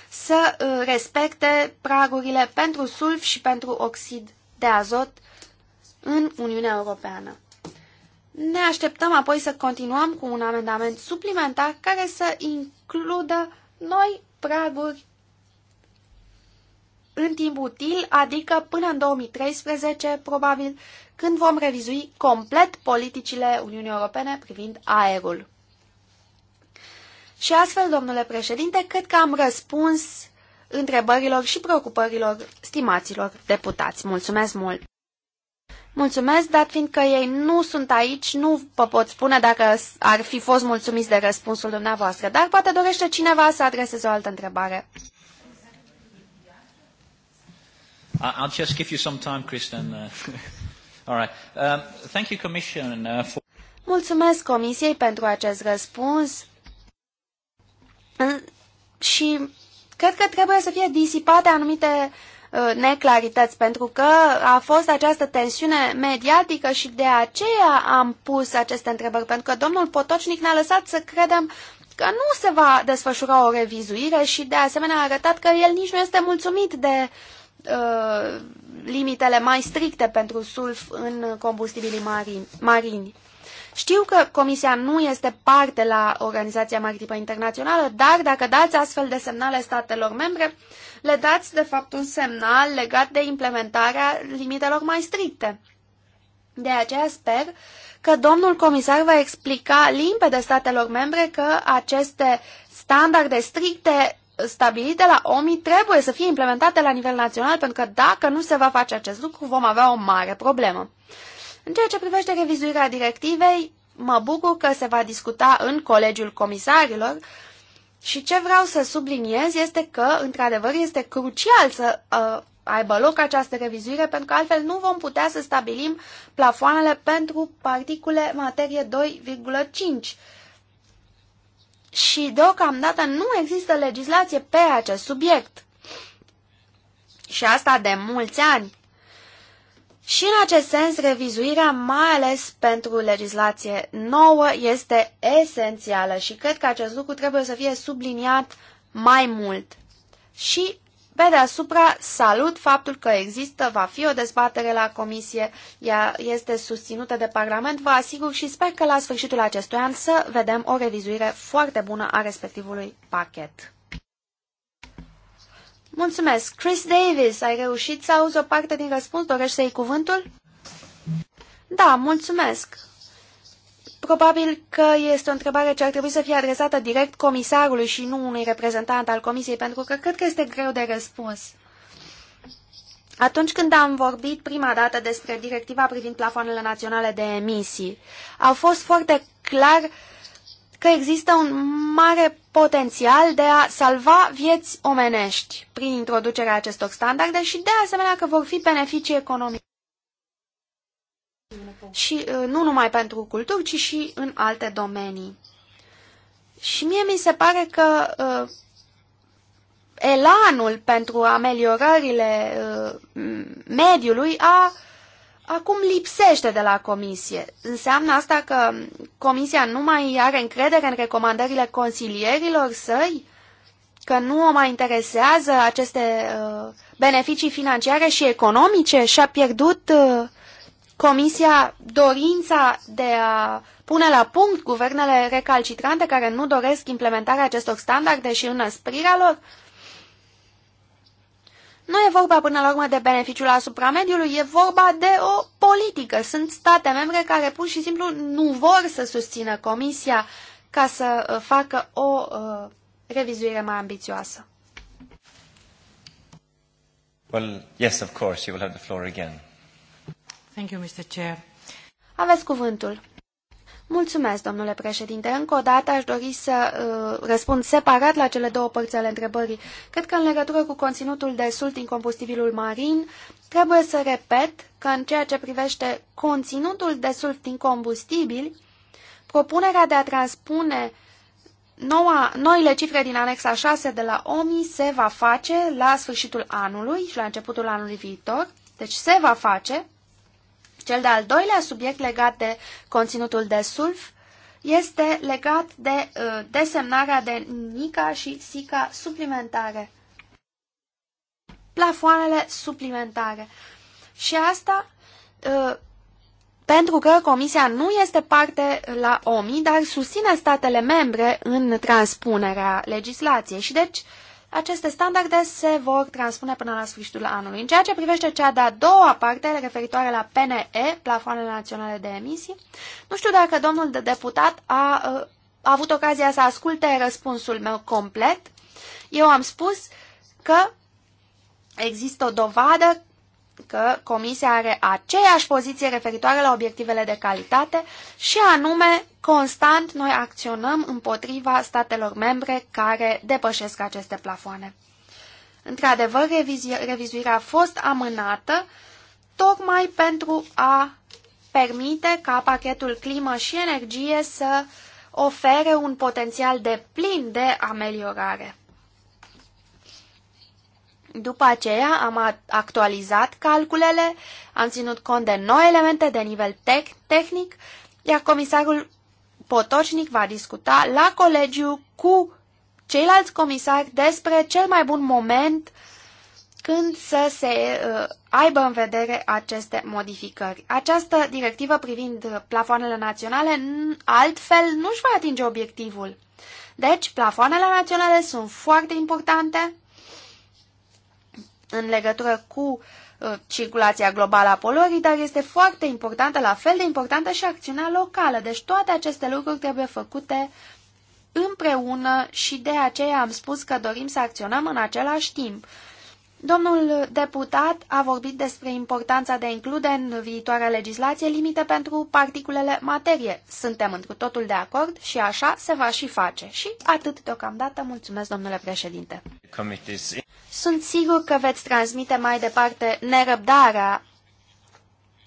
să respecte pragurile pentru sulf și pentru oxid de azot în Uniunea Europeană. Ne așteptăm apoi să continuăm cu un amendament suplimentar care să includă noi praguri în timp util, adică până în 2013, probabil, când vom revizui complet politicile Uniunii Europene privind aerul. Și astfel, domnule președinte, cred că am răspuns întrebărilor și preocupărilor stimaților deputați. Mulțumesc mult! Mulțumesc, dar fiindcă ei nu sunt aici, nu vă pot spune dacă ar fi fost mulțumiți de răspunsul dumneavoastră, dar poate dorește cineva să adreseze o altă întrebare. I'll just give you some time, Kristen. Uh, all right. Um, thank you, Commission, uh, for... Mulțumesc Comisiei pentru acest răspuns și cred că trebuie să fie disipate anumite uh, Uh, neclarități, pentru că a fost această tensiune mediatică și de aceea am pus aceste întrebări, pentru că domnul Potocnic ne-a lăsat să credem că nu se va desfășura o revizuire și de asemenea a arătat că el nici nu este mulțumit de uh, limitele mai stricte pentru sulf în combustibilii marini. marini. Știu că Comisia nu este parte la Organizația Maritimă Internațională, dar dacă dați astfel de semnale statelor membre, le dați de fapt un semnal legat de implementarea limitelor mai stricte. De aceea sper că domnul comisar va explica limpede statelor membre că aceste standarde stricte stabilite la OMI trebuie să fie implementate la nivel național, pentru că dacă nu se va face acest lucru, vom avea o mare problemă. În ceea ce privește revizuirea directivei, mă bucur că se va discuta în Colegiul Comisarilor și ce vreau să subliniez este că, într-adevăr, este crucial să uh, aibă loc această revizuire, pentru că altfel nu vom putea să stabilim plafoanele pentru particule materie 2,5. Și deocamdată nu există legislație pe acest subiect. Și asta de mulți ani. Și în acest sens, revizuirea, mai ales pentru legislație nouă, este esențială și cred că acest lucru trebuie să fie subliniat mai mult. Și, pe deasupra, salut faptul că există, va fi o dezbatere la comisie, ea este susținută de Parlament, vă asigur și sper că la sfârșitul acestui an să vedem o revizuire foarte bună a respectivului pachet. Mulțumesc. Chris Davis, ai reușit să auzi o parte din răspuns? Dorești să iei cuvântul? Da, mulțumesc. Probabil că este o întrebare ce ar trebui să fie adresată direct comisarului și nu unui reprezentant al comisiei, pentru că cred că este greu de răspuns. Atunci când am vorbit prima dată despre directiva privind plafoanele naționale de emisii, au fost foarte clar uh, că există un mare potențial de a salva vieți omenești prin introducerea acestor standarde și de asemenea că vor fi beneficii economice. Și uh, nu numai pentru culturi, ci și în alte domenii. Și mie mi se pare că uh, elanul pentru ameliorările uh, mediului a uh, acum lipsește de la comisie. Înseamnă asta că comisia nu mai are încredere în recomandările consilierilor săi? Că nu o mai interesează aceste uh, beneficii financiare și economice? Și-a pierdut uh, comisia dorința de a pune la punct guvernele recalcitrante care nu doresc implementarea acestor standarde și înăsprirea lor? Uh, nu e vorba până la urmă de beneficiul asupra mediului, e vorba de o politică. Sunt state membre care pur și simplu nu vor să susțină Comisia ca să uh, facă o uh, revizuire mai ambițioasă. Well, yes, of course, you will have the floor again. Thank you, Mr. Chair. Aveți cuvântul. Mulțumesc, domnule președinte. Încă o dată aș dori să uh, răspund separat la cele două părți ale întrebării. Cred că în legătură cu conținutul de sult din combustibilul marin, trebuie să repet că în ceea ce privește conținutul de sult din combustibil, propunerea de a transpune noua, noile cifre din anexa 6 de la OMI se va face la sfârșitul anului și la începutul anului viitor, deci se va face, cel de-al doilea subiect legat de conținutul de sulf este legat de uh, desemnarea de NICA și SICA suplimentare. Plafoanele suplimentare. Și asta uh, pentru că Comisia nu este parte la OMI, dar susține statele membre în transpunerea legislației și deci aceste standarde se vor transpune până la sfârșitul anului. În ceea ce privește cea de-a doua parte, referitoare la PNE, plafoanele naționale de emisii, nu știu dacă domnul de deputat a, a avut ocazia să asculte răspunsul meu complet. Eu am spus că există o dovadă că Comisia are aceeași poziție referitoare la obiectivele de calitate și anume, constant noi acționăm împotriva statelor membre care depășesc aceste plafoane. Într-adevăr, revizuirea a fost amânată tocmai pentru a permite ca pachetul climă și energie să ofere un potențial de plin de ameliorare. După aceea am actualizat calculele, am ținut cont de noi elemente de nivel tec tehnic, iar comisarul Potocnic va discuta la colegiu cu ceilalți comisari despre cel mai bun moment când să se uh, aibă în vedere aceste modificări. Această directivă privind plafoanele naționale altfel nu își va atinge obiectivul. Deci, plafoanele naționale sunt foarte importante în legătură cu uh, circulația globală a poluării, dar este foarte importantă, la fel de importantă și acțiunea locală. Deci toate aceste lucruri trebuie făcute împreună și de aceea am spus că dorim să acționăm în același timp. Domnul deputat a vorbit despre importanța de a include în viitoarea legislație limite pentru particulele materie. Suntem într totul de acord și așa se va și face. Și atât deocamdată. Mulțumesc, domnule președinte. Sunt sigur că veți transmite mai departe nerăbdarea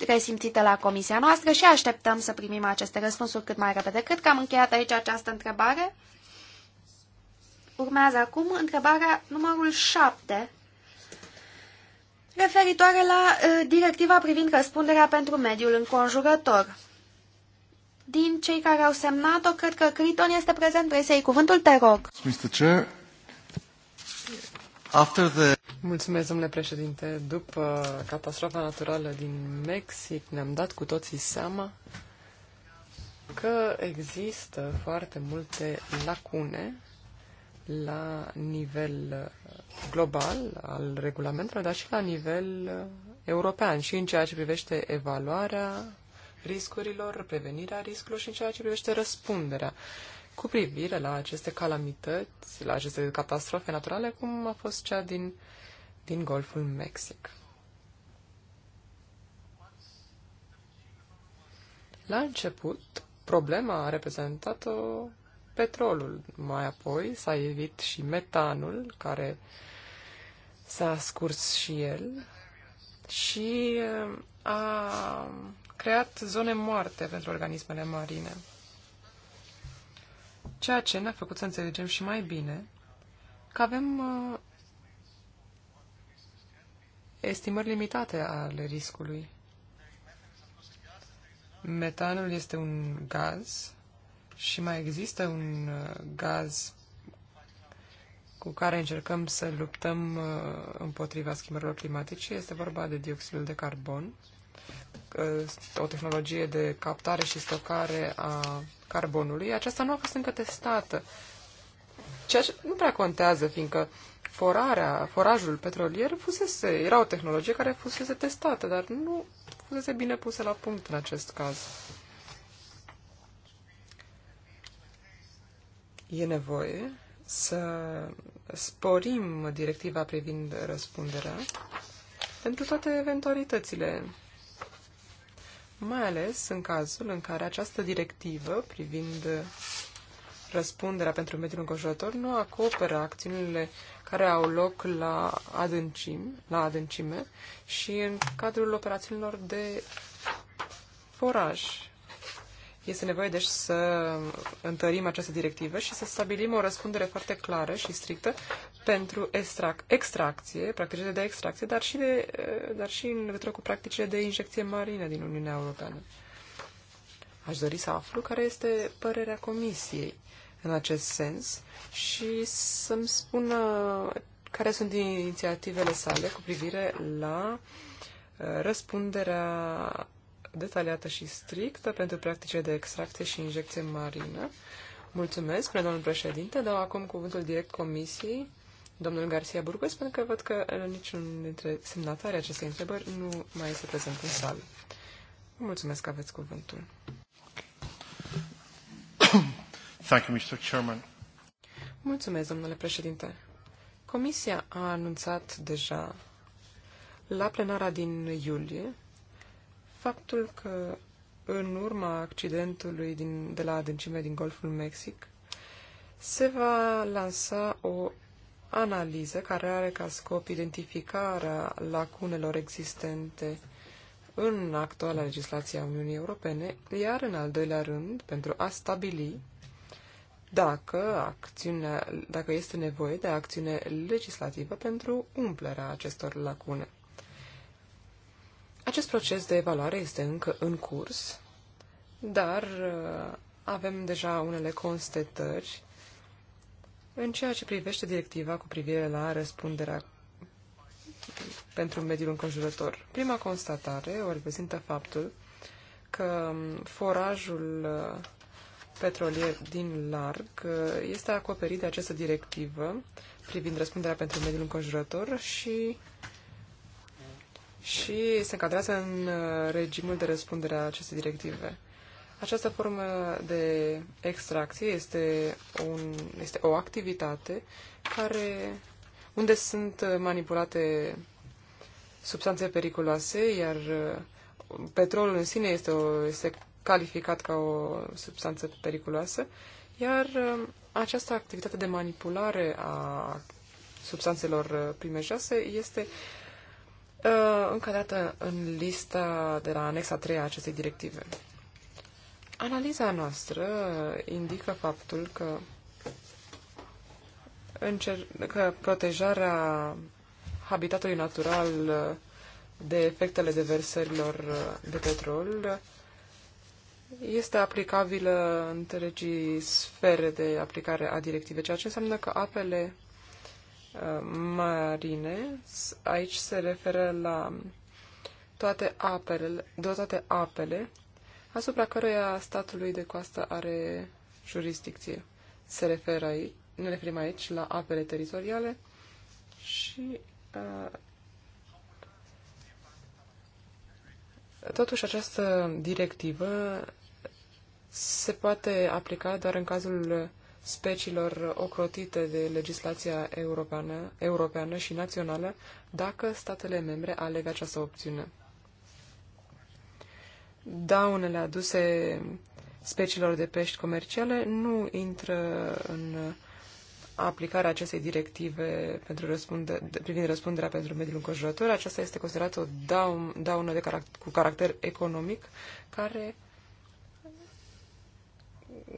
resimțită la comisia noastră și așteptăm să primim aceste răspunsuri cât mai repede. Cred că am încheiat aici această întrebare. Urmează acum întrebarea numărul 7 referitoare la uh, directiva privind răspunderea pentru mediul înconjurător. Din cei care au semnat-o, cred că Criton este prezent. Vrei să iei cuvântul? Te rog. Mr. Chair, after the... Mulțumesc, domnule președinte. După catastrofa naturală din Mexic, ne-am dat cu toții seama că există foarte multe lacune la nivel uh, global al regulamentelor, dar și la nivel uh, european și în ceea ce privește evaluarea riscurilor, prevenirea riscurilor și în ceea ce privește răspunderea cu privire la aceste calamități, la aceste catastrofe naturale, cum a fost cea din, din Golful Mexic. La început, problema a reprezentat-o petrolul. Mai apoi s-a evit și metanul, care s-a scurs și el și uh, a creat zone moarte pentru organismele marine. Ceea ce ne-a făcut să înțelegem și mai bine că avem uh, estimări limitate ale riscului. Metanul este un gaz și mai există un uh, gaz cu care încercăm să luptăm uh, împotriva schimbărilor climatice. Este vorba de dioxidul de carbon, uh, o tehnologie de captare și stocare a carbonului. Aceasta nu a fost încă testată, ceea ce nu prea contează, fiindcă forarea, forajul petrolier fusese, era o tehnologie care fusese testată, dar nu fusese bine pusă la punct în acest caz. E nevoie să sporim directiva privind răspunderea pentru toate eventualitățile, mai ales în cazul în care această directivă privind răspunderea pentru mediul înconjurător nu acoperă acțiunile care au loc la, adâncim, la adâncime și în cadrul operațiunilor de foraj este nevoie, deci, să întărim această directivă și să stabilim o răspundere foarte clară și strictă pentru extrac- extracție, practicile de extracție, dar și, de, dar și în legătură cu practicile de injecție marină din Uniunea Europeană. Aș dori să aflu care este părerea Comisiei în acest sens și să-mi spună care sunt inițiativele sale cu privire la uh, răspunderea detaliată și strictă pentru practicile de extracție și injecție marină. Mulțumesc, spune domnul președinte. Dau acum cuvântul direct comisiei, domnul Garcia Burgos, pentru că văd că niciun dintre semnatarii acestei întrebări nu mai este prezent în sală. Mulțumesc că aveți cuvântul. Thank you, Mr. Chairman. Mulțumesc, domnule președinte. Comisia a anunțat deja la plenara din iulie faptul că în urma accidentului din, de la adâncime din Golful Mexic se va lansa o analiză care are ca scop identificarea lacunelor existente în actuala legislație a Uniunii Europene, iar în al doilea rând, pentru a stabili dacă, acțiunea, dacă este nevoie de acțiune legislativă pentru umplerea acestor lacune. Acest proces de evaluare este încă în curs, dar uh, avem deja unele constatări în ceea ce privește directiva cu privire la răspunderea pentru mediul înconjurător. Prima constatare o reprezintă faptul că um, forajul uh, petrolier din larg uh, este acoperit de această directivă privind răspunderea pentru mediul înconjurător și și se încadrează în uh, regimul de răspundere a acestei directive. Această formă de extracție este, un, este o activitate care, unde sunt uh, manipulate substanțe periculoase, iar uh, petrolul în sine este, o, este calificat ca o substanță periculoasă, iar această activitate de manipulare a substanțelor primejoase este uh, Uh, încadrată în lista de la anexa 3 a acestei directive. Analiza noastră indică faptul că, încer- că protejarea habitatului natural de efectele deversărilor de petrol este aplicabilă întregii sfere de aplicare a directivei, ceea ce înseamnă că apele marine, aici se referă la toate apele, de toate apele asupra căruia statului de coastă are jurisdicție. Se referă aici, ne referim aici la apele teritoriale și a, totuși această directivă se poate aplica doar în cazul speciilor ocrotite de legislația europeană, europeană și națională dacă statele membre aleg această opțiune. Daunele aduse speciilor de pești comerciale nu intră în aplicarea acestei directive pentru răspunde, privind răspunderea pentru mediul înconjurător. Aceasta este considerată o daun, daună de caract, cu caracter economic care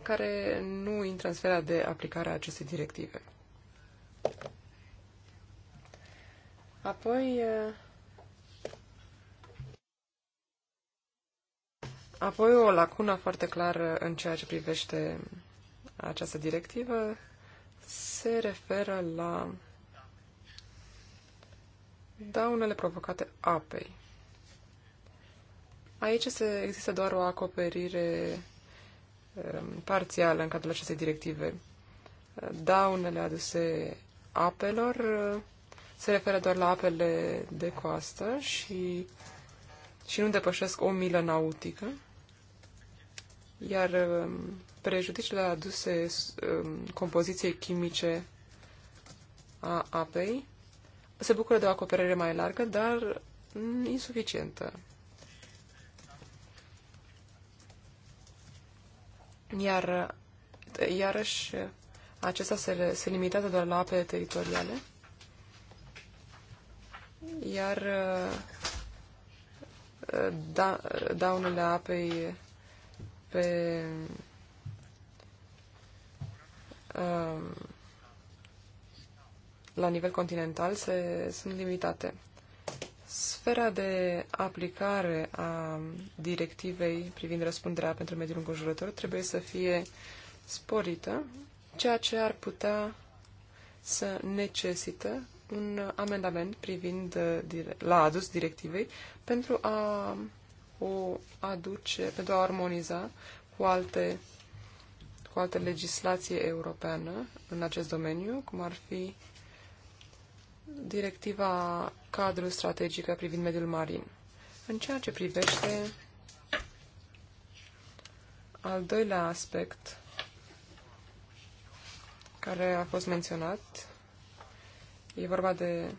care nu intră în sfera de aplicare a acestei directive. Apoi, eh, apoi o lacună foarte clară în ceea ce privește această directivă se referă la daunele provocate apei. Aici se, există doar o acoperire Um, parțială în cadrul acestei directive. Daunele aduse apelor uh, se referă doar la apele de coastă și, și nu depășesc o milă nautică, iar um, prejudiciile aduse um, compoziției chimice a apei se bucură de o acoperire mai largă, dar insuficientă. Iar, uh, iarăși, uh, acesta se, se limitează doar la apele teritoriale. Iar uh, da, daunele apei pe la nivel continental se, sunt limitate. Sfera de aplicare a directivei privind răspunderea pentru mediul înconjurător trebuie să fie sporită, ceea ce ar putea să necesită un amendament privind uh, la adus directivei pentru a o aduce, pentru a armoniza cu alte, cu alte legislație europeană în acest domeniu, cum ar fi directiva cadru strategică privind mediul marin. În ceea ce privește al doilea aspect care a fost menționat, e vorba de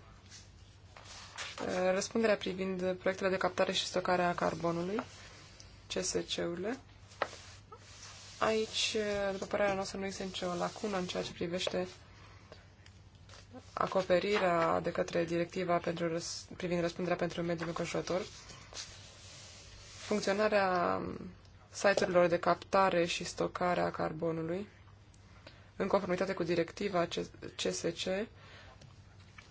uh, răspunderea privind proiectele de captare și stocare a carbonului, CSC-urile. Aici, uh, după părerea noastră, nu există nicio lacună în ceea ce privește acoperirea de către directiva pentru, privind răspunderea pentru mediul înconjurător, funcționarea site-urilor de captare și stocare a carbonului, în conformitate cu directiva CSC,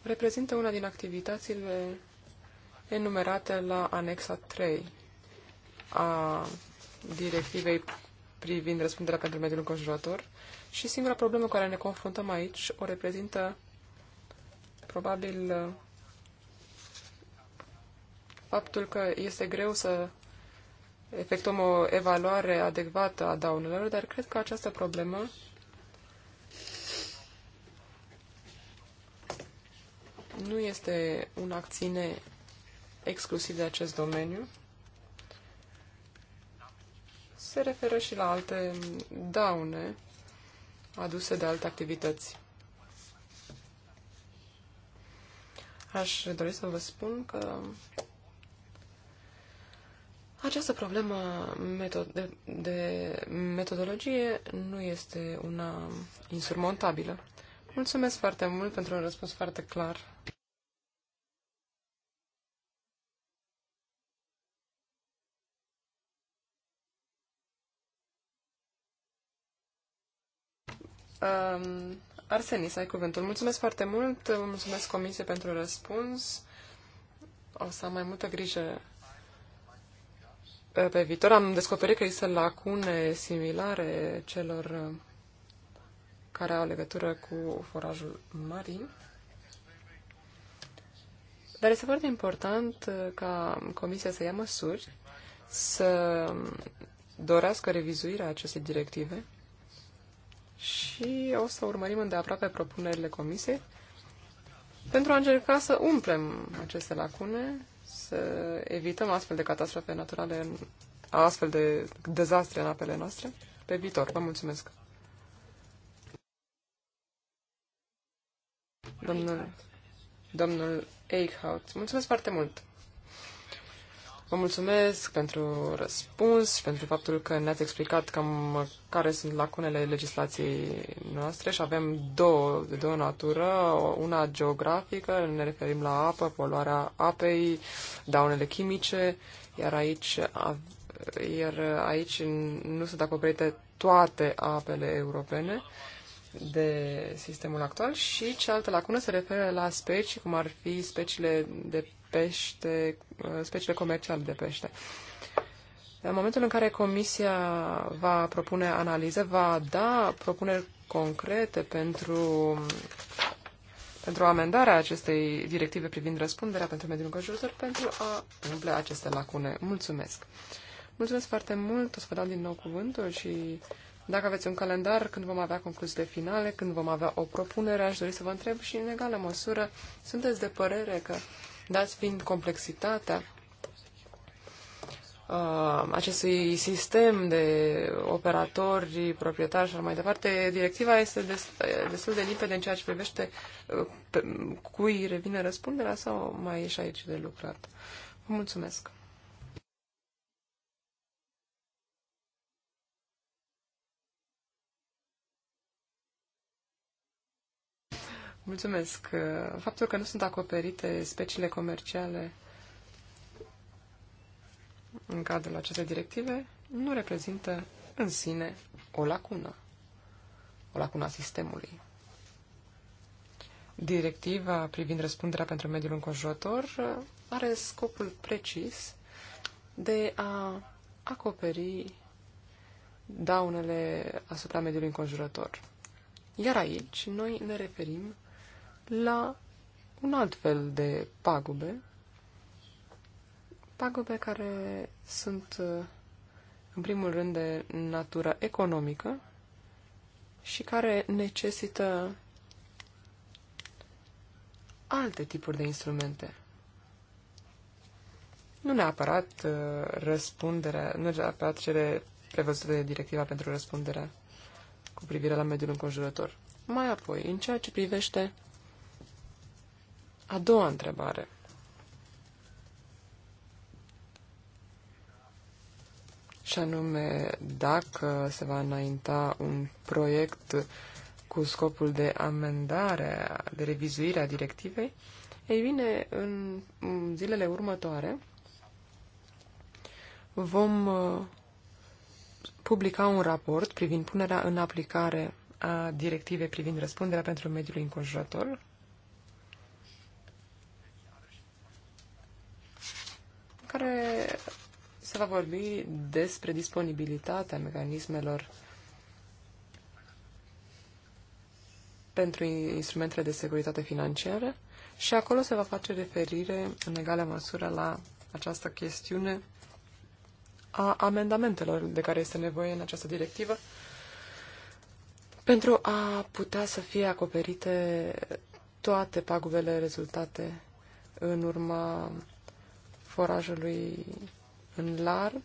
reprezintă una din activitățile enumerate la anexa 3 a directivei privind răspunderea pentru mediul înconjurător și singura problemă cu care ne confruntăm aici o reprezintă Probabil uh, faptul că este greu să efectuăm o evaluare adecvată a daunelor, dar cred că această problemă nu este un acțiune exclusiv de acest domeniu. Se referă și la alte daune aduse de alte activități. Aș dori să vă spun că această problemă metod- de, de metodologie nu este una insurmontabilă. Mulțumesc foarte mult pentru un răspuns foarte clar Um, Arsenis, ai cuvântul. Mulțumesc foarte mult, mulțumesc comisie pentru răspuns. O să am mai multă grijă pe viitor. Am descoperit că există lacune similare celor care au legătură cu forajul marin. Dar este foarte important ca Comisia să ia măsuri, să dorească revizuirea acestei directive și o să urmărim îndeaproape propunerile comisiei pentru a încerca să umplem aceste lacune, să evităm astfel de catastrofe naturale, astfel de dezastre în apele noastre pe viitor. Vă mulțumesc! Domnul, domnul Eichhout, mulțumesc foarte mult! Vă mulțumesc pentru răspuns și pentru faptul că ne-ați explicat cam care sunt lacunele legislației noastre și avem două, de două natură, una geografică, ne referim la apă, poluarea apei, daunele chimice, iar aici, iar aici nu sunt acoperite toate apele europene de sistemul actual și cealaltă lacună se referă la specii, cum ar fi speciile de pește, uh, speciile comerciale de pește. În momentul în care Comisia va propune analize, va da propuneri concrete pentru, pentru amendarea acestei directive privind răspunderea pentru mediul înconjurător pentru a umple aceste lacune. Mulțumesc! Mulțumesc foarte mult, o să vă dau din nou cuvântul și dacă aveți un calendar, când vom avea concluziile finale, când vom avea o propunere, aș dori să vă întreb și în egală măsură, sunteți de părere că dați fiind complexitatea uh, acestui sistem de operatori, proprietari și mai departe, directiva este destul de limpede în ceea ce privește uh, cui revine răspunderea sau mai ești aici de lucrat. Vă mulțumesc! Mulțumesc. Uh, faptul că nu sunt acoperite speciile comerciale în cadrul acestei directive nu reprezintă în sine o lacună, o lacună a sistemului. Directiva privind răspunderea pentru mediul înconjurător uh, are scopul precis de a acoperi daunele asupra mediului înconjurător. Iar aici noi ne referim la un alt fel de pagube, pagube care sunt, uh, în primul rând, de natură economică și care necesită alte tipuri de instrumente. Nu neapărat uh, răspunderea, nu neapărat cele prevăzute de directiva pentru răspunderea cu privire la mediul înconjurător. Mai apoi, în ceea ce privește a doua întrebare. Și anume, dacă se va înainta un proiect cu scopul de amendare, de revizuire a directivei, ei bine, în zilele următoare vom uh, publica un raport privind punerea în aplicare a directivei privind răspunderea pentru mediul înconjurător, care se va vorbi despre disponibilitatea mecanismelor pentru instrumentele de securitate financiară și acolo se va face referire în egală măsură la această chestiune a amendamentelor de care este nevoie în această directivă pentru a putea să fie acoperite toate pagubele rezultate în urma forajului în larg,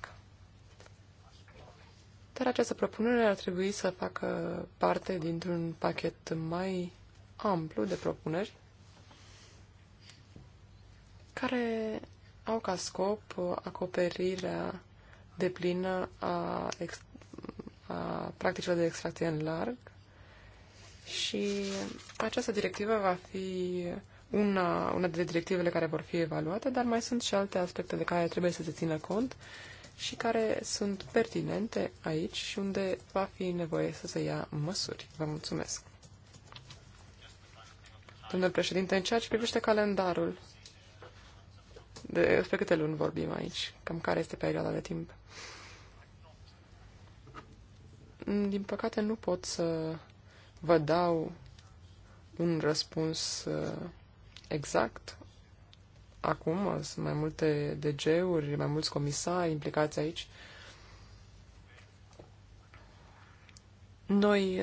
dar această propunere ar trebui să facă parte dintr-un pachet mai amplu de propuneri care au ca scop acoperirea deplină a, ex- a practicilor de extracție în larg și această directivă va fi Uh, una, una de directivele care vor fi evaluate, dar mai sunt și alte aspecte de care trebuie să se țină cont și care sunt pertinente aici și unde va fi nevoie să se ia măsuri. Vă mulțumesc. Domnule președinte, în ceea ce privește calendarul, despre câte luni vorbim aici, cam care este perioada de timp? Din păcate nu pot să vă dau un răspuns uh, exact. Acum sunt mai multe DG-uri, mai mulți comisari implicați aici. Noi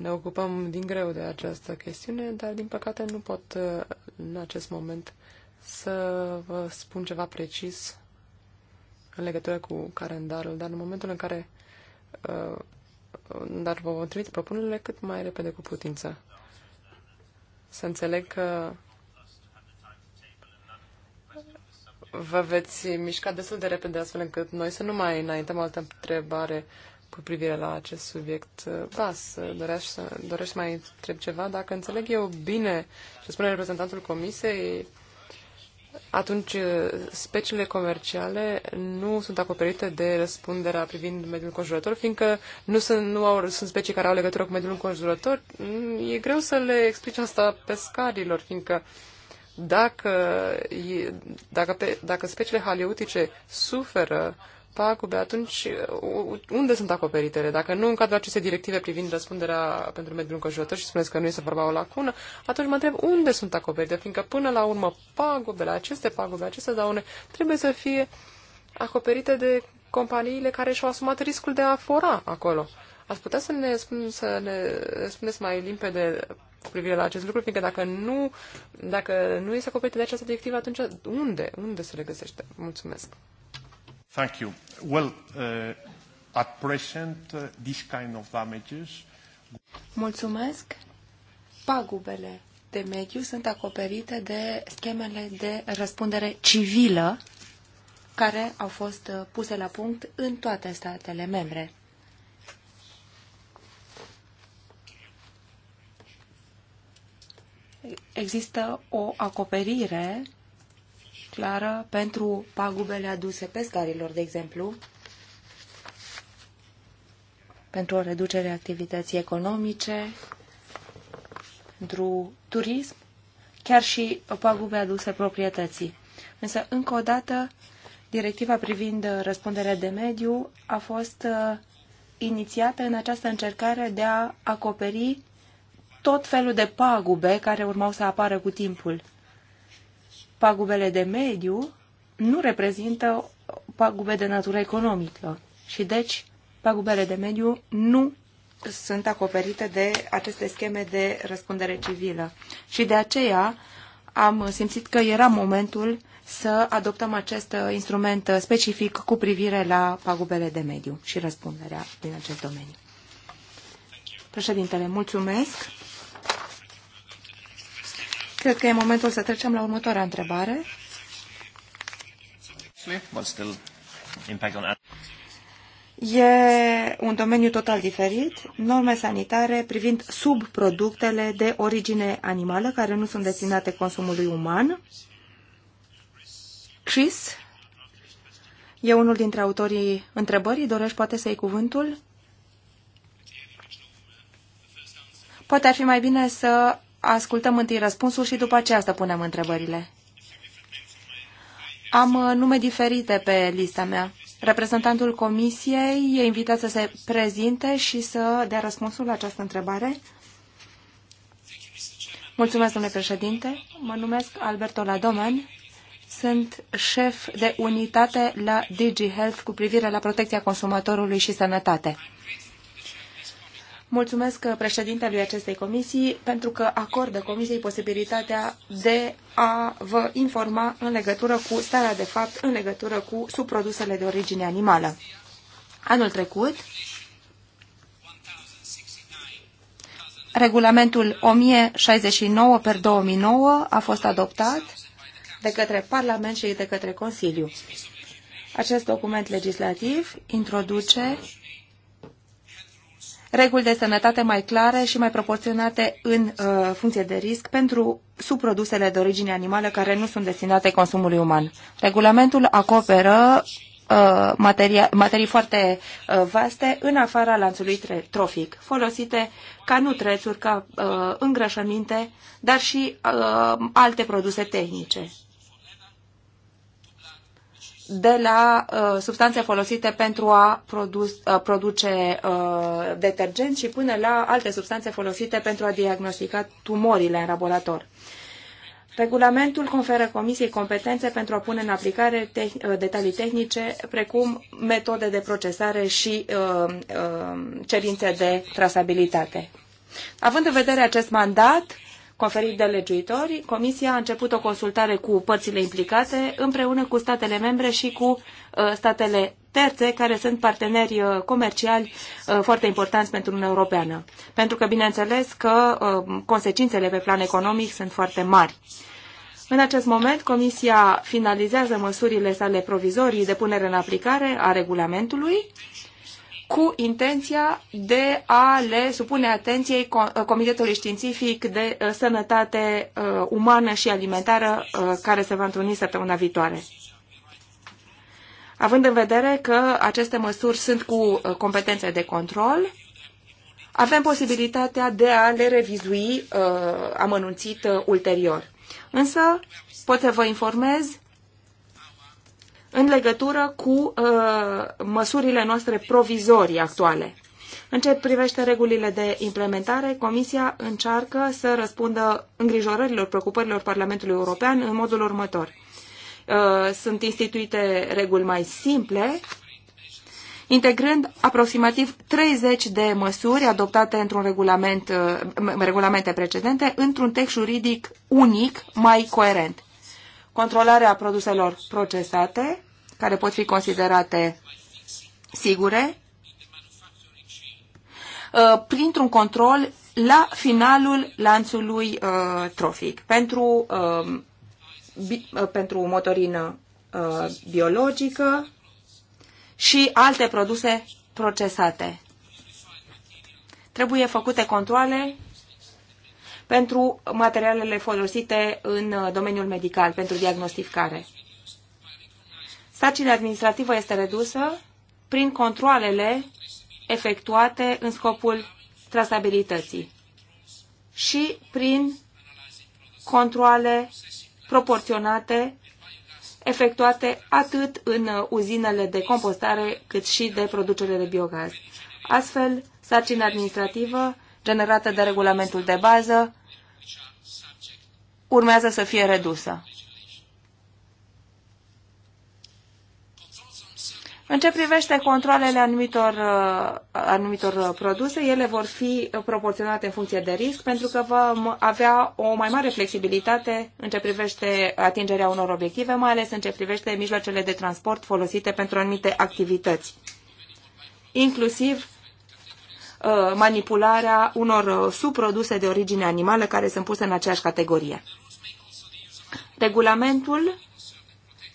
ne ocupăm din greu de această chestiune, dar din păcate nu pot în acest moment să vă spun ceva precis în legătură cu calendarul, dar în momentul în care dar vă vom trimite propunerile cât mai repede cu putință. Să înțeleg că vă veți mișca destul de repede astfel încât noi să nu mai înaintăm altă întrebare cu privire la acest subiect. Bas, da, dorești să, dorești să mai întreb ceva? Dacă înțeleg eu bine ce spune reprezentantul comisiei, atunci uh, speciile comerciale nu sunt acoperite de răspunderea privind mediul conjurător, fiindcă nu sunt, nu au, sunt specii care au legătură cu mediul conjurător. Mm, e greu să le explici asta pescarilor, fiindcă dacă, dacă, pe, dacă speciile haleutice suferă pagube, atunci uh, unde sunt acoperitele? Dacă nu în cadrul acestei directive privind răspunderea pentru mediul înconjurător și spuneți că nu este vorba o lacună, atunci mă întreb unde sunt acoperite, fiindcă până la urmă pagubele, aceste pagube, aceste daune, trebuie să fie acoperite de companiile care și-au asumat riscul de a fora acolo. Ați putea să ne, spun, să ne spuneți mai limpede cu privire la acest lucru, fiindcă dacă nu, dacă nu este acoperită de această directivă, atunci unde? Unde se le găsește? Mulțumesc! Thank you. Well, uh, at present, uh, this kind of damages... Mulțumesc. Pagubele de mediu sunt acoperite de schemele de răspundere civilă care au fost uh, puse la punct în toate statele membre. Există o acoperire clară pentru pagubele aduse pescarilor, de exemplu, pentru o reducere a activității economice, pentru turism, chiar și pagube aduse proprietății. Însă, încă o dată, directiva privind răspunderea de mediu a fost uh, inițiată în această încercare de a acoperi tot felul de pagube care urmau să apară cu timpul pagubele de mediu nu reprezintă pagube de natură economică și deci pagubele de mediu nu sunt acoperite de aceste scheme de răspundere civilă. Și de aceea am simțit că era momentul să adoptăm acest instrument specific cu privire la pagubele de mediu și răspunderea din acest domeniu. Președintele, mulțumesc. Cred că e momentul să trecem la următoarea întrebare. E un domeniu total diferit, norme sanitare privind subproductele de origine animală care nu sunt destinate consumului uman. Chris e unul dintre autorii întrebării. Dorești poate să iei cuvântul? Poate ar fi mai bine să ascultăm întâi răspunsul și după aceea să punem întrebările. Am uh, nume diferite pe lista mea. Reprezentantul comisiei e invitat să se prezinte și să dea răspunsul la această întrebare. Mulțumesc, domnule președinte. Mă numesc Alberto Ladomen. Sunt șef de unitate la DigiHealth cu privire la protecția consumatorului și sănătate. Mulțumesc uh, președintelui acestei comisii pentru că acordă comisiei posibilitatea de a vă informa în legătură cu starea de fapt, în legătură cu subprodusele de origine animală. Anul trecut, regulamentul 1069 per 2009 a fost adoptat de către Parlament și de către Consiliu. Acest document legislativ introduce reguli de sănătate mai clare și mai proporționate în uh, funcție de risc pentru subprodusele de origine animală care nu sunt destinate consumului uman. Regulamentul acoperă uh, materia, materii foarte uh, vaste în afara lanțului trofic, folosite ca nutrețuri, ca uh, îngrășăminte, dar și uh, alte produse tehnice de la uh, substanțe folosite pentru a produs, uh, produce uh, detergent și până la alte substanțe folosite pentru a diagnostica tumorile în laborator. Regulamentul conferă Comisiei competențe pentru a pune în aplicare te- uh, detalii tehnice, precum metode de procesare și uh, uh, cerințe de trasabilitate. Având în vedere acest mandat, conferit de legiuitori, Comisia a început o consultare cu părțile implicate împreună cu statele membre și cu uh, statele terțe, care sunt parteneri uh, comerciali uh, foarte importanți pentru Uniunea Europeană. Pentru că, bineînțeles, că consecințele pe plan economic sunt foarte mari. În acest moment, Comisia finalizează măsurile sale provizorii de punere în aplicare a regulamentului cu intenția de a le supune atenției uh, Comitetului Științific de uh, Sănătate uh, Umană și Alimentară care se va întruni săptămâna viitoare. Având în vedere că aceste măsuri sunt cu competențe de control, avem posibilitatea de a le revizui amănunțit ulterior. Însă pot să vă informez în legătură cu uh, măsurile noastre provizorii actuale. În ce privește regulile de implementare, Comisia încearcă să răspundă îngrijorărilor, preocupărilor Parlamentului European în modul următor. Uh, sunt instituite reguli mai simple, integrând aproximativ 30 de măsuri adoptate într-un regulament, uh, regulamente precedente într-un text juridic unic mai coerent controlarea produselor procesate, care pot fi considerate sigure, uh, printr-un control la finalul lanțului uh, trofic pentru, uh, pentru motorină biologică și alte produse procesate. Trebuie făcute controle pentru materialele folosite în uh, domeniul medical, pentru diagnosticare. Sarcina administrativă este redusă prin controlele efectuate în scopul trasabilității și prin controle proporționate efectuate atât în uh, uzinele de compostare cât și de producere de biogaz. Astfel, sarcina administrativă generată de regulamentul de bază urmează să fie redusă. În ce privește controlele anumitor, uh, anumitor uh, produse, ele vor fi uh, proporționate în funcție de risc, pentru că vom avea o mai mare flexibilitate în ce privește atingerea unor obiective, mai ales în ce privește mijloacele de transport folosite pentru anumite activități, inclusiv manipularea unor subproduse de origine animală care sunt puse în aceeași categorie. Regulamentul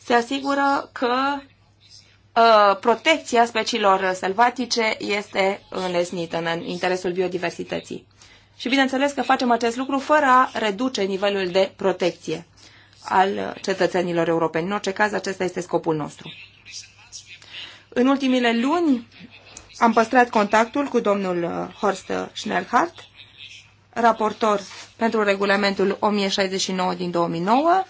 se asigură că uh, protecția speciilor sălbatice este înlesnită în interesul biodiversității. Și bineînțeles că facem acest lucru fără a reduce nivelul de protecție al cetățenilor europeni. În orice caz, acesta este scopul nostru. În ultimile luni am păstrat contactul cu domnul uh, Horst Schnellhardt raportor pentru regulamentul 1069 din 2009.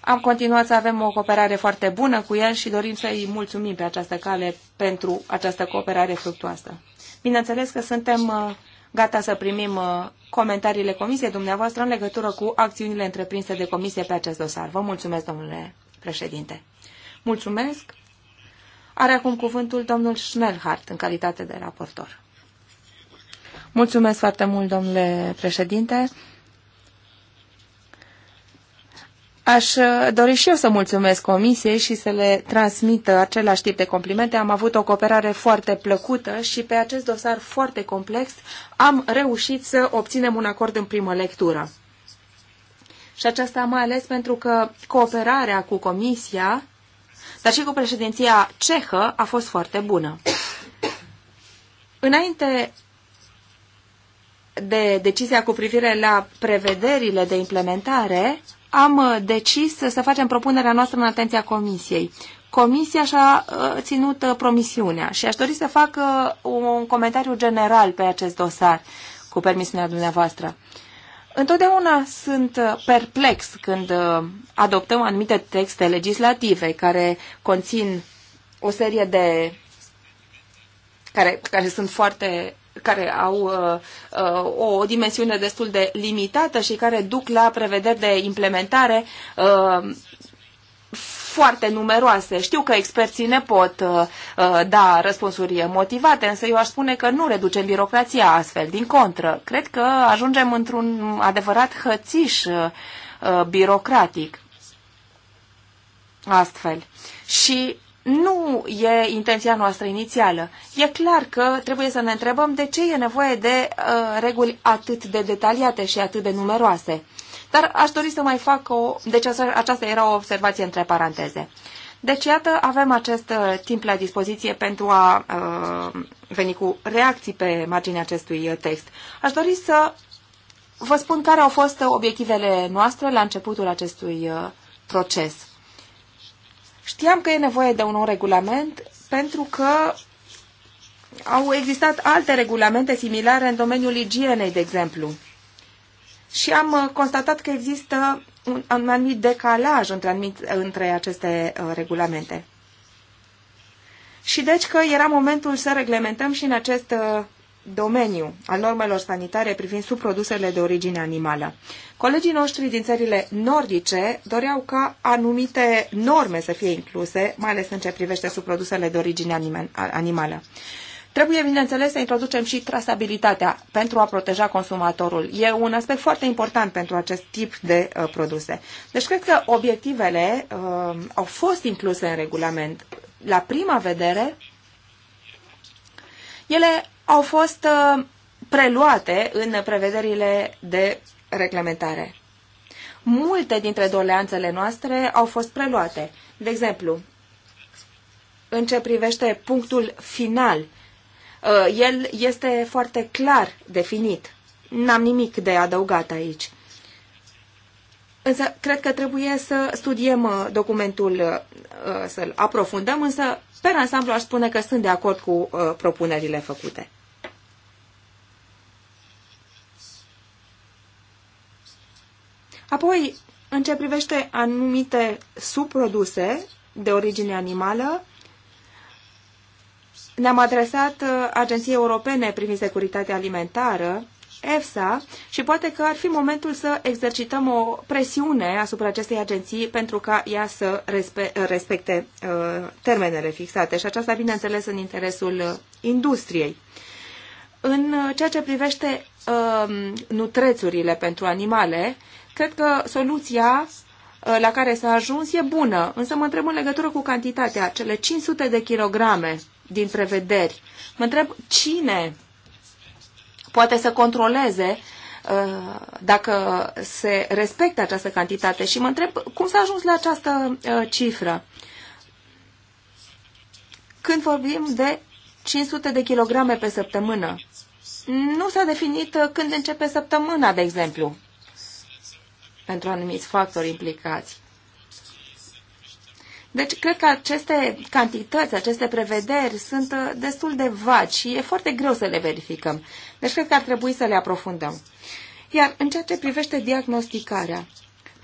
Am continuat să avem o cooperare foarte bună cu el și dorim să îi mulțumim pe această cale pentru această cooperare fructuoasă. Bineînțeles că suntem uh, gata să primim uh, comentariile comisiei dumneavoastră în legătură cu acțiunile întreprinse de comisie pe acest dosar. Vă mulțumesc, domnule președinte. Mulțumesc. Are acum cuvântul domnul Schnellhardt în calitate de raportor. Mulțumesc foarte mult, domnule președinte. Aș uh, dori și eu să mulțumesc comisiei și să le transmit același tip de complimente. Am avut o cooperare foarte plăcută și pe acest dosar foarte complex am reușit să obținem un acord în primă lectură. Și aceasta mai ales pentru că cooperarea cu comisia, dar și cu președinția cehă, a fost foarte bună. Înainte de decizia cu privire la prevederile de implementare, am uh, decis să facem propunerea noastră în atenția Comisiei. Comisia și-a uh, ținut uh, promisiunea și aș dori să fac un comentariu general pe acest dosar, cu permisiunea dumneavoastră. Întotdeauna sunt perplex când adoptăm anumite texte legislative care conțin o serie de care, care sunt foarte care au uh, uh, o dimensiune destul de limitată și care duc la prevederi de implementare uh, foarte numeroase. Știu că experții ne pot uh, da răspunsuri motivate, însă eu aș spune că nu reducem birocrația astfel, din contră. Cred că ajungem într-un adevărat hățiș uh, birocratic. Astfel. Și nu e intenția noastră inițială. E clar că trebuie să ne întrebăm de ce e nevoie de uh, reguli atât de detaliate și atât de numeroase. Dar aș dori să mai fac o... Deci aceasta era o observație între paranteze. Deci, iată, avem acest uh, timp la dispoziție pentru a uh, veni cu reacții pe marginea acestui uh, text. Aș dori să vă spun care au fost uh, obiectivele noastre la începutul acestui uh, proces. Știam că e nevoie de un nou regulament pentru că au existat alte regulamente similare în domeniul igienei, de exemplu. Și am uh, constatat că există un, un anumit decalaj între, anumit, între aceste uh, regulamente. Și deci că era momentul să reglementăm și în acest uh, domeniu al normelor sanitare privind subprodusele de origine animală. Colegii noștri din țările nordice doreau ca anumite norme să fie incluse, mai ales în ce privește subprodusele de origine animală. Trebuie, bineînțeles, să introducem și trasabilitatea pentru a proteja consumatorul. E un aspect foarte important pentru acest tip de uh, produse. Deci, cred că obiectivele uh, au fost incluse în regulament. La prima vedere, ele au fost uh, preluate în prevederile de reglementare. Multe dintre doleanțele noastre au fost preluate. De exemplu, în ce privește punctul final, uh, el este foarte clar definit. N-am nimic de adăugat aici. Însă, cred că trebuie să studiem uh, documentul, să-l aprofundăm, însă, pe ansamblu, aș spune că sunt de acord cu propunerile făcute. Apoi, în ce privește anumite subproduse de origine animală, ne-am adresat uh, Agenției Europene privind securitatea alimentară, EFSA, și poate că ar fi momentul să exercităm o presiune asupra acestei agenții pentru ca ea să uh, respecte uh, termenele fixate și aceasta, bineînțeles, în interesul industriei. În ceea ce privește nutrețurile pentru animale, Cred că soluția uh, la care s-a ajuns e bună, însă mă întreb în legătură cu cantitatea, cele 500 de kilograme din prevederi. Mă întreb cine poate să controleze uh, dacă se respectă această cantitate și mă întreb cum s-a ajuns la această uh, cifră. Când vorbim de 500 de kilograme pe săptămână, nu s-a definit când începe săptămâna, de exemplu pentru anumiți factori implicați. Deci, cred că aceste cantități, aceste prevederi sunt uh, destul de vagi și e foarte greu să le verificăm. Deci, cred că ar trebui să le aprofundăm. Iar în ceea ce privește diagnosticarea,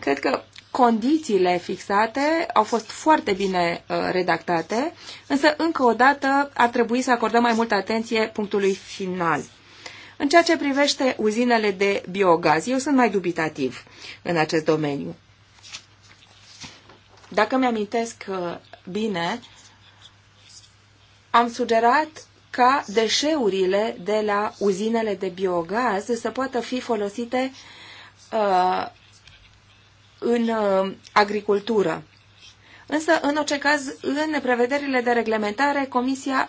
cred că condițiile fixate au fost foarte bine uh, redactate, însă, încă o dată, ar trebui să acordăm mai multă atenție punctului final – în ceea ce privește uzinele de biogaz, eu sunt mai dubitativ în acest domeniu. Dacă mi-amintesc uh, bine, am sugerat ca deșeurile de la uzinele de biogaz să poată fi folosite uh, în uh, agricultură. Însă, în orice caz, în prevederile de reglementare, Comisia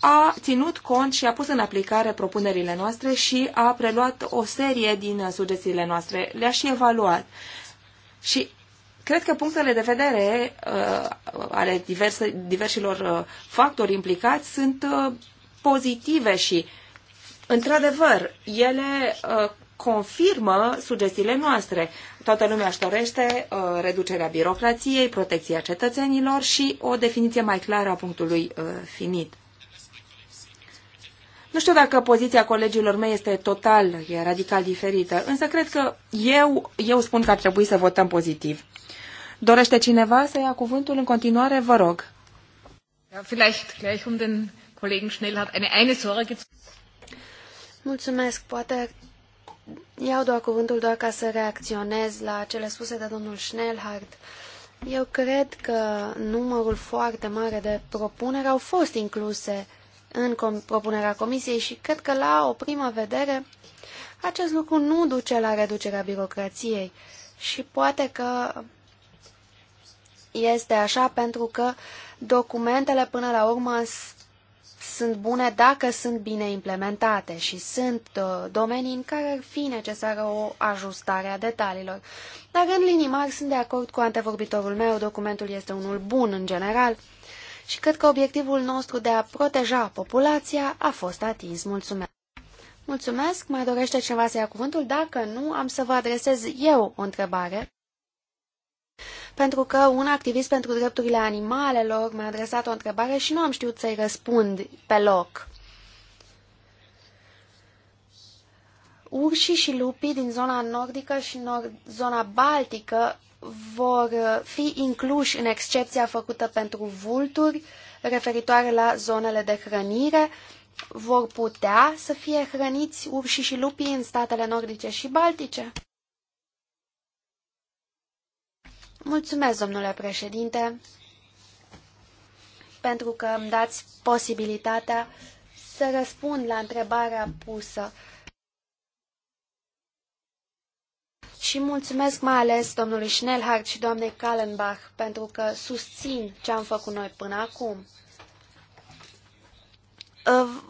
a ținut cont și a pus în aplicare propunerile noastre și a preluat o serie din sugestiile noastre, le-a și evaluat. Și cred că punctele de vedere uh, ale diverse, diversilor uh, factori implicați sunt uh, pozitive și, într-adevăr, ele uh, confirmă sugestiile noastre. Toată lumea își dorește uh, reducerea birocrației, protecția cetățenilor și o definiție mai clară a punctului uh, finit. Nu știu dacă poziția colegilor mei este total, e radical diferită, însă cred că eu, eu spun că ar trebui să votăm pozitiv. Dorește cineva să ia cuvântul în continuare? Vă rog. Um Mulțumesc. Poate iau doar cuvântul doar ca să reacționez la cele spuse de domnul Schnellhardt. Eu cred că numărul foarte mare de propuneri au fost incluse în propunerea comisiei și cred că la o primă vedere acest lucru nu duce la reducerea birocrației și poate că este așa pentru că documentele până la urmă sunt bune dacă sunt bine implementate și sunt uh, domenii în care ar fi necesară o ajustare a detaliilor. Dar în linii mari sunt de acord cu antevorbitorul meu, documentul este unul bun în general și cred că obiectivul nostru de a proteja populația a fost atins. Mulțumesc! Mulțumesc! Mai dorește cineva să ia cuvântul? Dacă nu, am să vă adresez eu o întrebare. Pentru că un activist pentru drepturile animalelor mi-a adresat o întrebare și nu am știut să-i răspund pe loc. Urșii și lupii din zona nordică și nord zona baltică vor uh, fi incluși în excepția făcută pentru vulturi referitoare la zonele de hrănire, vor putea să fie hrăniți urși și lupii în statele nordice și baltice? Mulțumesc, domnule președinte, pentru că îmi dați posibilitatea să răspund la întrebarea pusă. și mulțumesc mai ales domnului Schnellhardt și doamnei Kallenbach pentru că susțin ce am făcut noi până acum.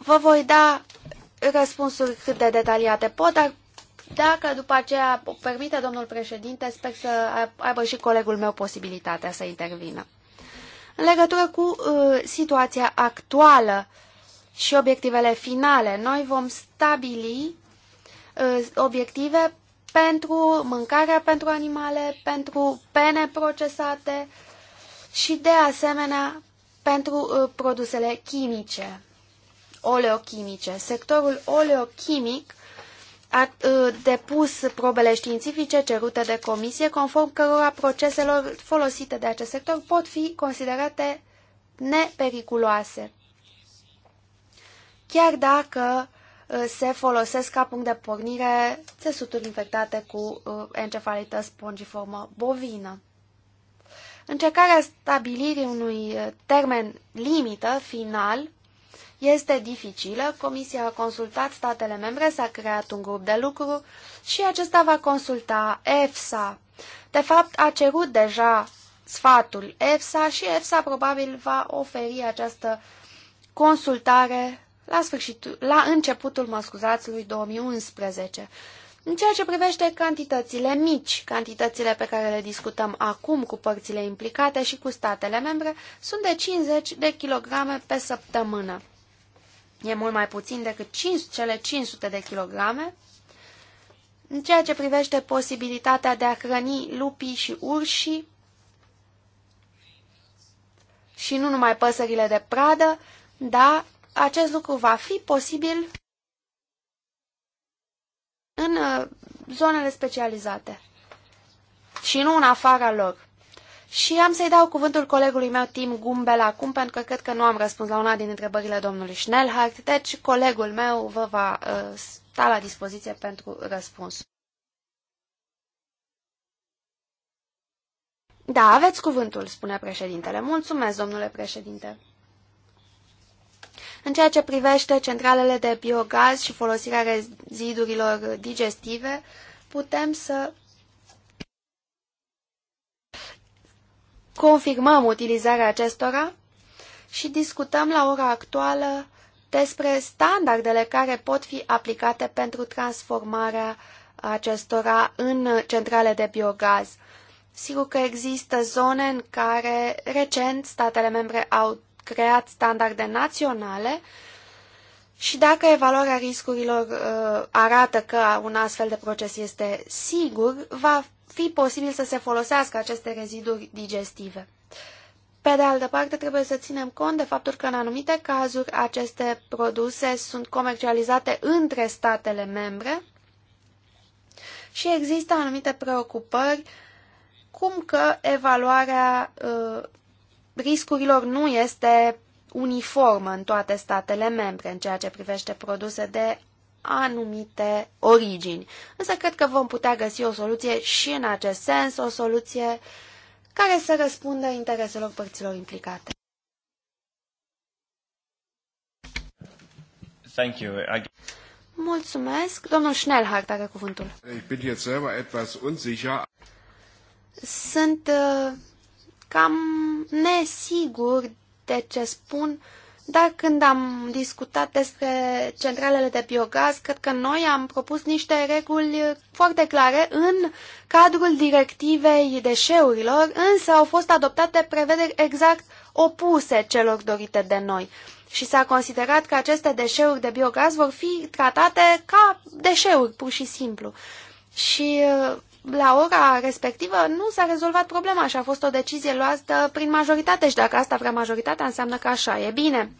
Vă voi da răspunsuri cât de detaliate pot, dar dacă după aceea permite domnul președinte, sper să aibă și colegul meu posibilitatea să intervină. În legătură cu uh, situația actuală și obiectivele finale, noi vom stabili uh, obiective pentru mâncarea pentru animale, pentru pene procesate și de asemenea pentru uh, produsele chimice, oleochimice. Sectorul oleochimic a uh, depus probele științifice cerute de comisie, conform cărora proceselor folosite de acest sector pot fi considerate nepericuloase. Chiar dacă Uh, se folosesc ca punct de pornire țesuturi infectate cu uh, encefalită spongiformă bovină. Încercarea stabilirii unui uh, termen limită final este dificilă. Comisia a consultat statele membre, s-a creat un grup de lucru și acesta va consulta EFSA. De fapt, a cerut deja sfatul EFSA și EFSA probabil va oferi această consultare la, sfârșitul, la începutul, mă scuzați, lui 2011. În ceea ce privește cantitățile mici, cantitățile pe care le discutăm acum cu părțile implicate și cu statele membre sunt de 50 de kilograme pe săptămână. E mult mai puțin decât 5, cele 500 de kilograme. În ceea ce privește posibilitatea de a hrăni lupii și urși, și nu numai păsările de pradă, da, acest lucru va fi posibil în uh, zonele specializate și nu în afara lor. Și am să-i dau cuvântul colegului meu, Tim Gumbel, acum, pentru că cred că nu am răspuns la una din întrebările domnului Schnellhardt, deci colegul meu vă va uh, sta la dispoziție pentru răspuns. Da, aveți cuvântul, spune președintele. Mulțumesc, domnule președinte. În ceea ce privește centralele de biogaz și folosirea rezidurilor digestive, putem să confirmăm utilizarea acestora și discutăm la ora actuală despre standardele care pot fi aplicate pentru transformarea acestora în centrale de biogaz. Sigur că există zone în care recent statele membre au creat standarde naționale și dacă evaluarea riscurilor uh, arată că un astfel de proces este sigur, va fi posibil să se folosească aceste reziduri digestive. Pe de altă parte, trebuie să ținem cont de faptul că în anumite cazuri aceste produse sunt comercializate între statele membre și există anumite preocupări cum că evaluarea uh, riscurilor nu este uniformă în toate statele membre în ceea ce privește produse de anumite origini. Însă cred că vom putea găsi o soluție și în acest sens, o soluție care să răspundă intereselor părților implicate. Thank you. I... Mulțumesc. Domnul Schnellhardt are cuvântul. Sunt uh, cam nesigur de ce spun, dar când am discutat despre centralele de biogaz, cred că noi am propus niște reguli foarte clare în cadrul directivei deșeurilor, însă au fost adoptate prevederi exact opuse celor dorite de noi. Și s-a considerat că aceste deșeuri de biogaz vor fi tratate ca deșeuri, pur și simplu. Și la ora respectivă nu s-a rezolvat problema și a fost o decizie luată prin majoritate și dacă asta vrea majoritatea înseamnă că așa e bine.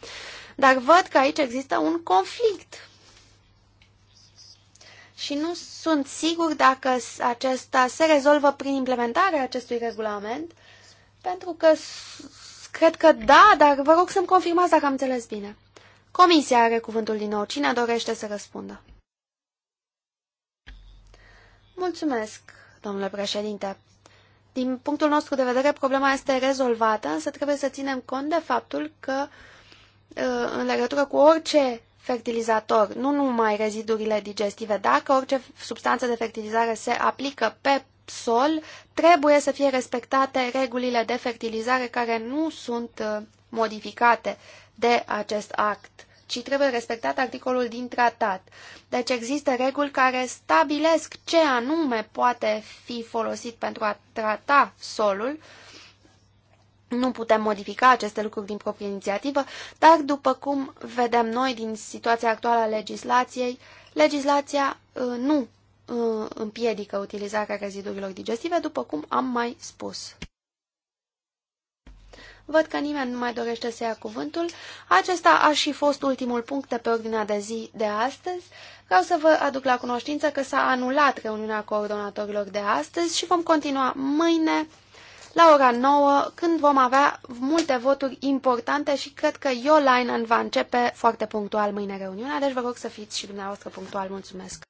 Dar văd că aici există un conflict și nu sunt sigur dacă acesta se rezolvă prin implementarea acestui regulament, pentru că cred că da, dar vă rog să-mi confirmați dacă am înțeles bine. Comisia are cuvântul din nou. Cine dorește să răspundă? Mulțumesc, domnule președinte. Din punctul nostru de vedere, problema este rezolvată, însă trebuie să ținem cont de faptul că uh, în legătură cu orice fertilizator, nu numai rezidurile digestive, dacă orice substanță de fertilizare se aplică pe sol, trebuie să fie respectate regulile de fertilizare care nu sunt uh, modificate de acest act ci trebuie respectat articolul din tratat. Deci există reguli care stabilesc ce anume poate fi folosit pentru a trata solul. Nu putem modifica aceste lucruri din proprie inițiativă, dar după cum vedem noi din situația actuală a legislației, legislația uh, nu uh, împiedică utilizarea rezidurilor digestive, după cum am mai spus. Văd că nimeni nu mai dorește să ia cuvântul. Acesta a și fost ultimul punct de pe ordinea de zi de astăzi. Vreau să vă aduc la cunoștință că s-a anulat reuniunea coordonatorilor de astăzi și vom continua mâine la ora 9, când vom avea multe voturi importante și cred că Iolainen va începe foarte punctual mâine reuniunea, deci vă rog să fiți și dumneavoastră punctual. Mulțumesc!